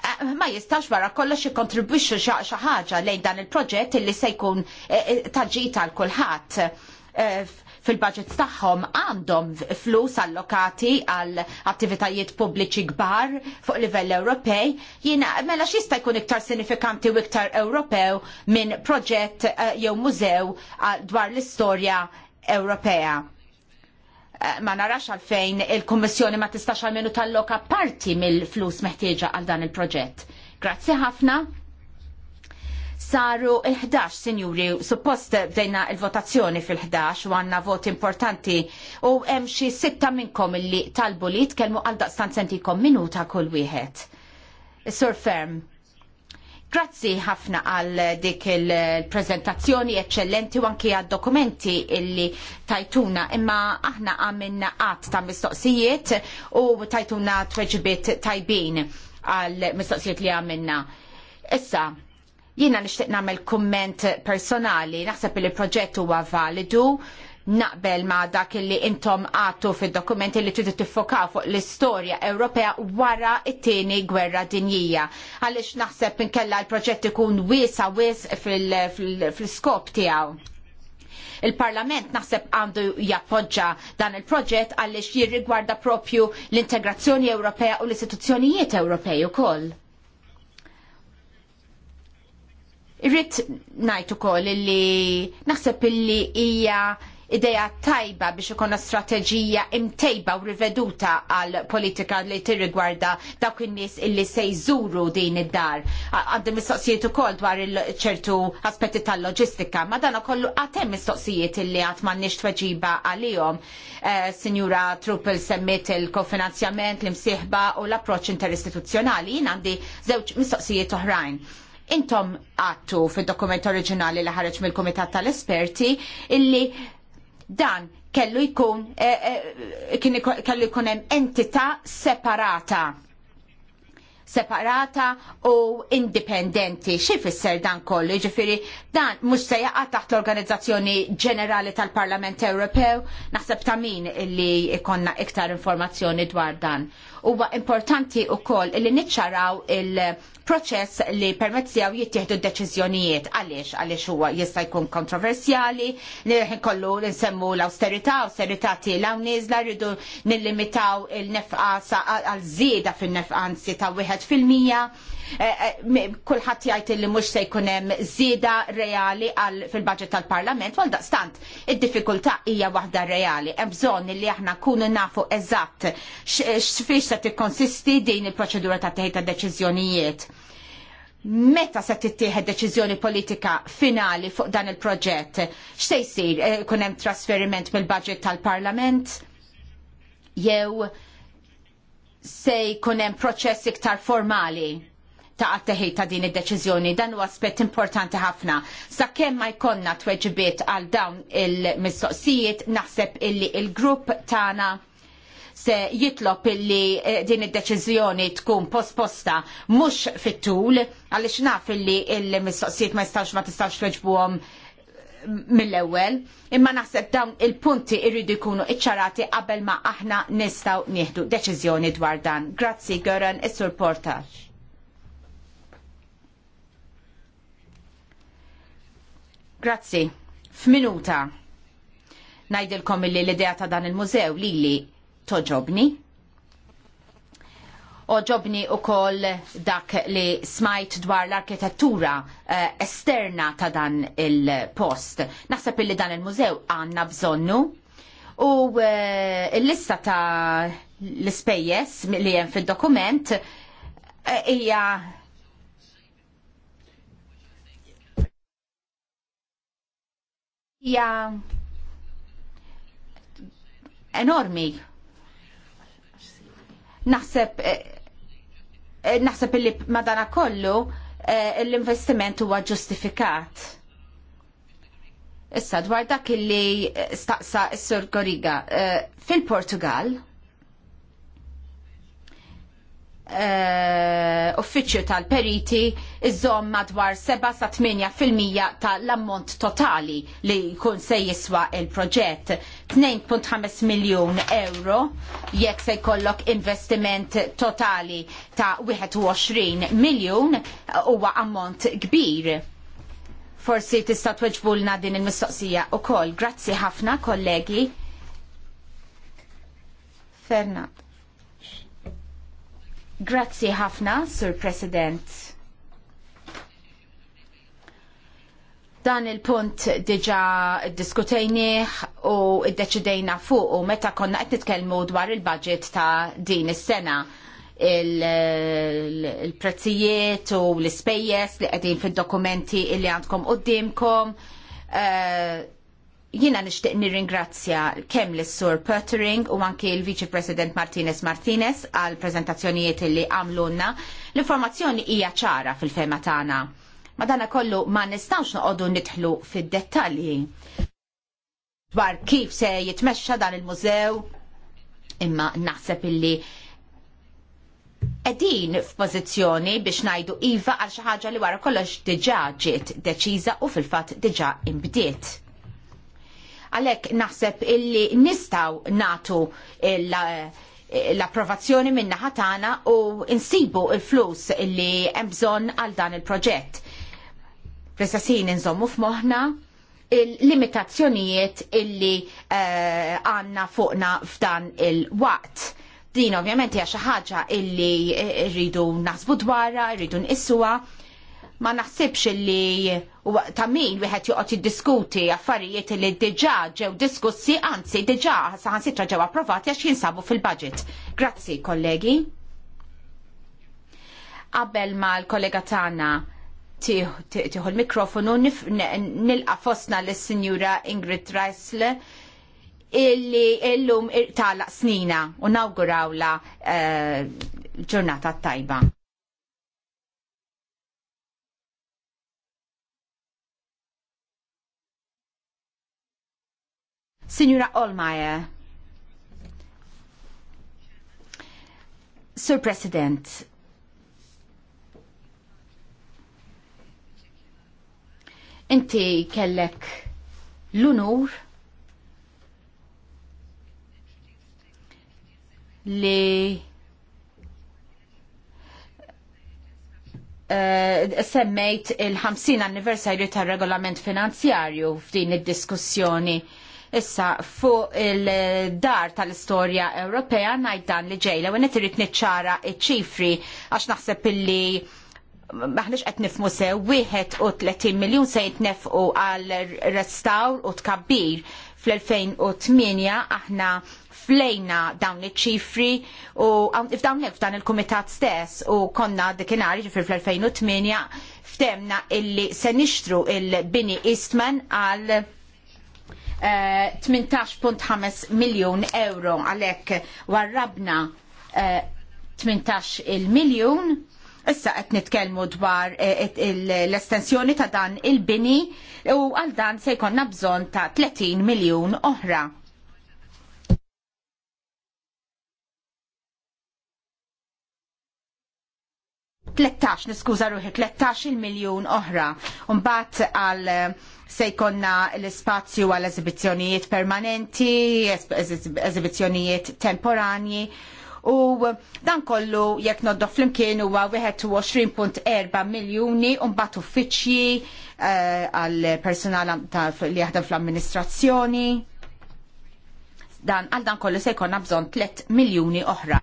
Eh, ma jistax wara kollox jikontribwixxu xi ħaġa lejn dan il-proġett illi se jkun eh, eh, taġġita għal kulħadd fil-budget tagħhom għandhom flus allokati għal attivitajiet pubbliċi kbar fuq livell Ewropej, jiena mela xista jkun iktar sinifikanti u iktar Ewropew minn proġett jew mużew dwar l-istorja Ewropea Eh, ma narax għalfejn il-Kommissjoni ma tistax għalmenu tal-loka parti mill-flus meħtieġa għal dan il-proġett. Grazzi ħafna. Saru 11, sinjuri, suppost bdejna il-votazzjoni fil-11 u għanna vot importanti u hemm xi sitta minnkom illi talbu li tkellmu għal daqstan sentikom minuta kull wieħed. Sur ferm, Grazzi ħafna għal dik il-prezentazzjoni eccellenti u anki għad dokumenti illi tajtuna imma aħna għamilna għat ta' mistoqsijiet u tajtuna tweġbiet tajbin għal mistoqsijiet li għamilna. Issa, jina nishtiq namel komment personali, naħseb li proġett huwa validu naqbel ma dak li intom għatu fil-dokumenti li tridu tiffokaw fuq l-istorja Ewropea wara it-tieni gwerra dinjija. Għaliex naħseb inkella l-proġett ikun wiesa wis fil-skop tiegħu. Il-Parlament naħseb għandu jappoġġa dan il-proġett għaliex jirrigwarda propju l-integrazzjoni Ewropea u l-istituzzjonijiet Ewropej ukoll. Irrit najtu ukoll li naħseb illi hija ideja tajba biex ikonna strateġija imtejba u riveduta għal politika li tirrigwarda dawk in-nies illi se jżuru din id-dar. Għandhom mistoqsijiet ukoll dwar ċertu aspetti tal-loġistika, ma dan ukoll għatem mistoqsijiet illi għat m'għandniex tweġiba għalihom. Eh, Sinjura Truppel semmiet il-kofinanzjament, l-imsieħba u l-approċċ interistituzzjonali. Jien għandi żewġ mistoqsijiet oħrajn intom għattu fil dokument oriġinali li ħareġ mill-Komitat tal-Esperti illi dan kellu jkun e, e, kellu jkun hemm entità separata separata u indipendenti. Xi fisser dan kollu? Ġifiri, dan mhux se jaqa' taħt l-Organizzazzjoni Ġenerali tal-Parlament Ewropew, naħseb ta' min li ikonna iktar informazzjoni dwar dan. Huwa importanti wkoll li niċċaraw il-proċess li permezzjaw jittieħdu d-deċiżjonijiet għaliex għaliex huwa jista' jkun kontroversjali, nirħin kollu nsemmu l-austerità, austerità tiegħu nieżla rridu nillimitaw il-nefqa għal żieda fin-nefqanzi ta' wieħed fil-mija. Eh, eh, kulħadd jgħid li mhux se jkun hemm żieda reali fil-budget tal-Parlament, għal daqstant id-diffikultà hija waħda reali. Hemm bżonn li aħna kunu nafu eżatt x'fiex se tikkonsisti din il-proċedura ta' teħid ta' deċiżjonijiet. Meta se tittieħed deċiżjoni politika finali fuq dan il-proġett, x'se jsir eh, ikun kun hemm trasferiment mill-budget tal-Parlament? Jew se jkun hemm proċess iktar formali ta' għatteħi ta' din id-deċiżjoni. Dan huwa aspett importanti ħafna. Sakemm ma jkollna tweġbiet għal dawn il-mistoqsijiet, naħseb illi il-grupp tagħna se jitlob illi eh, din id-deċiżjoni tkun posposta mhux fit-tul għaliex naf illi il-mistoqsijiet ma jistax ma tistax tweġbuhom mill-ewwel, imma naħseb dawn il-punti irridu jkunu iċċarati qabel ma aħna nistgħu nieħdu deċiżjoni dwar dan. Grazzi Goran, is-Sur Portax. Grazzi. F'minuta. Ngħidilkom illi l-idea ta' dan il-mużew lili toġobni. Oġobni u koll dak li smajt dwar l-arkitettura eh, esterna ta' dan il-post. Naħseb li dan il-mużew għanna bżonnu u eh, l-lista ta' l-spejjes li jen fil-dokument eh, hija hija enormi naħseb eh, eh, naħseb illi madana kollu eh, l-investiment huwa ġustifikat. Issa dwar dak illi staqsa s-Sur Goriga fil-Portugal uffiċċju tal-periti iżom madwar 7 8% tal-ammont totali li jkun se jiswa il-proġett 2.5 miljon euro jekk se jkollok investiment totali ta' 21 miljon uh, huwa ammont kbir. Forsi tista' tweġbulna din il-mistoqsija ukoll. Grazzi ħafna kollegi. Ferna. Grazzi ħafna, Sur President. dan il-punt diġa diskutejnieħ iddeċidejna fuq u meta konna qed nitkellmu dwar il-budget ta' din is-sena il-prezzijiet u l-ispejjeż li qegħdin fid-dokumenti li għandkom qudiemkom. Eh, jiena nixtieq nirringrazzja kemm lis sur Pertering u anke l-Viċi President Martinez Martinez għal preżentazzjonijiet li għamlunna. L-informazzjoni hija ċara fil-fema tagħna. Madana kollu ma nistgħux noqogħdu nidħlu fid-dettalji dwar kif se jitmexxa dan il-mużew, imma naħseb illi edin f'pożizzjoni biex najdu iva għal xi ħaġa li wara kollox diġà ġiet deċiża u fil-fatt diġà imbdiet. Għalhekk naħseb illi nistgħu natu l-approvazzjoni minna ħatana u insibu il-flus illi hemm bżonn għal dan il-proġett. fl inżommu f'moħħna il-limitazzjonijiet illi eh, għanna uh, fuqna f'dan il-waqt. Din ovvjament hija xi ħaġa illi eh, rridu naħsbu dwarra, rridu nqissuha, ma naħsibx illi ta' min wieħed joqgħod jiddiskuti affarijiet li diġà ġew diskussi, anzi diġà saħansitra ġew approvati għax jinsabu fil-budget. Grazzi, kollegi. Qabel mal kollega tagħna tieħu l-mikrofonu nilqa fostna l-Sinjura Ingrid Reisle illi illum tala snina u nawgurawla eh, ġurnata tajba. Signora Olmeyer, Sir President, Inti kellek l-unur li Uh, semmejt il-50 anniversarju tar regolament finanzjarju f'din id-diskussjoni. Issa fuq il-dar tal-istorja Ewropea ngħid dan li ġejla u irrid niċċara iċ ċifri għax naħseb illi maħniex qed nifmu sew wieħed u 30 miljun se jitnefqu għal restawr u tkabbir fl-2008 aħna flejna dawn iċ-ċifri u f'dawn f'dan il-kumitat stess u konna dikinari ġifri fl-2008 ftemna illi se nixtru il-bini Eastman għal 18.5 eh, miljon euro għalek warrabna 18 eh, il-miljon Issa qed nitkellmu dwar eh, l-estensjoni ta' dan il-bini u għal dan se jkollna bżonn ta' 30 miljun oħra. Tlettax, niskuża ruħi, 13 miljun oħra. Mbagħad għal eh, se jkollna l-ispazju għal eżibizzjonijiet permanenti, eżibizzjonijiet temporanji, u dan kollu jekk noddu flimkien huwa 21.4 miljuni u mbagħad uffiċċji eh, għal personal li jaħdem fl-amministrazzjoni. Dan għal dan kollu se jkollna bżonn 3 miljuni oħra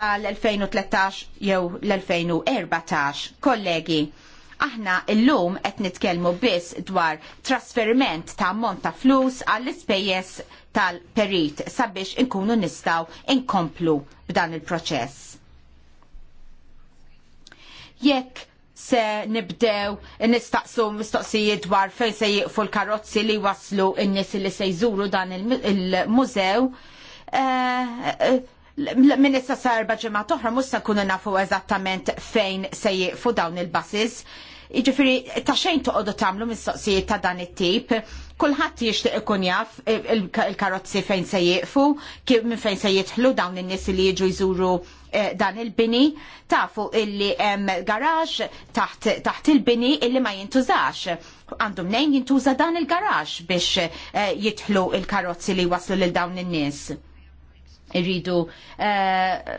għal 2013 jew l-2014. Kollegi, Aħna illum qed nitkellmu biss dwar trasferiment ta' ammont ta' flus għall-ispejjeż tal-perit sabiex inkunu nistaw inkomplu b'dan il-proċess. Jekk se nibdew nistaqsu mistoqsijiet dwar fejn se jieqfu l-karozzi li waslu n-nies li se jżuru dan il-mużew, eh, eh, minn issa sarba ġimgħa toħra mhux se nkunu nafu eżattament fejn se jieqfu dawn il-basis Jiġifieri ta' xejn toqogħdu tagħmlu mistoqsijiet ta' dan it-tip, kulħadd jixtieq ikun jaf il-karozzi fejn se jieqfu, kif minn fejn se jitħlu dawn in-nies li jiġu jżuru eh, dan il-bini, tafu illi hemm garax taħt il-bini illi ma jintużax. Għandhom nejn jintuża dan il-garax biex eh, jitħlu il-karozzi li waslu lil dawn in-nies irridu uh,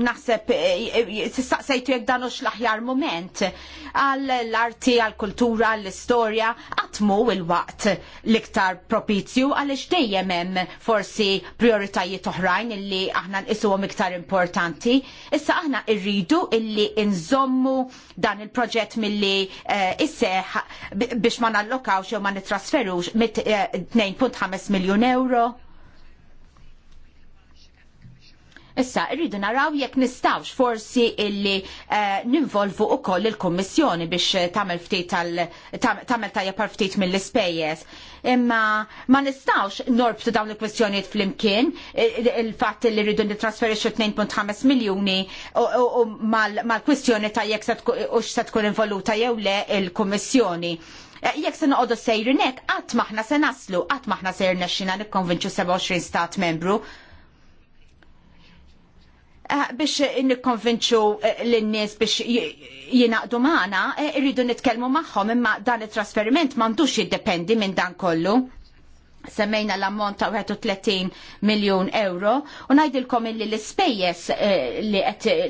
naħseb eh, eh, sejtu jek dan l-aħjar moment għal l-arti, għal kultura, għal istorja għatmu il-waqt liktar propizju għalix dejjem hemm forsi prioritajiet oħrajn illi aħna nqisuhom iktar importanti. Issa aħna rridu illi nżommu dan il-proġett milli eh, isseħ biex ma nallokawx jew ma nitrasferux mit 2.5 miljun euro Issa, rridu naraw jekk nistawx forsi illi uh, ninvolvu u koll il-Kommissjoni biex tamel ftit tal tamel tajja par ftit mill-ispejjeż. Imma ma nistawx norbtu dawn il-kwestjonijiet fl-imkien, il-fatt li rridu nitrasferixxu 2.5 miljuni u mal-kwestjoni ta' jekk se tkun involuta jew le il-Kommissjoni. Eh, jekk se noqogħdu sejrinek, qatt maħna se naslu, qatt maħna se jirnexxina nikkonvinċu 27 stat membru, Eh, biex nikkonvinċu eh, l-nies biex jinaqdu maħna, eh, irridu nitkelmu maħħom imma dan il-trasferiment mandux jiddependi minn dan kollu semmejna l-ammont ta' 31 miljon euro u najdilkom illi l-spejjes eh, li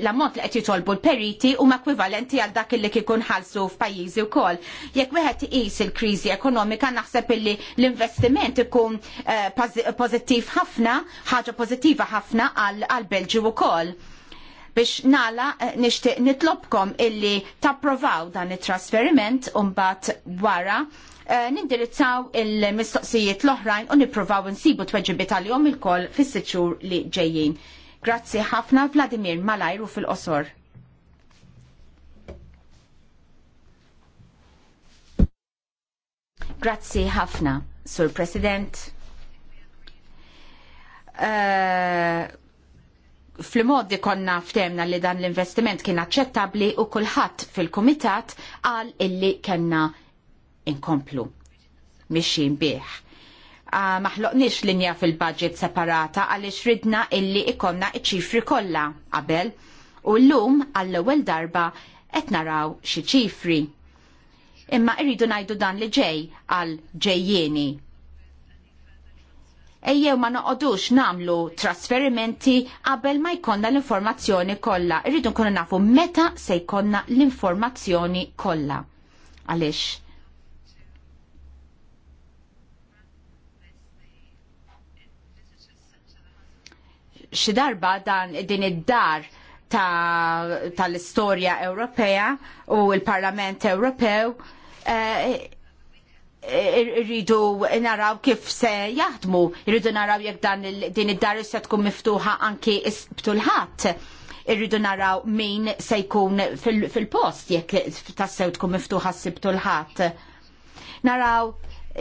l-ammont li qed jitolbu l-periti huma ekwivalenti għal dak li kikun ħalsu f'pajjiżi wkoll. Jekk wieħed iqis il-kriżi ekonomika naħseb illi l-investiment ikun eh, pożittiv ħafna, ħaġa pożittiva ħafna għal belġju wkoll Biex nala eh, nixtieq nitlobkom illi tapprovaw dan it-trasferiment u wara eh, nindirizzaw il-mistoqsijiet l-oħrajn u nipprovaw insibu tweġibi tal-jom il-koll fis siċur li ġejjin. Grazzi ħafna Vladimir Malajru fil-qosor. Grazzi ħafna, Sur President. Uh, fl-modi konna ftemna li dan l-investiment kien aċċettabli u kulħadd fil-kumitat għal illi kellna inkomplu mixin bih. Ah, maħloqniex linja fil-budget separata għaliex ridna illi ikonna iċ-ċifri kollha qabel u llum għall-ewwel darba qed naraw xi ċifri. Imma irridu ngħidu dan li ġej għal ġejjieni ejjew ma noqodux namlu trasferimenti qabel ma jkonna l-informazzjoni kollha. Irridu nkunu nafu meta se jkonna l-informazzjoni kollha. Għaliex? Xi darba dan din id-dar tal-istorja ta Ewropea u l-Parlament Ewropew uh, irridu naraw kif se jaħdmu, irridu naraw jekk dan din id-dar se tkun miftuħa anki btulħat. Irridu naraw min se jkun fil-post jekk tassew tkun miftuħa s-sibtulħat. Naraw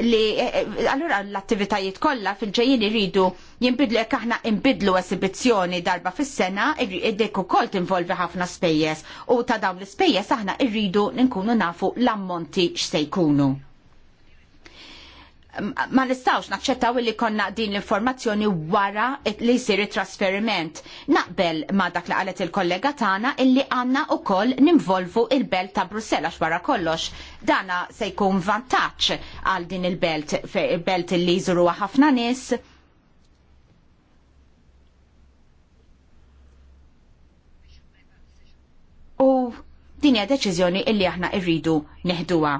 li allura l-attivitajiet kollha fil-ġejjin irridu jinbidlu jekk aħna inbidlu esibizzjoni darba fis-sena, dik ukoll tinvolvi ħafna spejjeż u ta' dawn l-ispejjeż aħna rridu nkunu nafu l-ammonti x'se jkunu ma nistawx naċċettaw li konna din l-informazzjoni wara li jsir it trasferiment. Naqbel ma dak li qalet il-kollega tagħna illi għandna wkoll nimvolvu il-belt ta' Brussella x'wara kollox. Dana se jkun vantaġġ għal din il-belt, il-belt li jizuru ħafna nies. U din hija deċiżjoni illi aħna rridu neħduha.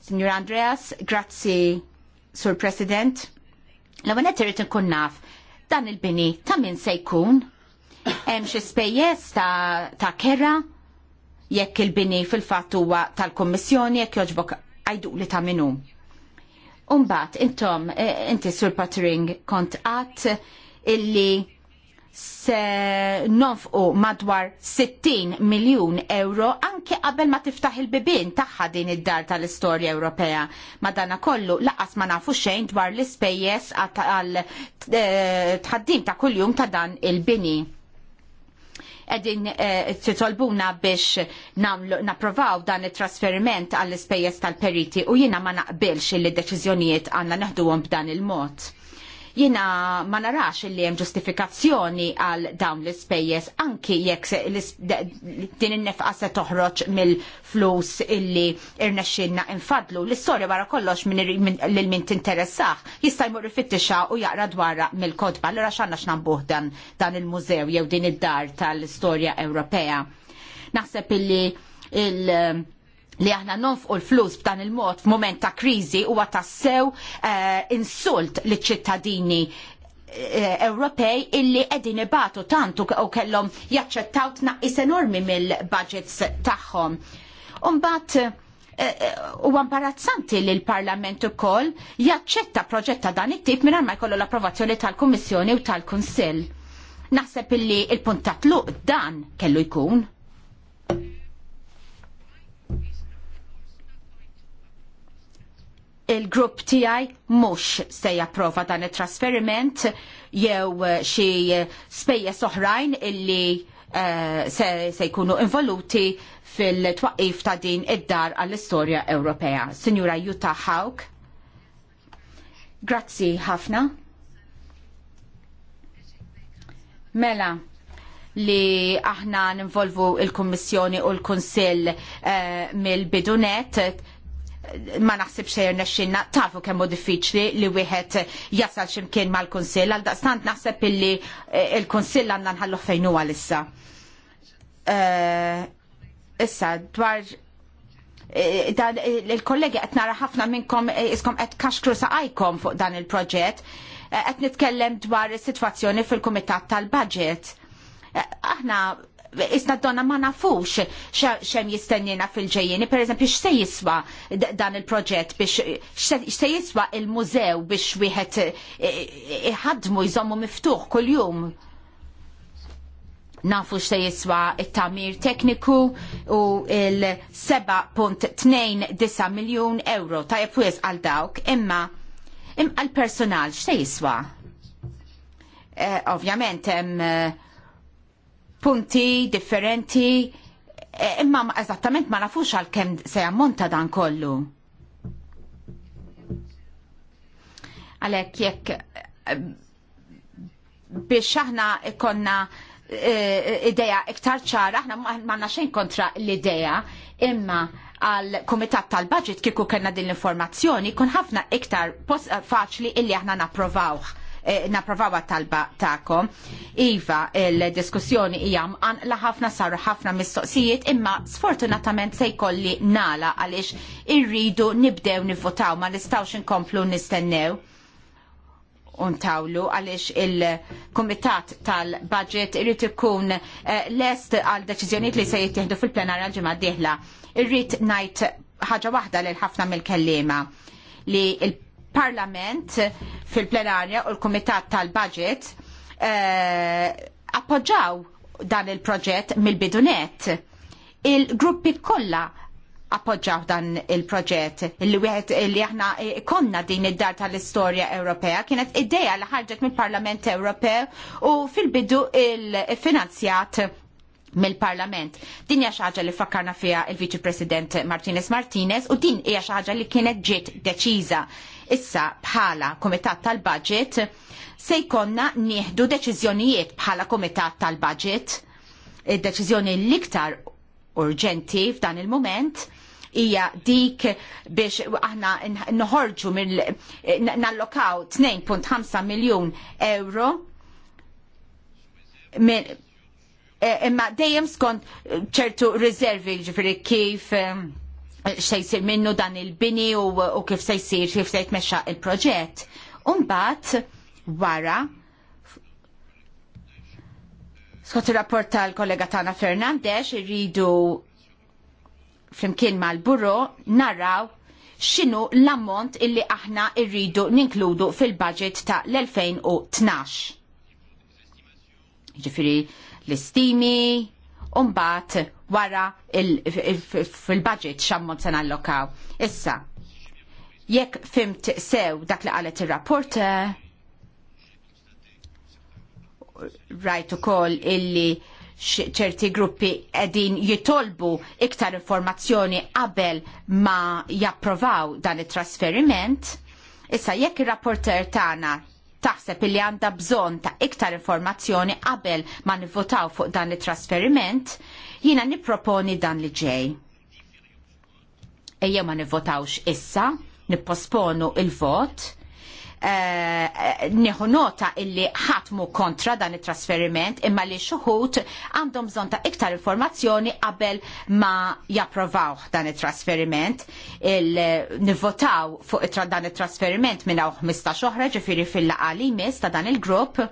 Signor Andreas, grazzi Sur President, l-għanet irrit nkun naf dan il-bini ta' min se jkun? Hemm xi spejjeż ta', ta kera jekk il-bini fil-fatt huwa tal-Kummissjoni jekk joġbok għajduq li ta' minnu. Umbat, intom, eh, inti Sur Pottering, kont għat illi se nofqu madwar 60 miljun euro anke qabel ma tiftaħ il-bibin tagħha din id-dar tal-istorja Ewropea. Madana kollu laqas ma nafu xejn dwar l-ispejjeż għal eh, tħaddim ta' kuljum ta' dan il-bini. Edin eh, titolbuna biex naprovaw dan it-trasferiment għall ispejjeż tal-periti u jiena ma naqbilx il-deċiżjonijiet għandna neħduhom b'dan il-mod Jina ma narax li hemm ġustifikazzjoni għal dawn l-ispejjeż anki jekk din in-nefqa se toħroġ mill-flus illi irnexxinna infadlu. L-istorja wara kollox lil min tinteressax jista' jmur ifittixa u jaqra dwarha mill-kodba. Allura x'għandna x'nambuh dan dan il-mużew jew din id-dar tal-istorja Ewropea. Naħseb illi il- li aħna nonfqu l-flus b'dan il-mod f'mument ta' kriżi huwa tassew uh, insult liċ ċittadini eh, Ewropej illi qegħdin ibatu tantu u kellhom jaċċettaw tnaqqis enormi mill-budgets tagħhom. Umbat eh, u imbarazzanti li l-Parlament ukoll jaċċetta proġett ta' dan it-tip mingħajr ma jkollu l-approvazzjoni tal-Kummissjoni u tal-Kunsill. Naħseb illi il-punt ta' tluq dan kellu jkun. il-grupp tiegħi mhux se japprova dan it-trasferiment jew eh, xi spejjeż oħrajn illi eh, se, jkunu involuti fil-twaqif ta' din id-dar għall-istorja Ewropea. Sinjura Jutta Hawk, grazzi ħafna. Mela, li aħna ninvolvu il-Kommissjoni u l-Konsil eh, mill-bidunet ma naħseb xejn nexxinna tafu kemm hu diffiċli li wieħed jasal x'imkien mal-Kunsill għal daqstant naħseb illi eh, l-Kunsill għandna nħallu fejn huwa issa. Eh, issa dwar eh, dan il-kollegi qed nara ħafna minnkom iskom qed kaxkru saqajkom fuq dan il-proġett qed nitkellem dwar is-sitwazzjoni fil-Kumitat tal-Budget. Aħna isna donna ma nafux xem jistennina fil-ġejjeni, per eżempju, x'se jiswa dan il-proġett biex x'se jiswa il-mużew biex wieħed iħadmu jżommu miftuħ kuljum. Nafu x'se jiswa il tamir tekniku u il-7.29 miljun euro ta' jepwis għal dawk imma imma personal x'se jiswa. Eh, ovvjament hemm punti differenti e, imma eżattament ma nafux għal kem se jammonta dan kollu. Għalek jekk eh, biex aħna ikonna eh, ideja iktar ċara, aħna m'għandna xejn kontra l-ideja, imma għal komitat tal-budget kiku kena din l-informazzjoni, kun ħafna iktar eh, faċli illi aħna naprovawħ eh, talba ta'kom. Iva, il-diskussjoni hija għan ħafna saru ħafna mistoqsijiet imma sfortunatament se jkolli nala għaliex irridu nibdew nivvotaw ma nistgħux inkomplu nistennew untawlu għaliex il-Komitat tal-Budget irrit ikun eh, lest għal deċizjoniet li se jittieħdu fil-plenarja l-ġimgħa d-dieħla. Irrid ngħid ħaġa waħda lil ħafna mill-kellima li l parlament fil-plenarja u l-Kumitat tal-Budget eh, appoġġaw dan il-proġett mill-bidunet. Il-gruppi kollha appoġġaw dan il-proġett li wieħed li aħna eh, konna din id-dar tal-istorja Ewropea kienet ideja li ħarġet mill-Parlament Ewropew u fil-bidu il-finanzjat mill-Parlament. Din hija xi ħaġa li fakkarna fiha il-Viċi President Martinez Martinez u din hija xi ħaġa li kienet ġiet deċiża Issa bħala Komitat tal-Budget se jkonna nieħdu deċiżjonijiet bħala Komitat tal-Budget. Id-deċiżjoni l-iktar urġenti f'dan il-moment hija dik biex aħna nħorġu nallokaw 2.5 miljun euro e, imma dejjem skont ċertu riservi ġifri kif um, xej jisir minnu dan il-bini u, u kif se jsir kif sejt jitmexxa il-proġett. Umbat, wara, skot il rapport tal-kollega Tana Fernandez irridu flimkien mal buru naraw x'inhu l-ammont illi aħna rridu ninkludu fil-budget ta' l-2012. Ġifiri l-istimi, umbat wara fil-budget xammont se nallokaw. Issa, jekk fimt sew dak li qalet ir-rapport rajt ukoll illi ċerti gruppi edin jitolbu iktar informazzjoni qabel ma japprovaw dan it-trasferiment. Issa jekk ir-rapporter tagħna taħseb li għandha bżonn ta' iktar informazzjoni qabel ma nivvotaw fuq dan it-trasferiment, jiena nipproponi dan li ġej. Ejja ma nivvotawx issa, nipposponu il-vot, Eh, nieħu nota illi ħatmu kontra dan it-trasferiment imma li xuħut għandhom bżonn ta' iktar informazzjoni qabel ma japprovaw dan it-trasferiment. Nivvotaw fuq dan it-trasferiment minn hawn 15 oħra ġifieri fil-laqali mis ta' dan il-grupp.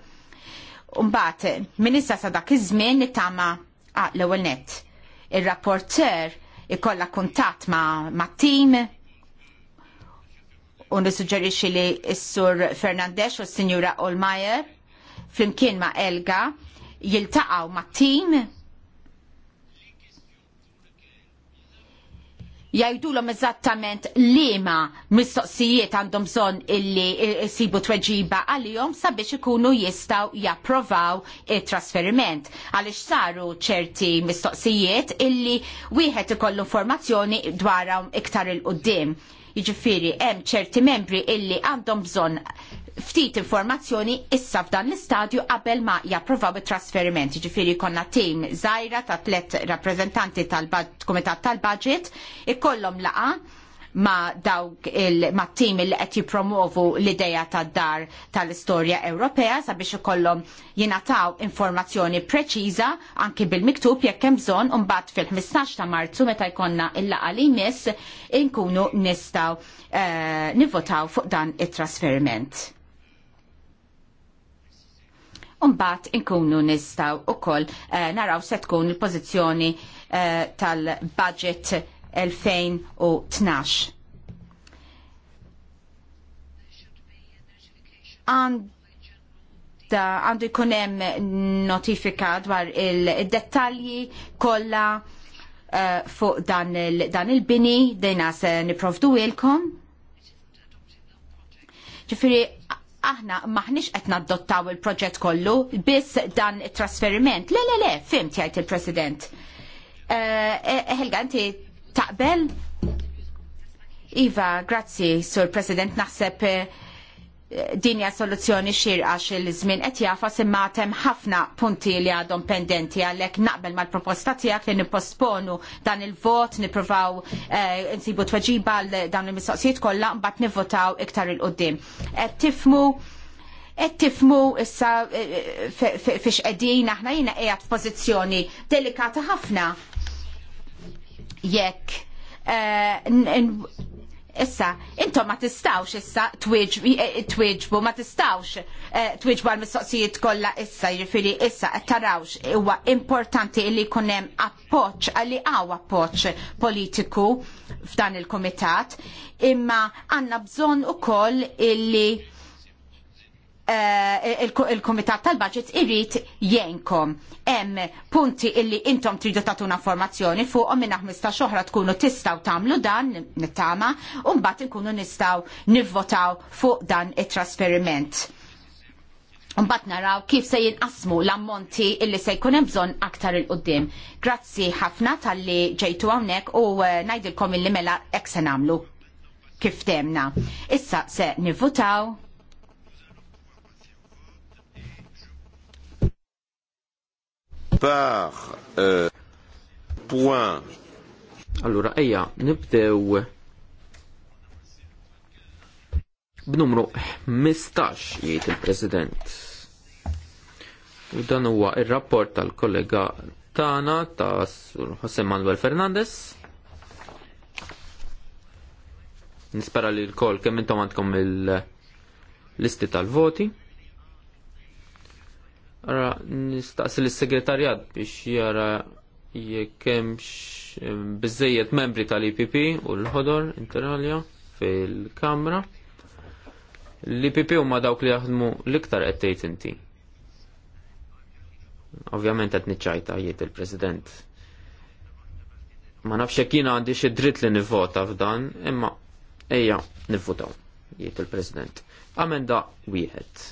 Umbat, minn sa dak iż-żmien nittama ah, l-ewwel nett. Ir-rapporter ikolla kuntatt ma' tim u nissuġġerixxi li s-sur Fernandez u s-Sinjura Olmajer flimkien ma' Elga jiltaqgħu mat tim jgħidulhom eżattament liema mistoqsijiet għandhom bżonn illi jsibu tweġiba għal-jom sabiex ikunu jistgħu japprovaw it-trasferiment għaliex saru ċerti mistoqsijiet illi wieħed ikollu informazzjoni dwarhom iktar il-qudiem Jiġifieri hemm ċerti membri illi għandhom bżonn ftit informazzjoni issa f'dan l-istadju qabel ma japprovaw it-trasferiment. Ġifiri konna tim zaħira ta' tlet rappresentanti tal-Kumitat tal-Budget ikollhom laqa ma dawk il ma tim li qed jippromovu l-idea tad-dar tal-istorja Ewropea sabiex ikollhom jingħataw informazzjoni preċiża anki bil-miktub jekk hemm bżonn u mbagħad fil-15 ta' Marzu meta jkollna il-laqgħa li jmiss inkunu nistgħu uh, nivvotaw fuq dan it-trasferiment. Umbat inkunu nistaw u koll uh, eh, naraw se tkun il pożizzjoni uh, eh, tal-budget 2012. għandu jkun hemm notifika dwar il-dettalji kollha uh, fuq dan il-bini il dejna se niprovdu ilkom. Ġifieri aħna maħnix qed naddottaw il-proġett kollu biss dan it-trasferiment. Le le le, fimt jgħid il-President. Eh, eh, Helga, inti Taqbel? Iva, grazzi, Sur President, naħseb eh, dinja soluzzjoni xirqa il żmien qed jafas imma hemm ħafna punti li għadhom pendenti għalhekk naqbel mal-proposta tiegħek li nipposponu dan il-vot, nippruvaw eh, insibu tweġiba għal dawn il-mistoqsijiet kollha mbagħad nivvotaw iktar il qudiem Qed tifmu qed tifmu issa eh, fiex qegħdin aħna jiena qiegħed f'pożizzjoni delikata ħafna jekk eh, issa, intom ma tistawx issa eh, twiġbu, ma tistawx eh, twiġbu għal-mistoqsijiet kollha issa, jiġifieri issa qed tarawx huwa importanti li jkun hemm appoġġ għalli għaw appoġġ politiku f'dan il kumitat imma għandna bżonn ukoll illi Eh, il-Komitat tal-Budget irrit jenkom. Hemm punti illi intom tridu tatuna formazzjoni fuqhom minn 15 oħra tkunu tistaw tagħmlu dan nittama u mbagħad inkunu nistgħu nivvotaw fuq dan it-trasferiment. Mbagħad naraw kif se jinqasmu l-ammonti illi se jkun hemm bżonn aktar il qoddim Grazzi ħafna talli ġejtu hawnhekk u eh, ngħidilkom illi mela hekk se nagħmlu kif temna. Issa se nivvotaw Par euh, point. Allura nibdew b'numru 15 jgħid il-President. U dan huwa ir-rapport tal-kollega tagħna ta' Sur Jose Manuel Fernandez. Nispera li l-kol kemm intom għandkom il-listi tal-voti. Ara, nistaqsi l-segretarjat biex jara jekk hemmx biżejjed membri tal-IPP u l-ħodor interalja fil-Kamra. L-IPP e huma dawk li jaħdmu l-iktar qed tgħid inti. Ovvjament qed niċċajta jgħid il-President. Ma nafx kina għandi xi dritt li nivvota f'dan, imma ejja nivvotaw jgħid il-President. Amenda wieħed.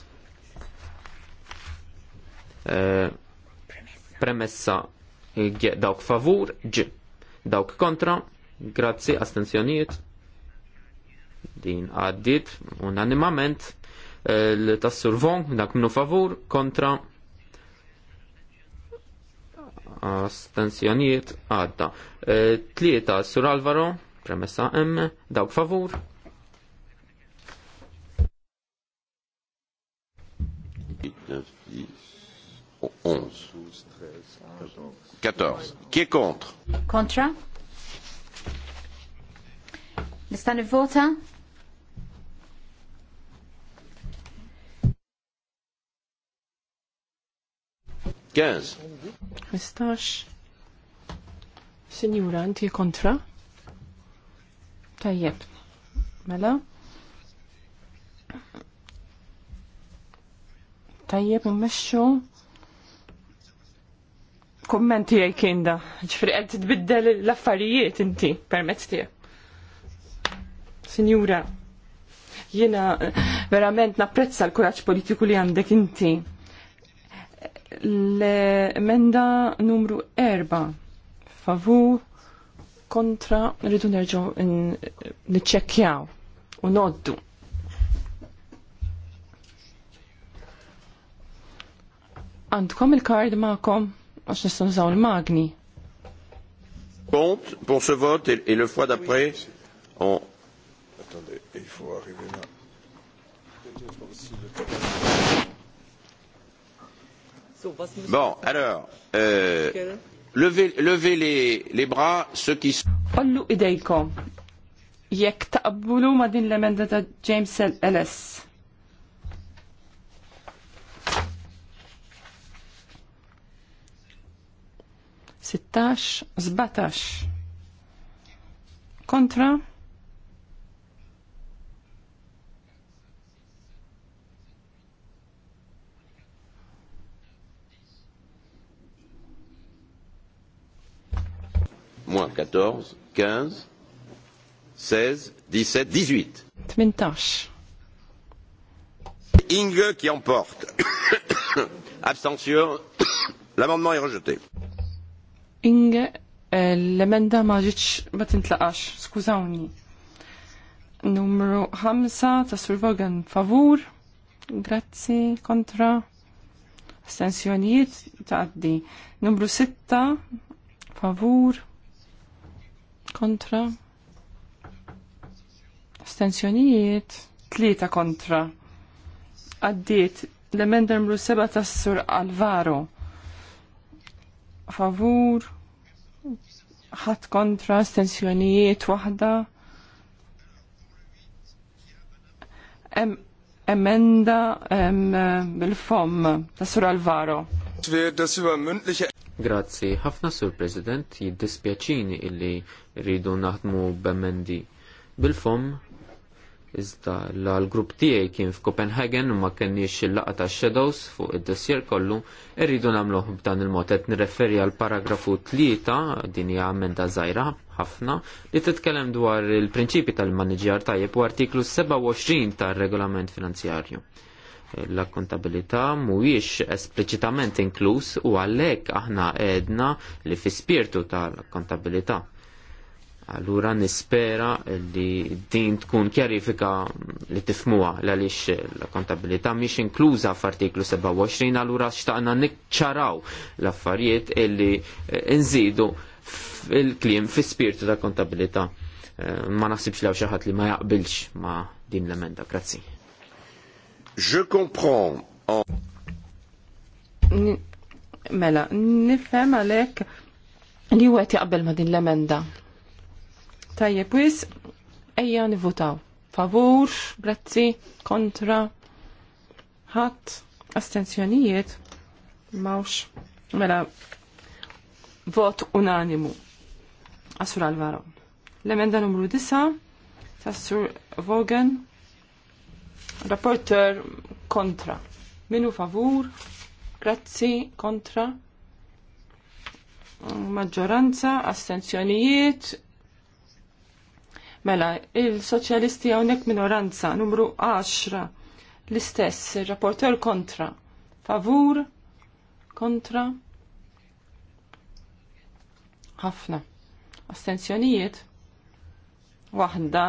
Eh, premessa dawk favur, G dawk kontra, grazzi astenzjoniet, din għaddit unanimament eh, l-tassur von dak minu favur kontra astenzjoniet, għadda. Eh, tlieta sur Alvaro, premessa M, dawk favur. 14. Qui est contre Contra Le stand de vote. Sinjura, inti kontra? Tajjeb. Mela? Tajjeb, immexxu kommenti għaj kien Ġifri għed tbiddel l-affarijiet inti, permetz tijek. Signora, jena eh, verament napprezza l-kuraċ politiku li għandek inti. L-emenda numru 4, favur, kontra, rridu n-ċekjaw u noddu. Għandkom il-kard ma'kom? magni Compte pour ce vote et, et le fois d'après on Attendez, il faut arriver là. Bon, alors, euh, levez, levez les, les bras ceux qui sont. Ollu idejkom, jekk taqbulu ma din l-emenda ta' James Ellis. 16, 17 kontra moins 14, 15, 16, 17, 18. 18. Inge qui emporte. Abstention. L'amendement est rejeté. Inge, eh, l-emenda ma ma tintlaqax, skużawni. Numru 5 ta' Sur Vogan favur, grazzi, kontra, astensjonijiet ta' addi. Numru 6 favur, kontra, estensjonijiet. tlieta kontra. Għaddiet l-emenda numru 7 ta' Sur Alvaro, favur, ħadd kontra stensjonijiet waħda. Em, emenda em, bil-fom ta' Sur Alvaro. Grazzi, ħafna Sur President jiddispjaċini illi rridu naħdmu b'emendi bil-fom Iżda l-grupp tiegħi kien f'Copenhagen u ma kenniex il-laqa ta' Shadows fuq id-dossier kollu, irridu nagħmluh b'dan il-mod qed nirreferi għal paragrafu tlieta din hija amenda żgħira ħafna li titkellem dwar il-prinċipi tal-maniġjar tajjeb u artiklu 27 tar-regolament finanzjarju. L-akkontabilità mhuwiex espliċitament inkluż u għalhekk aħna għedna li fi spirtu tal-akkontabilità Allura nispera li din tkun kjarifika li tifmuha għaliex l-kontabilità mhix inkluża f'artiklu 27 allura xtaqna nikċaraw l-affarijiet illi eh, nżidu il-kliem fis spirtu ta' kontabilità. Eh, ma naħsibx li xi ħadd li ma jaqbilx ma din l-emenda. Grazzi. Je comprends. Mela, nifhem għalhekk li wieħed jaqbel ma' din l-emenda. Tajjeb, wis, ejja nivutaw. Favur, grazzi, kontra, ħadd, astenzjonijiet, mawx, mela, vot unanimu. Asur Alvaro. L-emenda numru 9, tassur Vogan, rapporter kontra. Minu favur, grazzi, kontra, maġġoranza, astenzjonijiet, Mela, il-soċjalisti hawnhekk minoranza numru 10 l-istess, il-rapporter kontra. Favur, kontra. Ħafna. Astenzjonijiet. Waħda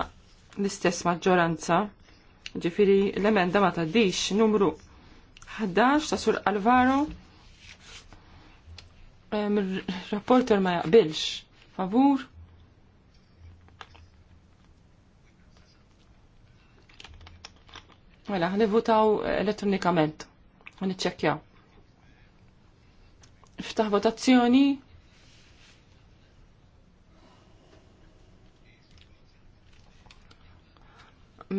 l-istess maġġoranza. Ġifiri l-emenda ma taddix numru 11 ta' Sur Alvaro. rapporter ma jaqbilx. Favur, Mela, nivutaw elettronikament. Niċċekkjaw. Ftaħ votazzjoni.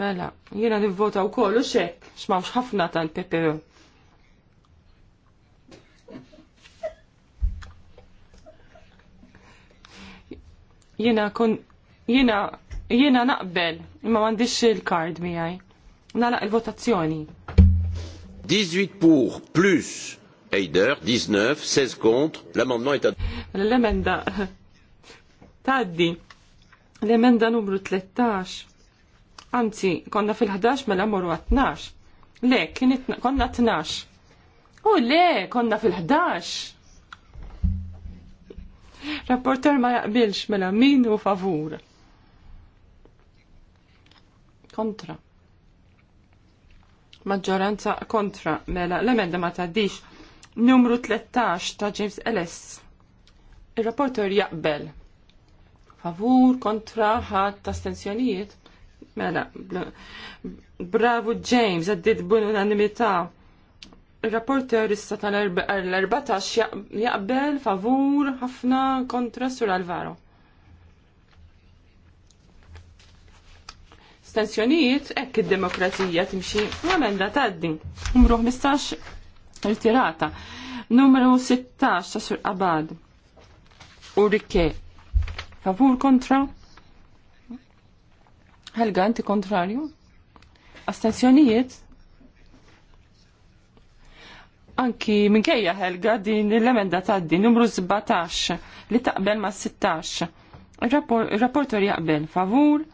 Mela, jiena nivvota u kollu xek, xmawx ħafna tal-PPE. Jiena kon, jiena, jiena naqbel, imma mandiċ il-kard miħaj. Nara il-votazzjoni. 18 pour plus Eider, 19, 16 contre, l'amendement est adopté. l taddi. l numru 13. Anzi, konna fil-11 ma l-amoru 12. Le, kien konna 12. U le, konna fil-11. Rapporter ma jaqbilx mela min u favur. Kontra maġġoranza kontra mela l-emenda ma taddix. Numru 13 ta' James Ellis. Il-rapporter jaqbel. Favur kontra ħadd astensjonijiet. Mela, bravo James, għaddit b'unanimità. Il-rapporter issa tal-14 jaqbel favur ħafna kontra sur Alvaro. astensjonijiet hekk id-demokrazija timxi u emenda taddi. Numru 15 Ritirata. Numru 16 ta' Sur Abad. U rikke. Favur kontra? Helga, anti kontrarju? Astenzjonijiet? Anki minkejja Helga din l-emenda taddi. numru 17 li taqbel ma' 16. il rapportor jaqbel favur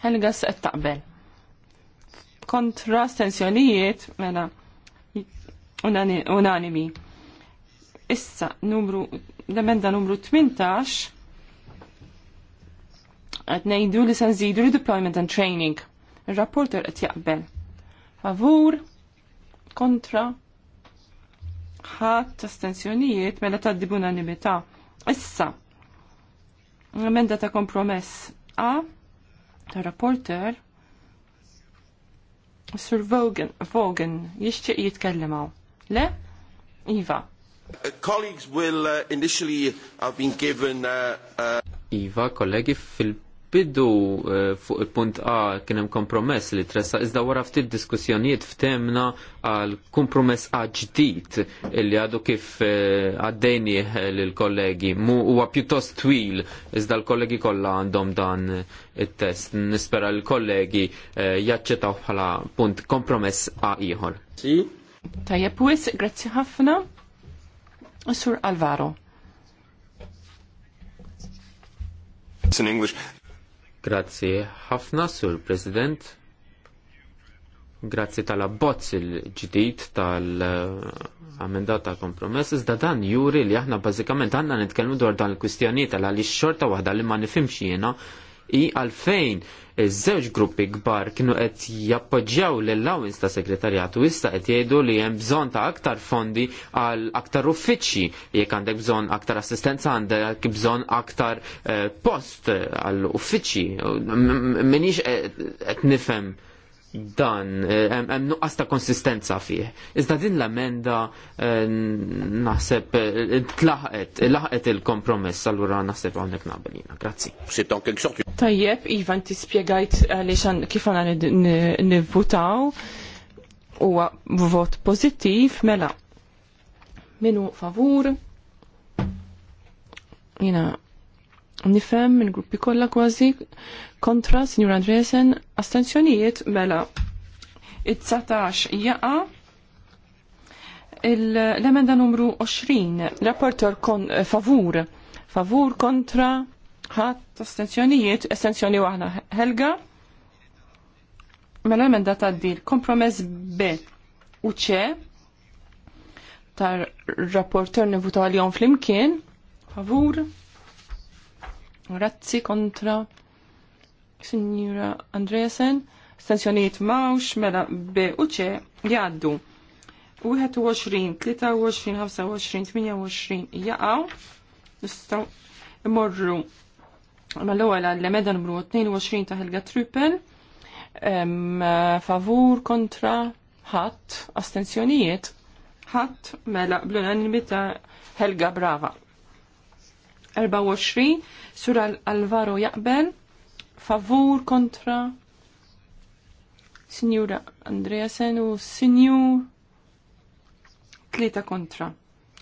Helga se taqbel. Kontra stensjonijiet mela unanimi. Issa numru l-emenda numru 18 qed ngħidu li se nżidu redeployment and training. Ir-rapporter qed jaqbel. Favur kontra ta stensjonijiet mela tgħaddi b'unanimità. Issa l-emenda ta' kompromess A ta' rapporter Sir Vogan, Vogan jixtieq jitkellemaw. Le? Iva. Uh, colleagues will uh, initially have been given uh, uh... Iva, kollegi fil biddu bidu eh, fuq il-punt A kien hemm kompromess li tressa iżda wara ftit diskussjonijiet ftemna għal kompromess A ġdid illi għadu kif eh, għaddejni l kollegi mu huwa pjuttost twil iżda l-kollegi kollha għandhom dan it-test. Nispera l-kollegi eh, jaċċetaw bħala punt kompromess A ieħor. Tajjeb wis, grazzi ħafna. Sur Alvaro. It's in English. Grazzi ħafna sur President. Grazzi tal-abbozz il-ġdid tal-amendata kompromess, iżda dan juri li aħna bażikament għandna nitkellmu dwar dan il-kwistjonijiet għal għaliex xorta waħda li ma nifhimx jiena i għalfejn iż-żewġ gruppi kbar kienu qed jappoġġjaw l-allowance ta' segretarjatu issa qed jgħidu li hemm bżonn ta' aktar fondi għal aktar uffiċċji jekk għandek bżonn aktar assistenza għandek bżonn aktar eh, post għall uffiċċji. Minix eh, qed nifhem dan eh, hemm nuqqas ta' konsistenza fih. Iżda din l-emenda eh, naħseb eh, tlaħqet laħqet il-kompromess allura naħseb hawnhekk naqbel Grazzi. Tajjeb, Ivan, ti spjegajt għaliex kif għana nivvutaw huwa vot pożittiv mela minu favur jina nifem minn gruppi kollha kważi kontra Sinjur Andresen astenzjonijiet mela it-19 jaqa l-emenda numru 20 rapporter kon eh, favur favur kontra ħadd astenzjonijiet estenzjoni waħda Helga mela emenda ta' dil kompromess B u C tar rapporter nivuta għal-jom fl-imkien favur Razzi kontra Signora Andresen, stanzjoniet mawx mela B u C jgħaddu. 21, 23, 25, 28 jaqaw. Nistaw morru. mal-ewwel għall-emenda numru 22 ta' Helga Truppel. Favur kontra ħatt astenzjonijiet ħadd mela bl-unanimità Helga Brava. 24 sur Alvaro jaqbel favur kontra Signora Andreasen u Signor tlieta kontra.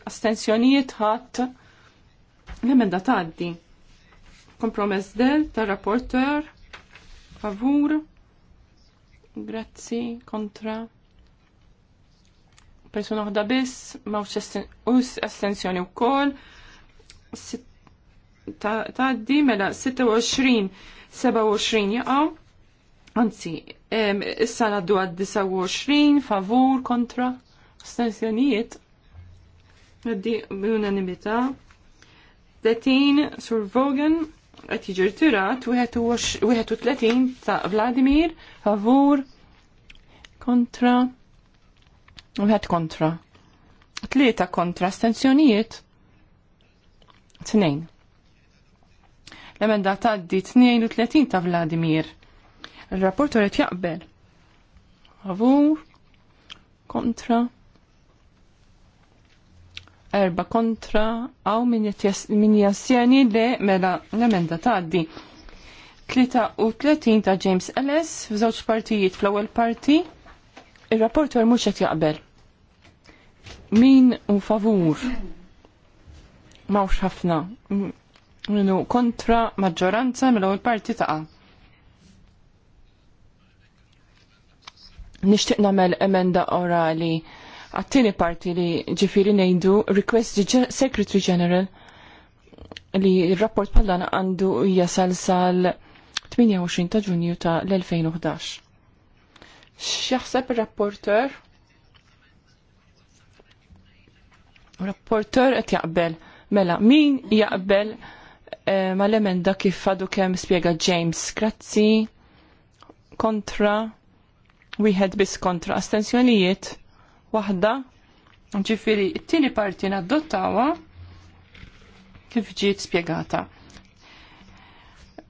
Astenzjonijiet ħadd l-emenda tgħaddi. Kompromess del tar rapporter favur grazzi kontra Persona waħda biss ma' astenzjoni wkoll ta' di mela 26 27 jaqaw, Anzi, issa ngħaddu għad 29 favur kontra stensjonijiet, Għaddi unanimità. 30 Sur Vogan qed jiġi 31 ta' Vladimir favur kontra Wieħed kontra. Tlieta kontra stenzjonijiet. Tnejn. L-emenda taddi 32 ta' Vladimir. Il-rapportor qed jaqbel. Favur, kontra, erba kontra, għaw min jassjani li mela l-emenda taddi. 33 ta' James Ellis f'żewġ partijiet fl-ewwel parti, ir-rapporter mhux qed jaqbel. Min u favur? Mawx ħafna minnu kontra maġġoranza mill-ewwel parti taqa'. Nixtieq nagħmel emenda orali għat-tieni parti li ġifieri ngħidu request Secretary General li r-rapport pallan għandu jasal sal 28 ta' Ġunju ta' l-2011. X'jaħseb ir-rapporter? Rapporter qed jaqbel. Mela, min jaqbel Eh, Ma' l emenda kif għadu kem spiega James Grazzi kontra wieħed bis kontra astensjonijiet waħda ġifiri t tieni parti naddottawa kif ġiet spiegata.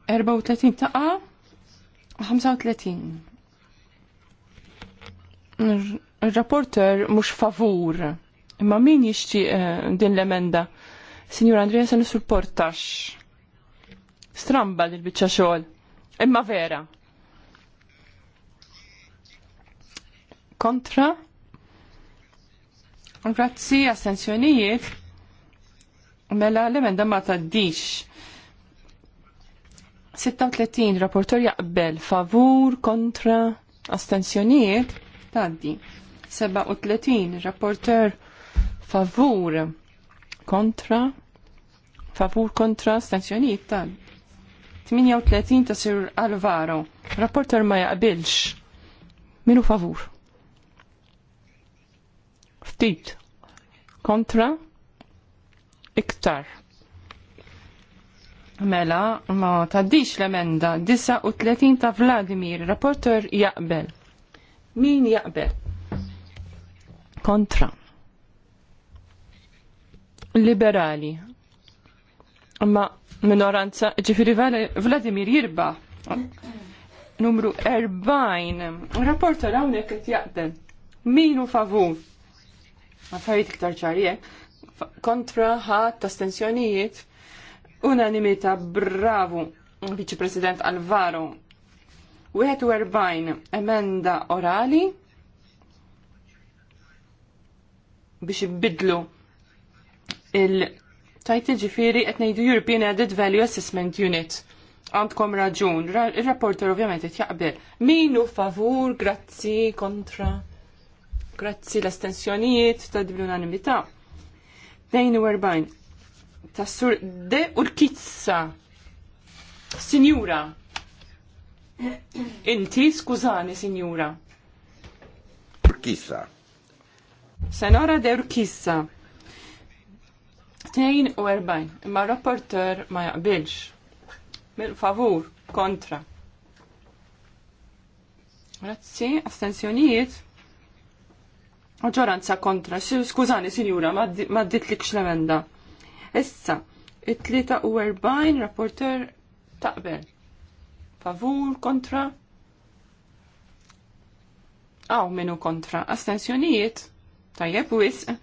34 taqa 35. Il-rapporter mux favur. Imma min jixti eh, din l-emenda? Signor Andrea se nisupportax stramba l biċċa xogħol. Imma vera. Kontra? Grazzi, astensjonijiet. Mela l-emenda ma taddix. 36 rapportor jaqbel favur kontra astensjonijiet taddi. 37 rapporter favur kontra favur kontra astensjonijiet taddi. 38 ta' Sir Alvaro. Rapporter ma jaqbilx. Minu favur. Ftit. Kontra. Iktar. Mela, ma taddix l-emenda 39 ta' Vladimir, rapporter jaqbel. Min jaqbel? Kontra. Liberali. Ma minoranza, ġifiri Vladimir jirba. Numru 40. Rapporta rawnek qed jaqden. Minu Ma Affarijiet iktar ċarjek. Eh? Kontra ħadd tastensjonijiet. Unanimita bravu Viċi President Alvaro. 41 emenda orali biex ibidlu il- Tajti ġifiri qed ngħidu European Added Value Assessment Unit. Għandkom raġun, ir-rapporter ovvjament qed jaqbel. Minu favur, grazzi, kontra. Grazzi l estensjonijiet ta' dibli unanimità 42. sur de urkizza. Sinjura. Inti, skużani, sinjura. Urkizza. Senora de urkizza. 240 imma rapporter ma jaqbilx. Mill-favur, kontra. Grazzi, astensjonijiet. Oġoranza kontra, skużani sinjura, ma ditlikx l-emenda. Issa, it-43 rapporter taqbel. Favur, kontra. Aw, minu kontra. Astensjonijiet. Tajjeb, wisq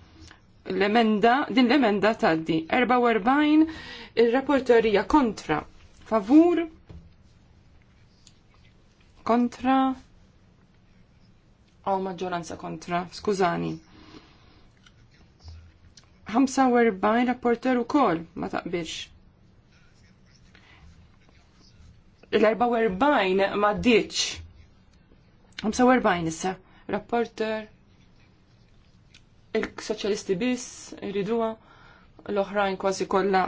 l-emenda, din l-emenda taddi. 44 il-rapporterija kontra. Favur? Kontra? Aw maġġoranza kontra, skużani. 45 rapporter u kol, ma taqbirx. L-44 ma ddiċ. 45 issa, rapporter il-soċjalisti biss jriduha, l-oħrajn kważi kollha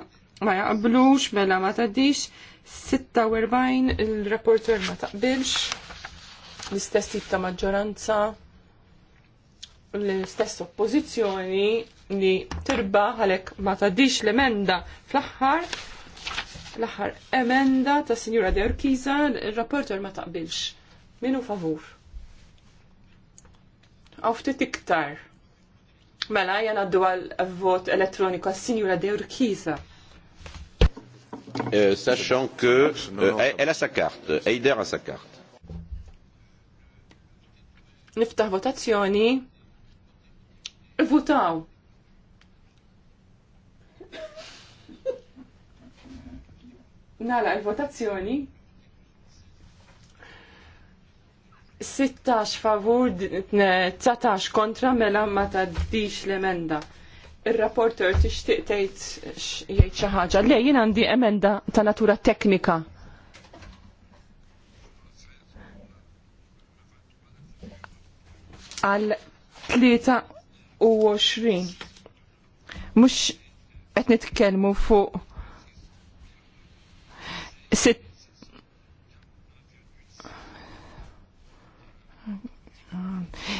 ma jaqblux, mela ma tadix, 46 il-rapporter ma taqbilx, l-istess ta' maġġoranza, l-istess oppożizzjoni li tirba għalhekk ma tadix l-emenda fl-aħħar l-aħħar emenda ta' Sinjura De Urquiza, il-rapporter ma taqbilx. Minu favur? Għaw ftit iktar Mela, jena għaddu għal vot elettroniku għas-Sinjura Deur Euh, sachant que euh, elle a sa carte, Eider a sa carte. Niftaħ votazzjoni. Votaw. Nala, il-votazzjoni. 16 favur, 19 kontra mela ma taddix l-emenda. Il-rapporter tixtieq tgħid jgħid xi ħaġa. Le jien għandi emenda ta' natura teknika. Għal 23. Mhux qed nitkellmu fuq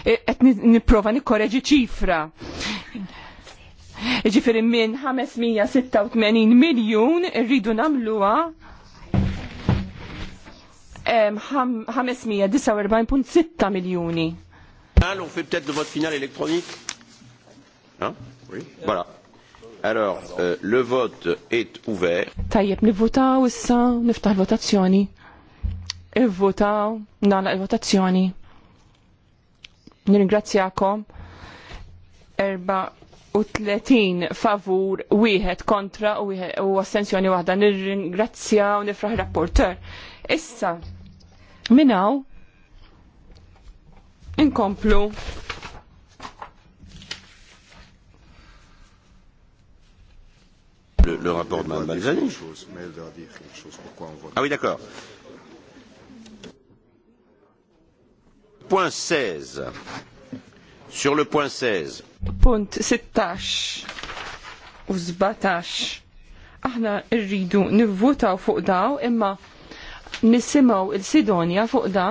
qed nipprova nikkoreġi ċifra. Ġifiri minn 586 miljun rridu namluha 549.6 miljoni. On fait peut-être le vote final électronique Hein Oui. Voilà. Alors, euh, le vote est ouvert. Tajjeb, nivvotaw issa, niftaħ votazzjoni. Ivvotaw, nagħlaq il-votazzjoni. Nirringrazzjakom 34 favur, wieħed kontra u assenzjoni waħda. Nirringrazzja u nifraħ rapporter. Issa, minnaw, inkomplu le, le rapport de Mme Balzani. Ah oui, d'accord. Point 16. Sur le point 16. Punt 16 u 17. Aħna rridu nivvutaw fuq daw imma nisimaw il-Sidonja fuq da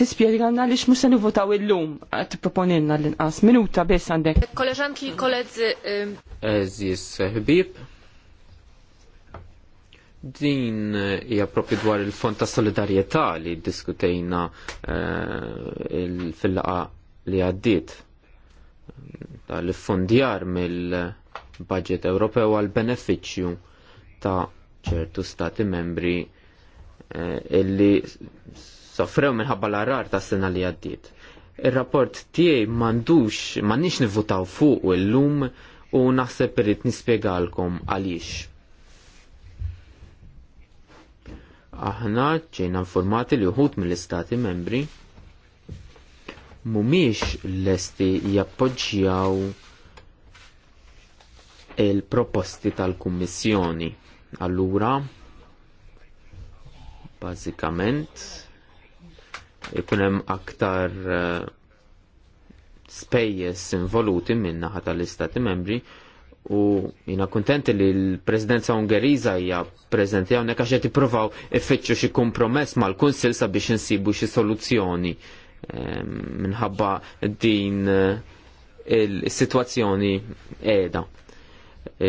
li l-inqas minuta għandek. koledzy. Eh, Eżis ħbib. Din hija propju dwar il-Fond ta' Solidarjetà li diskutejna eh, fil-laqa li għaddiet tal-fondjar mill-budget Ewropew għal benefiċċju ta' ċertu stati membri eh, illi soffrew minħabba l-arar ta' sena li għaddiet. Ir-rapport tiegħi m'għandux m'għandniex nivvutaw fuq illum u naħseb irrid nispjegalkom għaliex aħna ċejna informati li uħut mill-istati membri mumiex lesti jappoġġjaw il-proposti tal-Kummissjoni. Allura, bażikament, ikun hemm uh, spejjeż involuti ħata tal-Istati Membri u jina kontent li l-presidenza Ungeriża hija prezenti hawnhekk għax qed ippruvaw ifittxu xi kompromess mal-Kunsill sabiex insibu xi soluzzjoni minħabba din eh, il-sitwazzjoni qiegħda.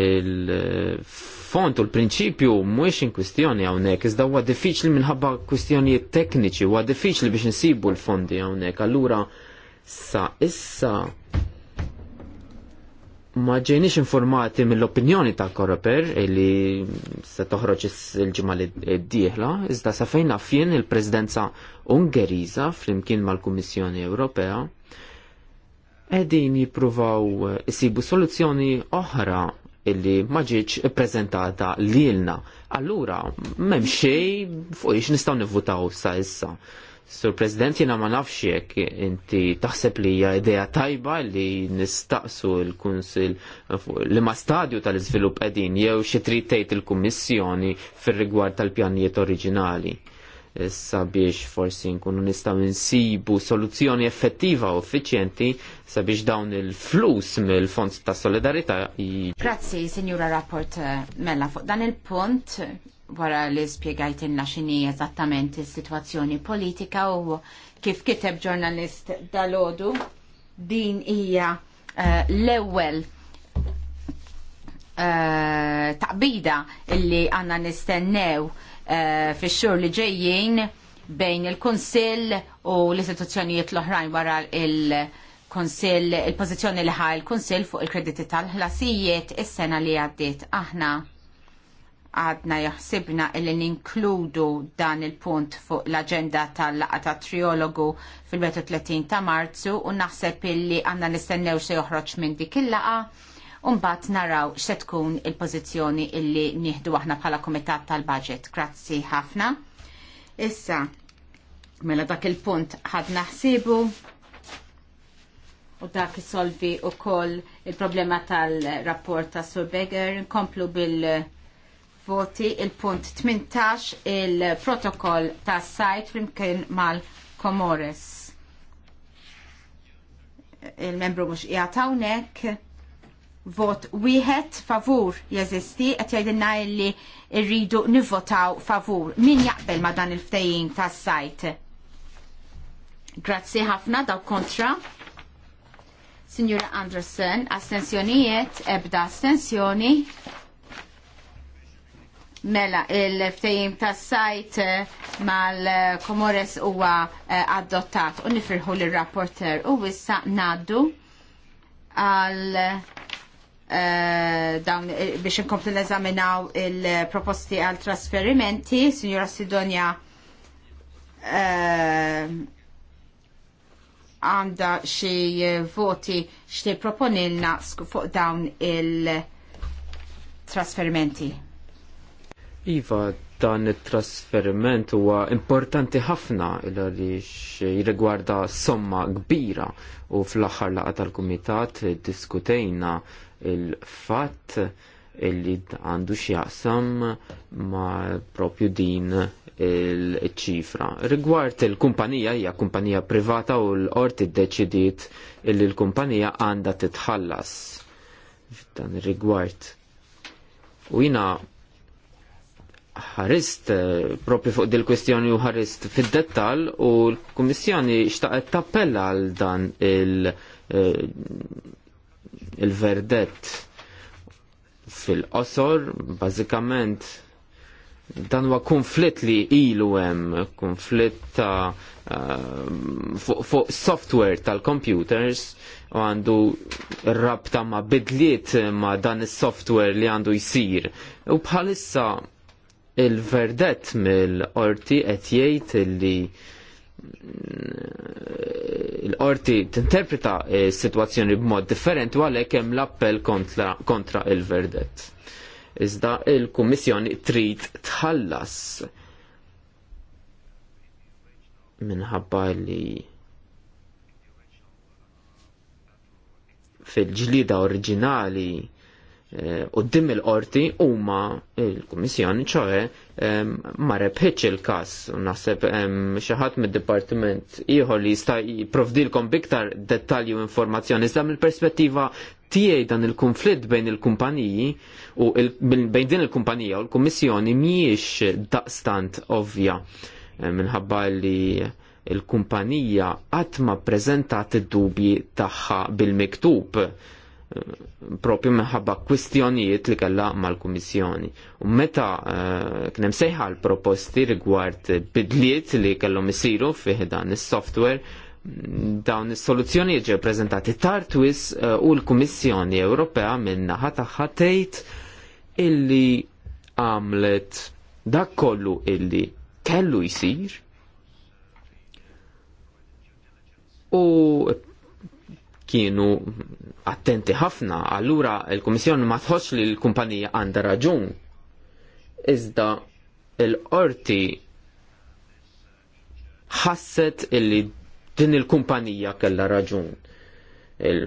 Il-font u l-prinċipju mhuwiex in kwistjoni hawnhekk, iżda huwa diffiċli minħabba kwistjonijiet tekniċi, huwa diffiċli biex insibu l-fondi hawnhekk. Allura sa issa ma ġejniex informati mill-opinjoni ta' Koroper li se toħroġ il-ġimgħa d-dieħla, iżda se fejn fien il-Presidenza Ungeriża flimkien mal-Kummissjoni Ewropea qegħdin jippruvaw isibu soluzzjoni oħra illi ma ġietx ippreżentata lilna. Allura m'hemm xejn fuq ix nistgħu nivvutaw sa issa. Sur President, jina ma nafx inti taħseb li hija idea tajba li nistaqsu l-Kunsil li ma stadju tal-iżvilupp qegħdin jew xi trid tgħid il-Kummissjoni fir-rigward tal-pjanijiet oriġinali sabiex forsi nkunu nistgħu insibu soluzzjoni effettiva u uffiċjenti sabiex dawn il-flus mill fonds ta' Solidarità. Grazzi, Sinjura Rapport Mela, fuq dan il-punt wara li spiegajt inna xini eżattament is-sitwazzjoni politika u kif kiteb ġurnalist dalodu din hija uh, l-ewwel uh, taqbida illi għanna nistennew uh, fix-xhur li ġejjin bejn il-Kunsill u l-istituzzjonijiet l-oħrajn wara il- konsil il-pozizjoni li ħa il-konsil fuq il-krediti tal-ħlasijiet is-sena li għaddiet aħna għadna jaħsibna illi ninkludu dan il-punt fuq l-agenda tal-laqa ta' triologu fil-31 ta' marzu u naħseb illi għanna nistennew se joħroġ minn dik il-laqa Umbat naraw xe tkun il-pozizjoni illi nieħdu aħna bħala komitat tal-budget. Grazzi ħafna. Issa, mela dak il-punt ħadna ħsibu u dak isolvi u koll il-problema tal-rapport ta' Sur Beger, nkomplu bil- voti il-punt 18 il-protokoll ta' sajt flimkien mal-Komores. Il-membru mux hawnhekk. vot wieħed favur jeżisti qed jgħidilna li rridu nivvotaw favur. Min jaqbel ma dan il-ftejjin tas-sajt? Grazzi ħafna daw kontra. Signora Anderson, astensjonijiet, ebda astensjoni mela il-ftejim ta' sajt eh, mal-Komores huwa eh, adottat u nifirħu l-rapporter u wissa naddu għal eh, dawn biex nkomplu neżaminaw il-proposti għal trasferimenti, Signora Sidonia għanda xie voti xie proponilna fuq dawn il-trasferimenti. Iva, dan it-trasferiment huwa importanti ħafna għaliex jirgwarda somma kbira u fl-aħħar laqa tal-kumitat diskutejna il-fatt li għandu x'jaqsam ma' propju din il-ċifra. Rigward il-kumpanija hija kumpanija privata u l-qorti deċidiet li l-kumpanija għandha titħallas Dan rigward U jina ħarist eh, propri fuq dil kwestjoni u ħarist fid-dettal u l-Kummissjoni xtaqet tappella għal dan il- eh, verdett fil-qosor, bażikament dan huwa konflitt li ilu hemm, konflitt ta' eh, fuq software tal-computers u għandu rabta ma' bidliet ma' dan is-software li għandu jsir. U bħalissa il-verdett mill-qorti qed jgħid li mm, l-qorti tinterpreta s-sitwazzjoni b'mod differenti u għalhekk hemm l-appell kontra, kontra il-verdett. Iżda il-Kummissjoni trid tħallas minħabba li fil-ġlida oriġinali Eh, qoddim il-qorti huma il-Kummissjoni ċoħe ma rebħitx il-każ u naħseb xi ħadd mid-dipartiment ieħor li jista' jipprovdilkom biktar dettalji u informazzjoni zda mill-perspettiva tiegħi dan il-konflitt bejn il-kumpaniji u bejn din il-kumpanija u l-Kummissjoni mhijiex daqstant ovvja eh, minħabba li il-kumpanija qatt ma id-dubji tagħha bil-miktub propju minħabba kwistjonijiet li kellha mal-Kummissjoni. U meta knem eh, kien hemm sejħa l-proposti rigward bidliet li kellhom isiru fih dan is-software, dawn is soluzzjoni ġew preżentati tartwis wis eh, u l-Kummissjoni Ewropea minn naħa tagħha tgħid illi għamlet dak kollu illi kellu jsir u kienu attenti ħafna, allura il-Kummissjoni ma tħoss li l-kumpanija għandha raġun. Iżda l-qorti ħasset illi din il-kumpanija kellha raġun.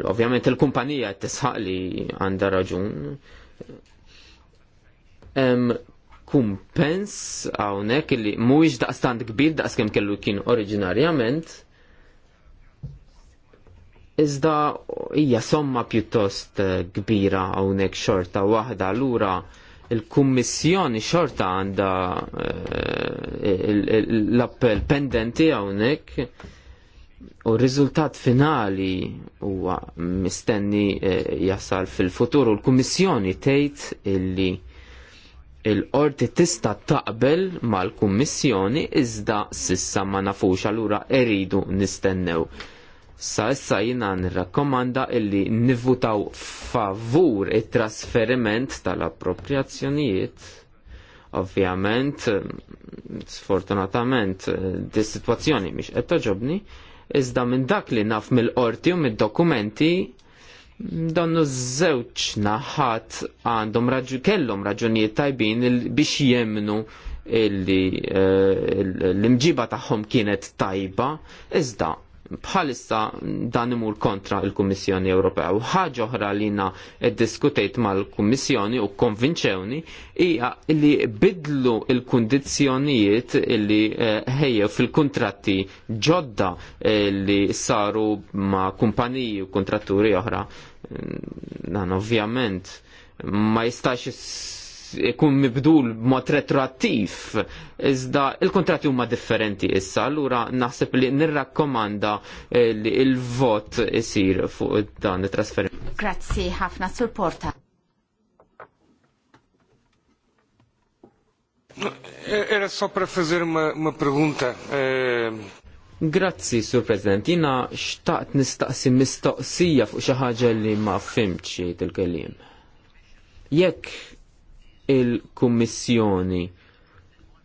Ovvjament il-kumpanija tisħaq li għandha raġun. Kumpens hawnhekk illi mhuwiex daqstant kbir daqskemm kellu kien oriġinarjament Iżda hija somma pjuttost eh, kbira hawnhekk xorta waħda lura il-kummissjoni xorta għandha eh, l-appell pendenti hawnhekk u r-riżultat finali huwa mistenni eh, jasal fil-futur u l-kummissjoni tgħid illi il-qorti tista taqbel mal-kummissjoni iżda sissa ma nafux allura eridu nistennew. Sa issa jina nirrakkomanda illi nivvutaw favur it-trasferiment tal-appropriazzjonijiet ovvjament, sfortunatament, di situazzjoni miex qed toġobni, iżda minn dak li naf mill-qorti u mid-dokumenti donnu żewġ naħat għandhom raġu kellhom raġunijiet tajbin biex jemnu illi eh, l-imġiba tagħhom kienet tajba, iżda bħalissa dan imur kontra il-Kummissjoni Ewropea u ħaġa oħra li na diskutejt mal-Kummissjoni u konvinċewni hija li bidlu il-kundizzjonijiet li eh, ħejjew fil-kontratti ġodda eh, li saru ma' kumpaniji u kontratturi oħra. Dan ovvjament ma jistax jkun mibdul b'mod retroattiv, iżda il-kontratti huma differenti issa, allura naħseb li nirrakkomanda eh, li il-vot isir fuq dan it-trasferiment. Grazzi ħafna supporta. Era so per fazer uma, uma pregunta. Eh... Grazzi, Sur President. Jina xtaqt nistaqsi mistoqsija fuq xi ħaġa li ma fimtx il-kelim. Jekk il-Kummissjoni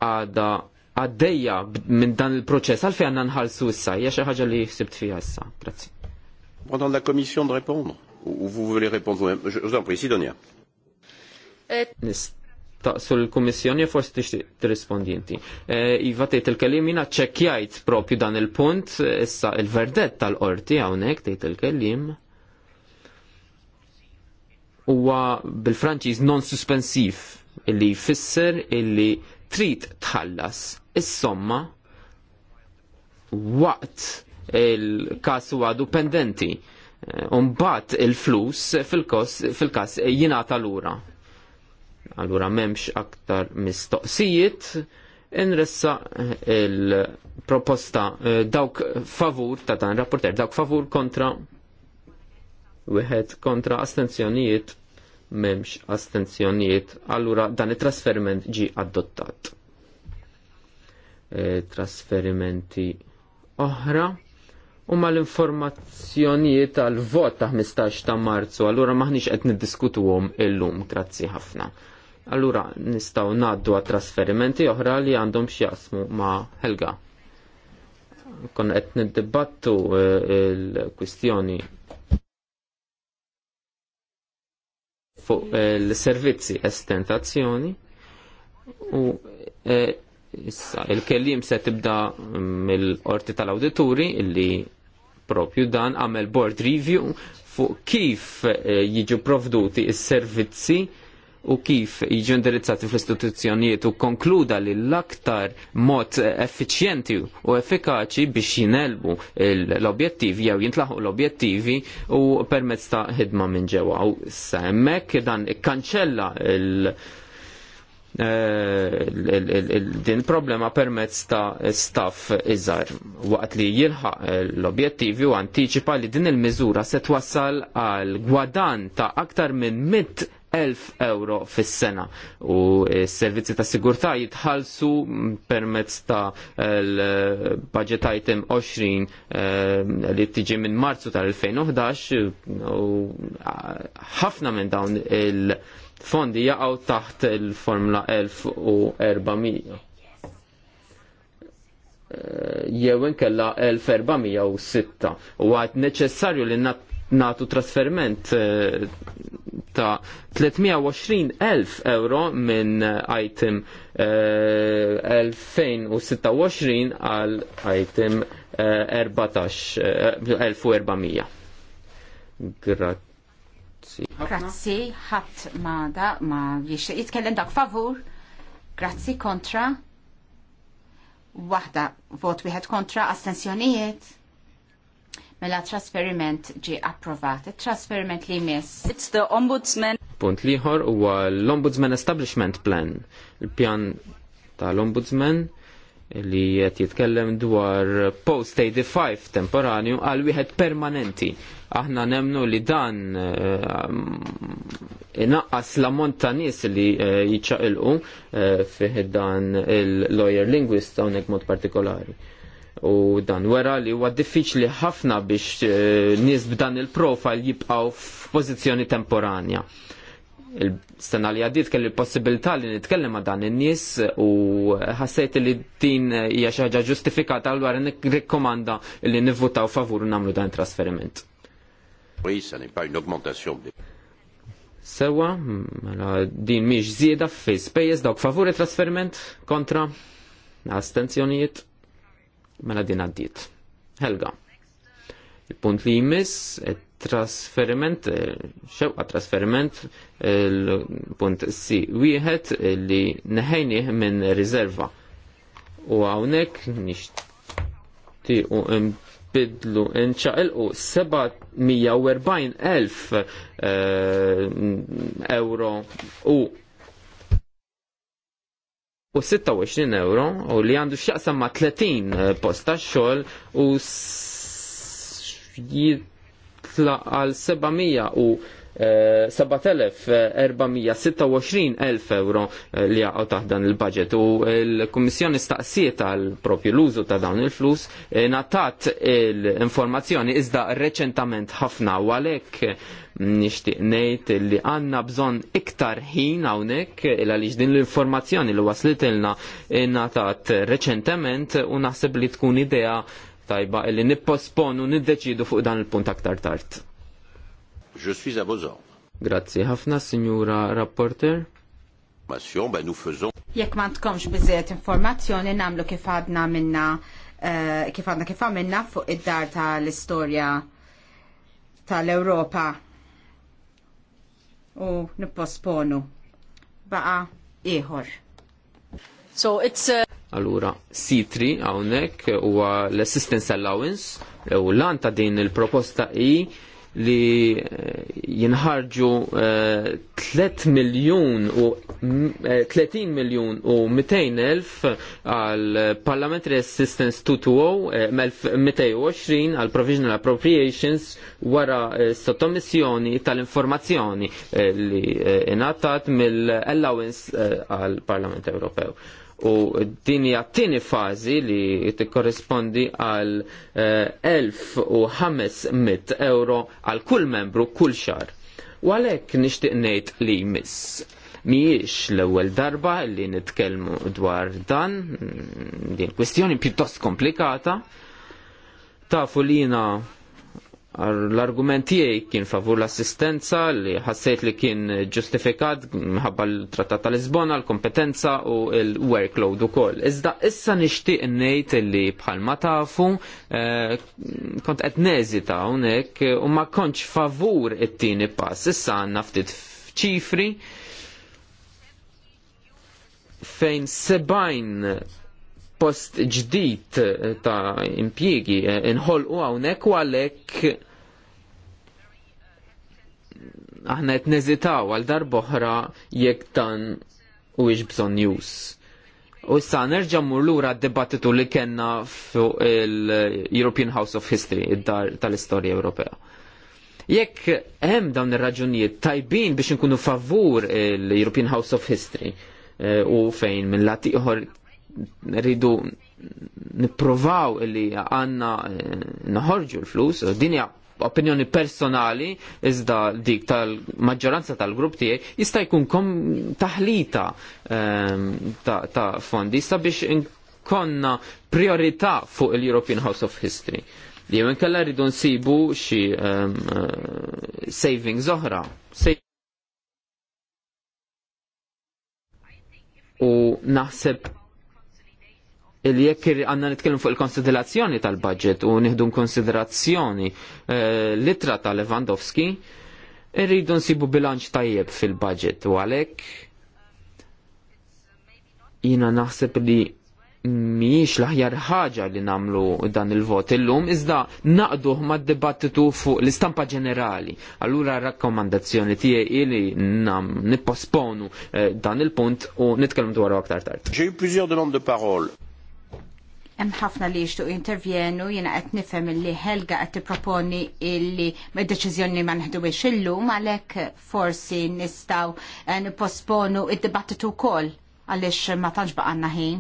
għada għaddeja minn dan il-proċess għalfej għanna nħalsu issa, hija xi ħaġa li ħsibt fija issa. Grazzi. Pendant la Commission de répondre, ou vous voulez répondre vous-même, je vous en prie, Sidonia. Eh. Nistaqsu l-Kummissjoni forsi tixtieq t inti. Eh, iva tejt il-kellim jina ċekjajt propju dan il-punt issa il verdet tal orti għawnek tejt il-kellim huwa bil-Franċiż non suspensiv illi jfisser illi trid tħallas is-somma waqt il-kas għadu pendenti. mbagħad eh, il-flus fil-kas jingħata lura. ura Allura memx aktar mistoqsijiet, inressa il-proposta eh, dawk favur ta' dan rapporter, dawk favur kontra wieħed kontra astenzjonijiet memx astenzjonijiet, allura dan it-trasferiment ġi adottat. E, trasferimenti oħra u um mal-informazzjonijiet tal-vot ta' 15 ta' marzu, allura maħniċ qed niddiskutuhom illum, grazzi ħafna. Allura nistaw naddu għat trasferimenti oħra li għandhom xjasmu ma' Helga. Kon qed niddibattu e, il-kwistjoni fuq eh, l servizzi estentazzjoni u eh, il-kellim se tibda mm, mill-orti tal-awdituri illi propju dan għamel board review fuq kif eh, jiġu provduti is-servizzi u kif jiġu indirizzati fl-istituzzjonijiet u konkluda li l-aktar mod effiċjenti u effikaċi biex jinelbu l-objettivi jew jintlaħu l-objettivi u permezz ta' ħidma minn ġewwa. U semmek dan ikkanċella eh, il- din problema permezz ta' staff iżar waqt li jilħaq l-objettivi u antiċipa li din il-miżura se twassal għal gwadan ta' aktar minn 100 1000 euro fis-sena u s-servizzi ta' sigurtà jitħallsu permezz ta' l-budget eh, item 20 eh, li tiġi minn Marzu tal-2011 u eh, ħafna minn dawn il-fondi jaqgħu taħt il-Formula 1400 jew inkella 1406 u għad neċessarju li natt natu trasferiment eh, ta' 320.000 euro minn eh, item 2026 eh, għal item 1400. Grazzi. Grazzi, ħadd ma da ma jixtieq jitkellem dak favur. Grazzi kontra. Waħda vot wieħed kontra astensjonijiet mela trasferiment ġi approvat. Trasferiment li mis? It's the ombudsman. Punt liħor huwa l-Ombudsman Establishment Plan, il-pjan tal-Ombudsman li qed jitkellem dwar post 85 temporanju għal wieħed permanenti. Aħna nemnu li dan eh, inaqqas l-ammont ta' nies li eh, jiċċaqilqu eh, fih dan il-lawyer linguist hawnhekk mod partikolari. U dan wera li huwa diffiċli ħafna biex eh, nies b'dan il profile jibqgħu f'pożizzjoni temporanja. Il-sena li għaddit kelli possibilità li nitkellem ma' dan in-nies u ħassejt li din hija xi ħaġa ġustifikata wara nirrikkomanda li nivvutaw favur nagħmlu dan trasferiment. Sewwa, Sewa, mela din miex zieda fi spejjeż dawk favur it trasferiment kontra astenzjonijiet Mela din għaddit. Helga. Il-punt li jmiss, trasferiment, xewqa trasferiment, il-punt C wieħed li neħejnieh minn rizerva. U għawnek u nixtiqu bidlu u 740.000 euro u u 26 euro u li għandu x'jaqsam ma' 30 eh, post ta' xogħol u jitla għal 700 u 7.426.000 eh, eh, euro eh, li għaw taħdan il-budget u l-Kommissjoni staqsiet għal propju l-użu ta' dawn il-flus natat l-informazzjoni iżda reċentament ħafna u għalek mm, nishtiq nejt li għanna bżon iktar ħin għawnek il għalix din l-informazzjoni li waslitilna natat reċentament u naħseb li tkun idea tajba li nipposponu niddeċidu fuq dan il-punt aktar tard. Je suis à vos ordres. Grazzi ħafna, Signora Rapporter. Jekk ma tkomx biżejjed informazzjoni nagħmlu kif għadna minna eh, kif għadna kif għamilna fuq id-dar tal-istorja tal-Ewropa u nipposponu baqa ieħor. So it's uh... Allura, C3 hawnhekk huwa l-assistance allowance u l-an ta' din il-proposta i li eh, jinħarġu 3 eh, miljun u 30 eh, miljon u 200 elf għal Parliamentary Assistance 220 għal Provisional Appropriations wara sottomissjoni tal-informazzjoni li inatat mill-allowance għal Parlament Ewropew u din hija tieni fażi li korrespondi għal 1500 eh, euro għal kull membru kull xar. U għalhekk nixtieq ngħid li jmiss. Mhijiex l-ewwel darba li nitkellmu dwar dan, mm, din kwestjoni pjuttost komplikata. Tafu li L-argument tiegħi kien favur l-assistenza li ħassejt li kien ġustifikat minħabba l-Trattat ta' Lisbona, l-kompetenza u l-workload ukoll. Iżda issa nixtieq ngħid li bħalma tafu eh, kont qed neżita hawnhekk u ma kontx favur it-tieni pass. Issa għandna ftit ċifri fejn sebajn post ġdid eh, ta' impjiegi eh, u hawnhekk u għalhekk aħna qed neżitaw għal darboħra jekk dan huwiex bżonn jus. U issa nerġa' mmur lura d-dibattitu li kellna fuq il-European House of History, id-dar tal-istorja Ewropea. Jekk hemm dawn ir-raġunijiet tajbin biex inkunu favur l-European House of History eh, u fejn minn latiħor rridu nipprovaw li għanna eh, naħorġu l-flus, dinja opinjoni personali iżda dik tal-maġġoranza tal-grupp tiegħi jista' jkun kom taħlita ehm, ta' fondi jista' biex konna priorità fuq il-European House of History. Jew inkella rridu nsibu xi ehm, eh, savings oħra. U naħseb il jekk għanna nitkellem fuq il-konsiderazzjoni tal-budget u nieħdu konsiderazzjoni eh, l-itra ta' Lewandowski, irridu nsibu bilanċ tajjeb fil-budget u għalhekk jiena naħseb li miex l-aħjar ħaġa li namlu dan il-vot illum iżda naqduh mad dibattitu fuq l-istampa ġenerali. Allura rakkomandazzjoni tiegħi li nam nipposponu eh, dan il-punt u nitkellmu dwaru aktar tard. J'ai eu plusieurs demandes de parole. Hemm ħafna li jixtu intervjenu, jiena qed nifhem illi Helga qed tipproponi illi deċiżjoni ma neħduwiex illum għalhekk forsi nistgħu eh, nipposponu id-dibattitu wkoll għaliex ma tantx baqanna ħin.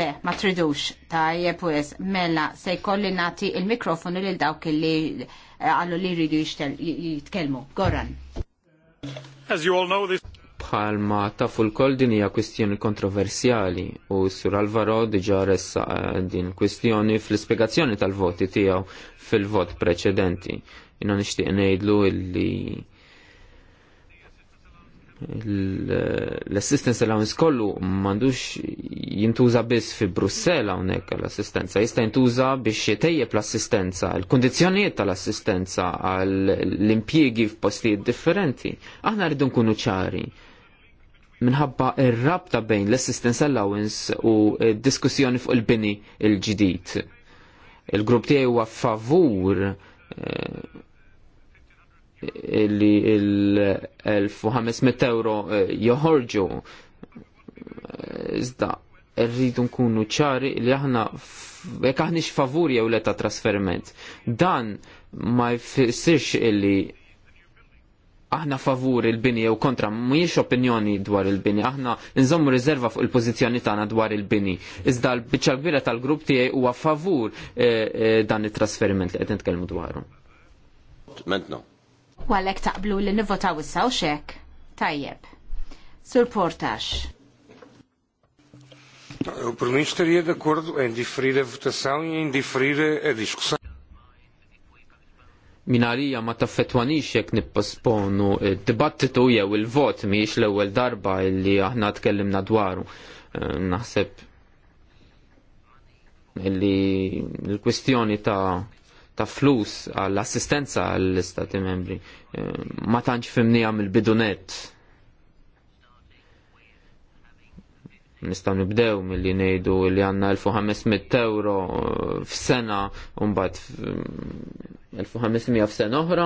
Le, ma tridux, tajjeb wis, mela se jkolli nagħti l mikrofonu lil dawk li eh, għallu li jridu jitkellmu. Goran. As you all know this Bħalma tafu l din hija kwistjoni kontroversjali u Sur Alvaro diġa ressa eh, din kwistjoni fl-ispiegazzjoni tal-voti tiegħu fil-vot preċedenti. Jina nixtieq ngħidlu li l assistenza allowance kollu mandux jintuża biss fi Brussela hawnhekk l-assistenza, jista' jintuża biex jtejjeb l-assistenza, l-kundizzjonijiet tal-assistenza għall impjiegi f'postijiet differenti. Aħna rridu nkunu ċari minħabba ir-rabta bejn l-assistance allowance u diskussjoni fuq il-bini il-ġdid. Il-grupp tiegħi huwa favur eh, li il-1500 euro eh, joħorġu iżda rridu nkunu ċari li aħna jekk aħniex favur jew leta trasferiment. Dan ma jfissirx illi aħna favur il-bini u kontra mhijiex opinjoni dwar il-bini, aħna nżommu riserva fuq il-pożizzjoni tagħna dwar il-bini. Iżda l-biċċa kbira tal-grupp tiegħi huwa favur eh, eh, dan it-trasferiment li qed nitkellmu dwaru. Mentno. Għalhekk taqblu li nivvotaw issa u xek. Tajjeb. Sur Portax. O primeiro estaria de acordo em diferir a votação e em diferir a discussão minarija ma taffetwanix jekk nipposponu dibattitu jew il-vot miex l-ewwel darba li aħna tkellimna dwaru. Eh, naħseb illi l-kwistjoni ta' ta' flus għall-assistenza għall-istati membri eh, ma tantx fimnija mill-bidunet Nistaw nibdew mill-li nejdu li għanna 1500 euro f-sena un bad 1500 f'sena oħra.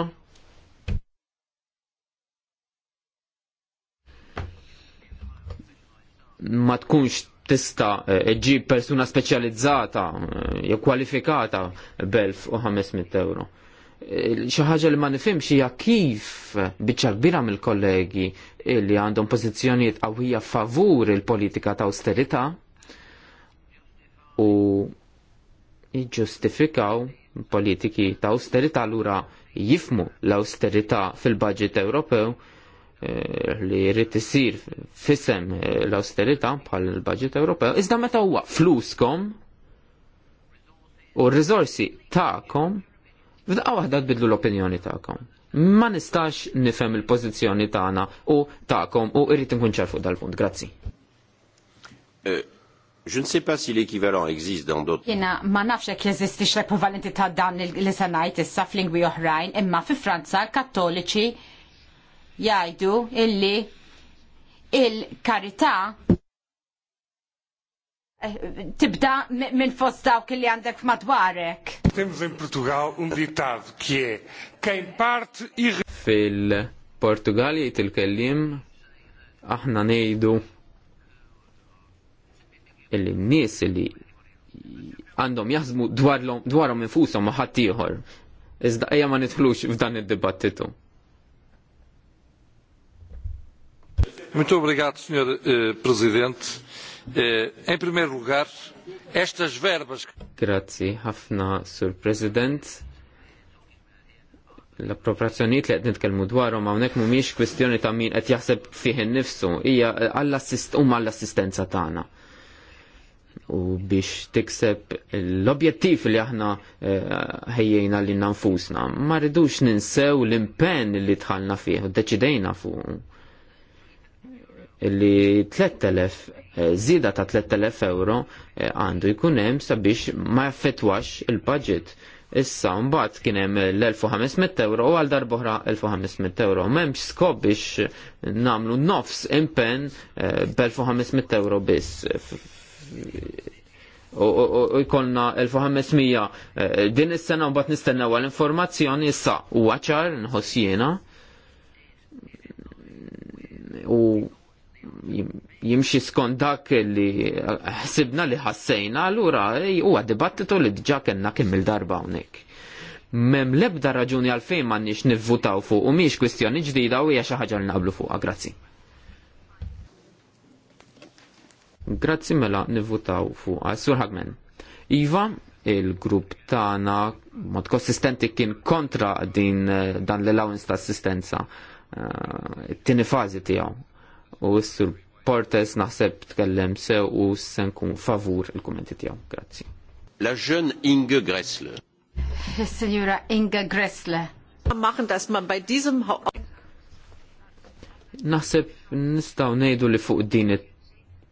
Ma tkunx tista eh, ġib persuna speċjalizzata, eh, kwalifikata b'1500 euro xi ħaġa li ma nifhimx hija kif biċċa kbira mill-kollegi li għandhom pożizzjonijiet qawwija favur il-politika ta' austerità u jiġġustifikaw politiki ta' austerità lura jifmu l-austerità fil-budget Ewropew eh, li jrid isir fisem l-austerità bħal il-budget Ewropew. Iżda meta huwa fluskom u r-riżorsi ta'kom F'daqqa waħda tbidlu l-opinjoni ta'kom. Ma nistax nifem il pozizjoni ta'na u ta'kom u irrit nkun ċar dal-punt. Grazzi. Euh, je ne sais pas si l'équivalent existe dans d'autres. Jena ma nafx jekk jeżisti l ta' dan li se ngħid issa f'lingwi oħrajn, imma fi Franza l-Kattoliċi jajdu illi il karita Eh, tibda minn fost dawk li għandek madwarek. Temos in Portugal un um ditado que é quem parte e Fil-Portugal jgħid il-kellim aħna nejdu il-nies li għandhom jazmu dwarhom infushom ma' ħadd ieħor. Iżda ejja ma nidħlux f'dan id-dibattitu. Muito obrigado, Sr. Eh, presidente. In eh, primer lugar, estas verbas. Grazzi, ħafna, Sur President. L-appropriazzjoniet li qed nitkellmu dwarhom hawnhekk mhumiex kwestjoni ta' min qed jaħseb fih innifsu, hija huma l-assistenza tagħna. U biex tikseb l-objettiv li aħna eh, ħejjejna li nanfusna. Ma rridux ninsew l-impenn li tħallna fih u deċidejna fuq. Li 3000 Eh, zida ta' 3000 euro eh, għandu jkun hemm sabiex ma jaffetwax il-budget. Issa mbagħad kien hemm l-1500 euro u għal darbohra 1500 euro. M'hemmx skop biex nagħmlu nofs impenn eh, b'1500 euro biss u jkollna 1500 din is-sena mbagħad nistennew għal informazzjoni issa u ċar nħossjena u jimxi skont dak li ħsibna li ħassejna, allura huwa dibattitu li diġà kellna kemm il-darba hawnhekk. Mem lebda raġuni għalfejn m'għandniex nivvutaw fuq u mhix kwistjoni ġdida u hija xi ħaġa li naqblu fuqha, grazzi. Grazzi mela nivvutaw fuqha. Sur Hagman. Iva, il-grupp tagħna mod konsistenti kien kontra din eh, dan l-allowance ta' assistenza. Uh, it-tieni fażi tiegħu u s-sur Portes naħseb tkellem se u s senkun favur il-kommenti tijaw. Grazie. La jeune Inge Gressle. Signora Inge Gressle. Machen das man bei diesem Naħseb nistaw nejdu li fuq din it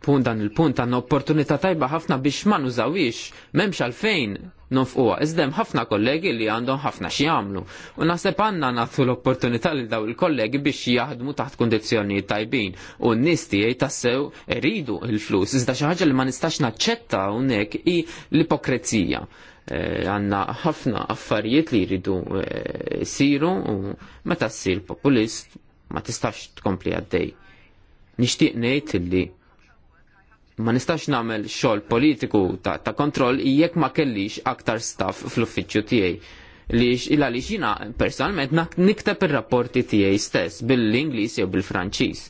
punt dan il-punt għandna opportunità tajba ħafna biex ma nużawix, memx għalfejn nonfquha. Iżda hemm ħafna kollegi li għandhom ħafna xi jagħmlu. U naħseb għandna nagħtu l-opportunità li daw il-kollegi biex jaħdmu taħt kundizzjonijiet tajbin. U n-nies tassew iridu il-flus. Iżda xi ħaġa li ma nistax naċċetta hawnhekk hi l-ipokrezija e, għanna ħafna affarijiet li jridu e, siru u meta ssir populist ma tistax tkompli għaddej. Nixtieq ngħid li ma nistax nagħmel xogħol politiku ta', ta kontroll jekk ma kellix aktar staff fl-uffiċċju tiegħi. Lix il lix jina personalment nikteb ir-rapporti tiegħi stess bil-Ingliż jew bil-Franċiż.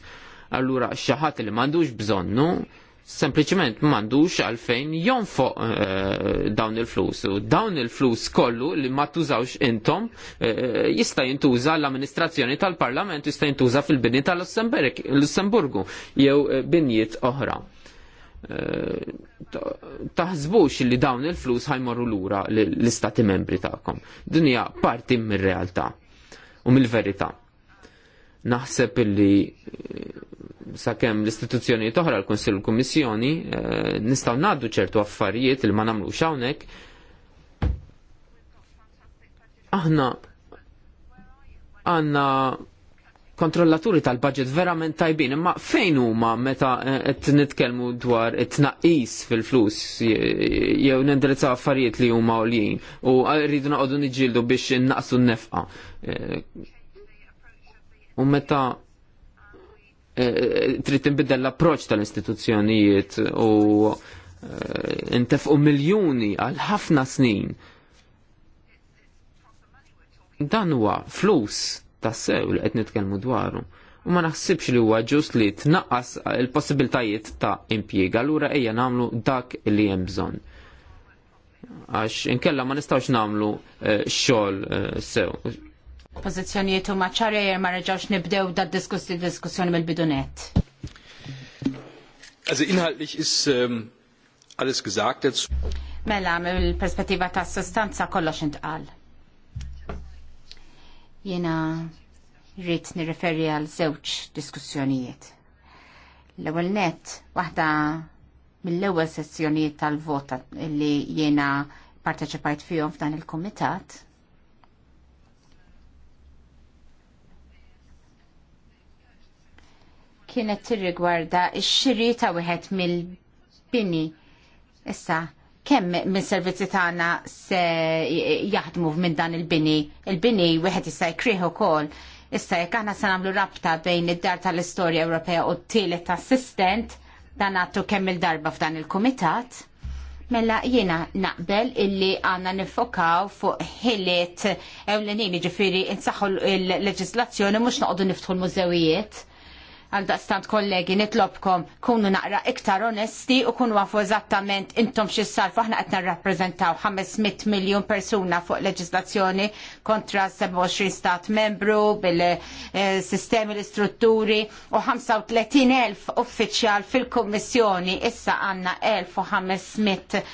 Allura xi ħadd li m'għandux bżonnu sempliċement m'għandux għalfejn jonfoq uh, eh, dawn il-flus. U dawn il-flus kollu li ma tużawx intom uh, jista' jintuża l-amministrazzjoni tal-Parlament jista' jintuża fil-bini tal-Lussemburgu jew eh, binjiet oħra. Eh, taħzbux li dawn il-flus ħajmorru lura l-istati membri tagħkom. Din hija parti mir-realtà u mill-verità. Naħseb li eh, sakemm l-istituzzjoni toħra l-Konsil u Kummissjoni eh, nistgħu ngħaddu ċertu affarijiet li ma nagħmlux hawnhekk. Aħna għandna kontrollaturi tal-budget verament tajbin, imma fejn huma meta eh, qed nitkellmu dwar it-tnaqqis fil-flus jew nindirizza affarijiet li huma għoljin u rridu naqogħdu niġġieldu biex innaqsu n-nefqa. Eh, u meta eh, trid tinbidel l-approċċ tal-istituzzjonijiet u intefqu miljuni għal ħafna snin. Dan huwa flus tassew li qed nitkellmu dwaru. U ma naħsibx li huwa ġust li tnaqqas il-possibiltajiet ta' impjiega, allura ejja nagħmlu dak li hemm bżonn. Għax inkella ma nistgħux nagħmlu eh, xogħol eh, sew. Pożizzjonijiet huma ċarejjer ma reġgħux nibdew dad diskussi diskussjoni mill-bidunet. Also inhaltlich ist ähm, alles gesagt dazu. Mela, mill-perspettiva ta' sostanza kollox intqal. Jena rrit nirreferi għal żewġ diskussjonijiet. L-ewwel net, waħda mill-ewwel sessjonijiet tal-vota li jiena parteċipajt fihom f'dan il-kumitat. Kienet tirrigwarda ix xiri ta' wieħed mill-bini issa kemm minn servizzi tagħna se jaħdmu minn dan il-bini. Il-bini wieħed jista' jkrieħu ukoll Issa jekk aħna se nagħmlu rabta bejn id-dar tal-istorja Ewropea u t-tielet assistent dan għattu kemm il-darba f'dan il-kumitat. Mella jiena naqbel illi għanna nifokaw fuq ħiliet ewlenin ġifiri insaħħu l-leġislazzjoni mux naqdu niftħu l-mużewijiet għal daqstant kollegi nitlobkom kunu naqra iktar onesti u kunu għafu eżattament intom xissar faħna għetna rappresentaw 500 miljon persuna fuq leġislazzjoni kontra 27 stat membru bil-sistemi l-istrutturi u 35.000 uffiċjal fil-kommissjoni issa għanna 1500 eh,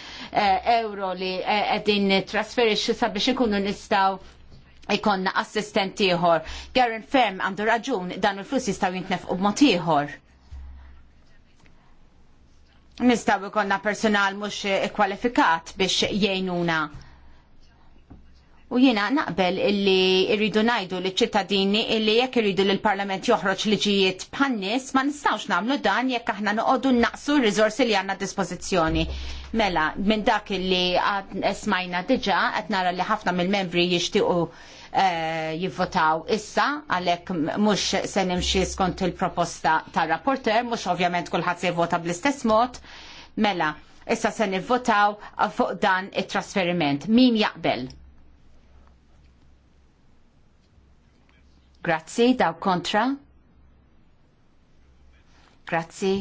euro li eh, għedin trasferixu sabiex ikunu nistaw ikonna assistent ieħor. Garen ferm għandu raġun dan il-flus jistaw jintnefqu mod ieħor. Nistaw ikonna personal mhux kwalifikat biex jgħinuna. U jiena naqbel illi irridu ngħidu liċ ċittadini illi jekk irridu li l-Parlament joħroġ liġijiet pannis ma nistgħux nagħmlu dan jekk aħna noqogħdu naqsu r-riżorsi li għandna dispożizzjoni. Mela, minn dak illi smajna diġà qed nara li ħafna mill-membri jixtiequ Eh, jivvotaw issa għalhekk mhux se nimxi skont il-proposta tar rapporter, mhux ovvjament kulħadd se jivvota bl-istess mod, mela issa se nivvotaw fuq dan it-trasferiment. Min jaqbel? Grazzi, daw kontra. Grazzi,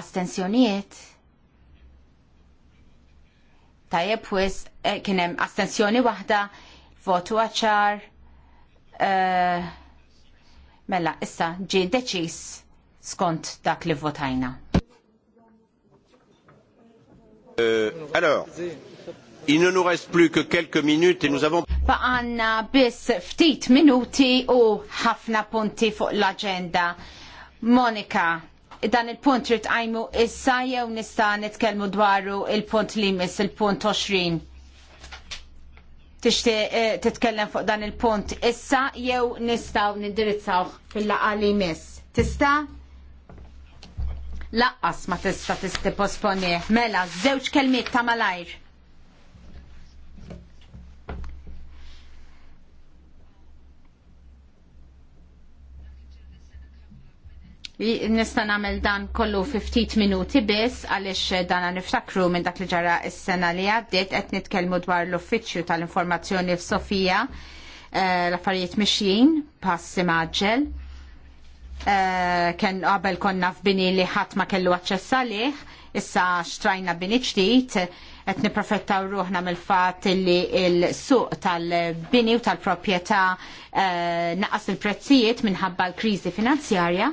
astensjonijiet. Tajjeb wis eh, kien hemm astensjoni waħda votu għacħar. Mella, eh, mela, issa ġi deċis skont dak li votajna. Uh, il ne nous reste plus que quelques minutes et nous avons... Baqanna biss ftit minuti u ħafna punti fuq l-agenda. Monika, dan il-punt rit għajmu issa jew nista nitkellmu dwaru il-punt li il-punt 20 tixti eh, titkellem fuq dan il-punt issa jew nistgħu nindirizzawh fil-laqgħa li jmiss. Tista' laqqas ma tista' tisti posponih mela żewġ kelmiet ta' malajr. nista' nagħmel dan kollu fi ftit minuti biss għaliex dan niftakru minn dak li ġara s-sena li għaddiet qed nitkellmu dwar l-Uffiċċju tal-Informazzjoni f'Sofija eh, l-affarijiet mixjin passi maġġel. Eh, kien qabel konna f'bini li ħadd ma kellu aċċess għalih, issa xtrajna bini ġdid, qed niprofettaw ruħna mill-fatt li l-suq tal-bini u tal-proprjetà eh, naqas il-prezzijiet minħabba l-kriżi finanzjarja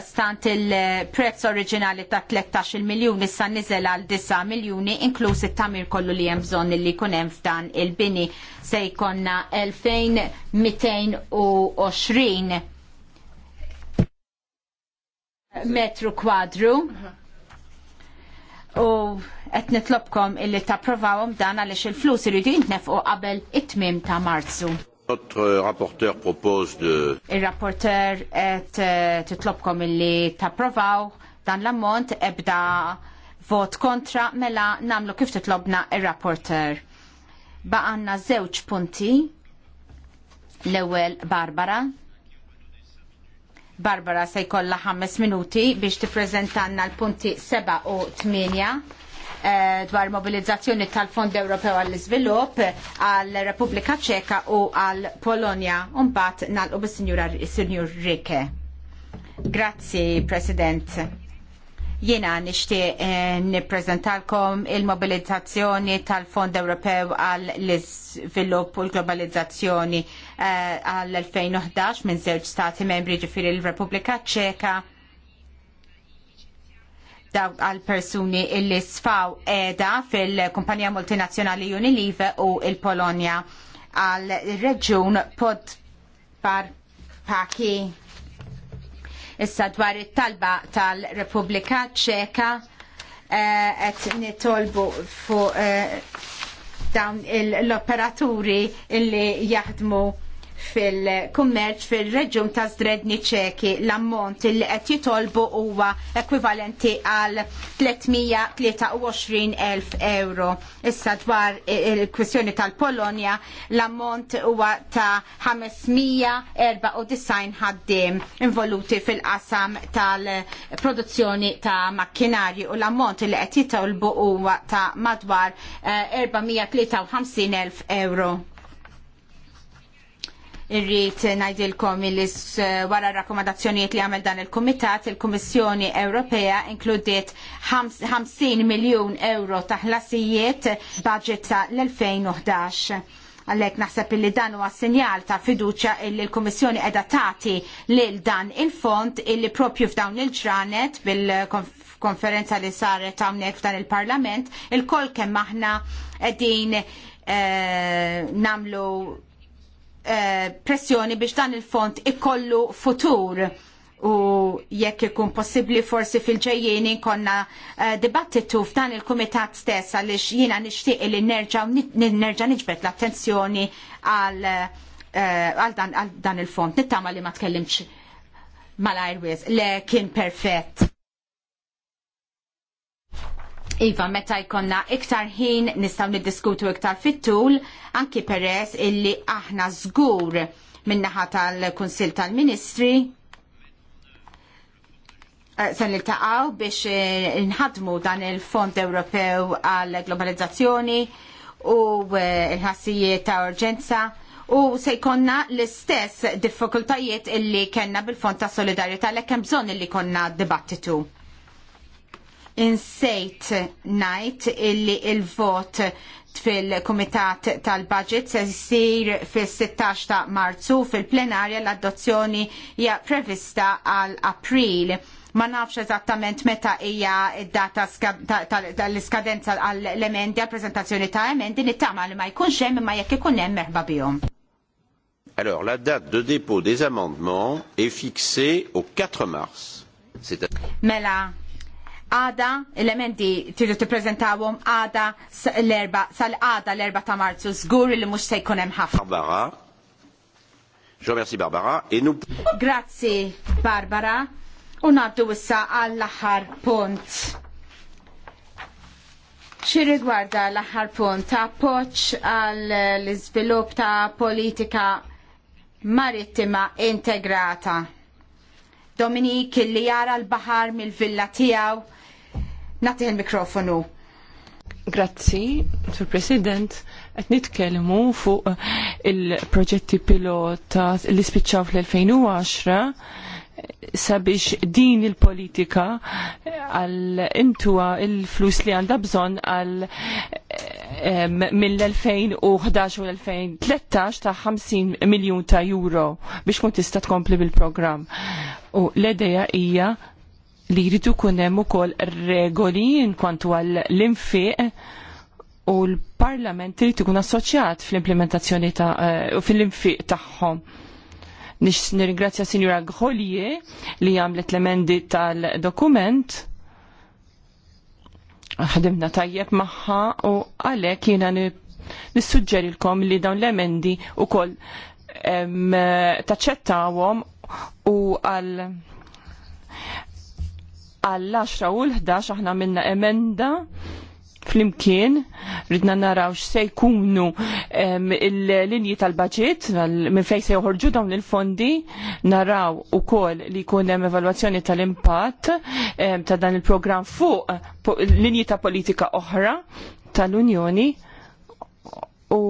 stant il-prezz oriġinali ta' 13 miljoni issa nizel għal 9 miljuni inkluż it-tamir kollu li hemm bżonn li jkun hemm f'dan il-bini se jkollna 2220 metru kwadru. U qed nitlobkom illi tapprovawhom dan għaliex il-flus iridu jintnefqu qabel it-tmiem ta' Marzu. Notre euh, rapporteur propose de... Il-rapporteur et euh, titlobkom illi tapprovaw dan l-ammont ebda vot kontra mela namlu kif titlobna il-rapporteur. għanna zewċ punti l-ewel Barbara. Barbara se jkollha ħames minuti biex tippreżentanna l-punti 7 u 8 Eh, dwar mobilizzazzjoni tal-Fond Ewropew għall-Iżvilupp għall-Repubblika Ċeka u għall-Polonja. Umbat nalqu bis-Sinjur Rike. Grazzi, President. Jiena nixtieq eh, nippreżentalkom il-mobilizzazzjoni tal-Fond Ewropew għall-Iżvilupp u l-Globalizzazzjoni eh, għall-2011 minn żewġ stati membri ġifieri l-Repubblika Ċeka dawk għal persuni illi sfaw edha fil-kumpanija multinazzjonali Unilever u il polonia għal reġun pod par paki. Issa dwar it-talba tal-Repubblika Ċeka et eh, nitolbu fuq eh, dawn l-operaturi illi jaħdmu fil-kummerċ fil-reġjun ta' Zdredni ċeki l-ammont li qed jitolbu huwa ekwivalenti għal 323.000 euro. Issa dwar il-kwistjoni tal-Polonja l-ammont huwa ta' 594 ħaddiem involuti fil-qasam tal-produzzjoni ta' makkinarji u l-ammont li qed jitolbu huwa ta' madwar 453.000 eh, euro irrit najdilkom li eh, wara rakkomandazzjonijiet li għamel dan il-Komitat, il kummissjoni Ewropea inkludiet 50 miljon euro ta' ħlasijiet budget ta' l-2011. Għallek naħseb li dan huwa sinjal ta' fiduċa illi l kummissjoni edha tagħti lil dan il-fond illi propju f'dawn il-ġranet bil-konferenza li saret hawnhekk f'dan il-Parlament, il kol kemm aħna qegħdin eh, namlu Eh, pressjoni biex dan il-font ikollu futur u jekk ikun possibbli forsi fil-ġejjeni konna eh, dibattitu f'dan il-kumitat stess għaliex jiena nixtieq li nerġa' niġbed l-attenzjoni eh, għal dan il-font. Nittama li ma tkellimx mal-Airways le kien perfett. Iva, meta jkonna iktar ħin nistaw niddiskutu iktar fit-tul, anki peress illi aħna żgur min-naħa tal-Kunsil tal-Ministri. Eh, se niltaqgħu biex eh, nħadmu dan il-Fond Ewropew għall globalizzazzjoni u eh, l-ħassijiet ta' urġenza u se jkonna l-istess diffikultajiet illi kellna bil-Fond ta' Solidarjetà l-ekkem bżonn illi konna dibattitu insejt najt illi il-vot fil-Kumitat tal-Budget se jsir fil-16 ta' Marzu fil-plenarja l-adozzjoni hija prevista għal April. Ma nafx eżattament meta hija d-data tal-iskadenza għall-emendi għall-prezentazzjoni ta' emendi nittama li ma jkunx hemm imma jekk ikun hemm merħba bihom. Alors, la date de dépôt des amendements est fixée au 4 mars. Mela, għada elementi tridu tippreżentawhom għada l-erba sal-għada l-erba ta' Marzu żgur li mhux se jkun hemm ħafna. Barbara. Jo merci Barbara et Grazzi Barbara. U naddu issa għall-aħħar punt. Xi rigwarda l-aħħar punt ta' appoġġ għall-iżvilupp ta' politika marittima integrata. Dominik li jara l-bahar mill-villa tiegħu. Natiħ il-mikrofonu. Grazzi, Sur President, qed nitkellmu fuq il-proġetti pilota li spiċċaw fl-2010 sabiex din il-politika għal intuwa il-flus li għandha bżonn għal mill-2011 u l-2013 ta' 50 miljun ta' euro biex kun tista' tkompli bil-programm. U l-edeja hija li jridu kunem u kol regoli kwantu għall l-infiq u l-parlament jridu kun assoċjat fl-implementazzjoni ta' u eh, fil-infiq tagħhom. Nix nirringrazzja Sinjura Għolje li għamlet l-emendi tal-dokument. Ħadimna tajjeb maħħa u għalek jena nissuġġerilkom li dawn l-emendi u kol taċċettawhom u għal għall-10 u l-11 aħna minna emenda flimkien ridna naraw x'se jkunu il-linji tal-budget minn fejn se joħorġu dawn il-fondi naraw ukoll li jkun hemm evalwazzjoni tal-impatt ta' dan il-programm fuq linji ta' politika oħra tal-Unjoni u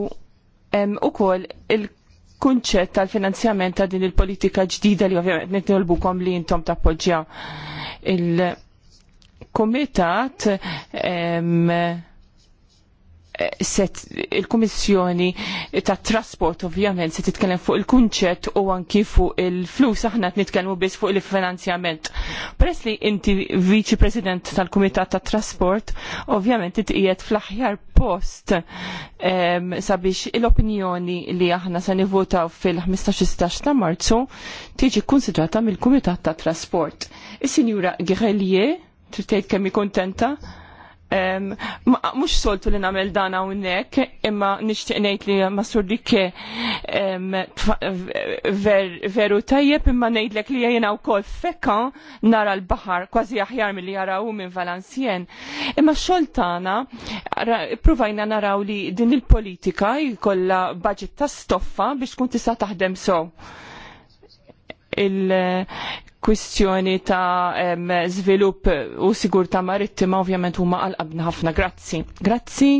kol il- kunċett tal-finanzjament ta' din il-politika ġdida li ovvjament nitnolbukom li intom tappoġġjaw il-komitat il-Kummissjoni tat Trasport ovvjament se titkellem fuq il-kunċett u anki fuq il-flus aħna qed nitkellmu biss fuq il-finanzjament. Press li inti viċi President tal-Kumitat tat Trasport, ovvjament titqiet fl-aħjar post um, sabiex l-opinjoni li aħna se nivvotaw fil-15-16 ta' Marzu tiġi konsidrata mill-Kumitat tat Trasport. Is-Sinjura Gerelier, trid tgħid kemm kontenta? mux soltu li namel dan unnek, imma nishtiqnejt li ma Dikke veru tajjeb, imma nejtlek li jena u kol fekan nara l-bahar, kważi aħjar mill-li jaraw minn Valencien. Imma xoltana, provajna naraw li din il-politika jikolla budget ta' stoffa biex kun tista' taħdem sow kwistjoni ta' żvilupp u sigurtà marittima ovvjament huma qalqabna ħafna. Grazzi. Grazzi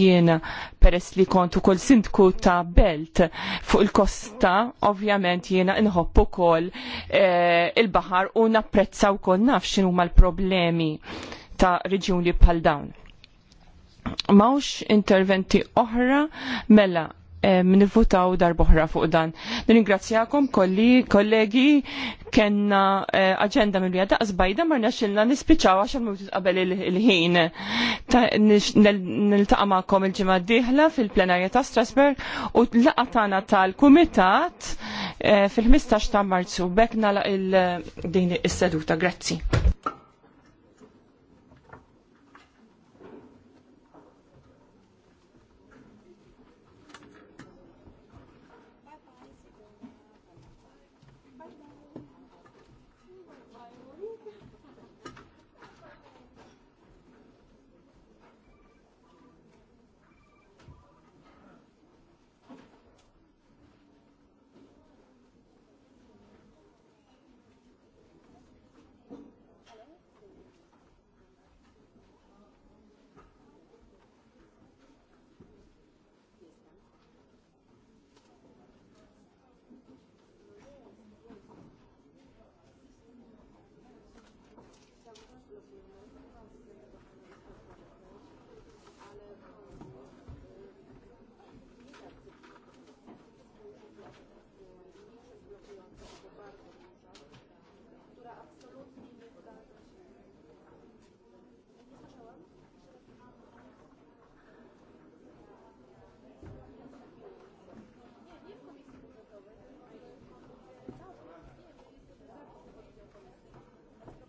jiena peress li kontu kol sindku ta' belt fuq il-kosta, ovvjament jiena nħobbu ukoll e, il-baħar u napprezzaw kol naf x'inhuma l-problemi ta' reġjuni bħal dawn. Mawx interventi oħra mela Eh, nivvutaw darboħra fuq dan. Nirringrazzjakom kolli, kollegi, kenna eh, agenda mill daqs zbajda marna xilna nispiċaw għaxan mutu qabel il-ħin. Niltaqa maqom il ġimad diħla fil-plenarja ta' Strasberg u laqatana tal-kumitat eh, fil-15 ta' marzu bekna il-din is-seduta. Grazzi.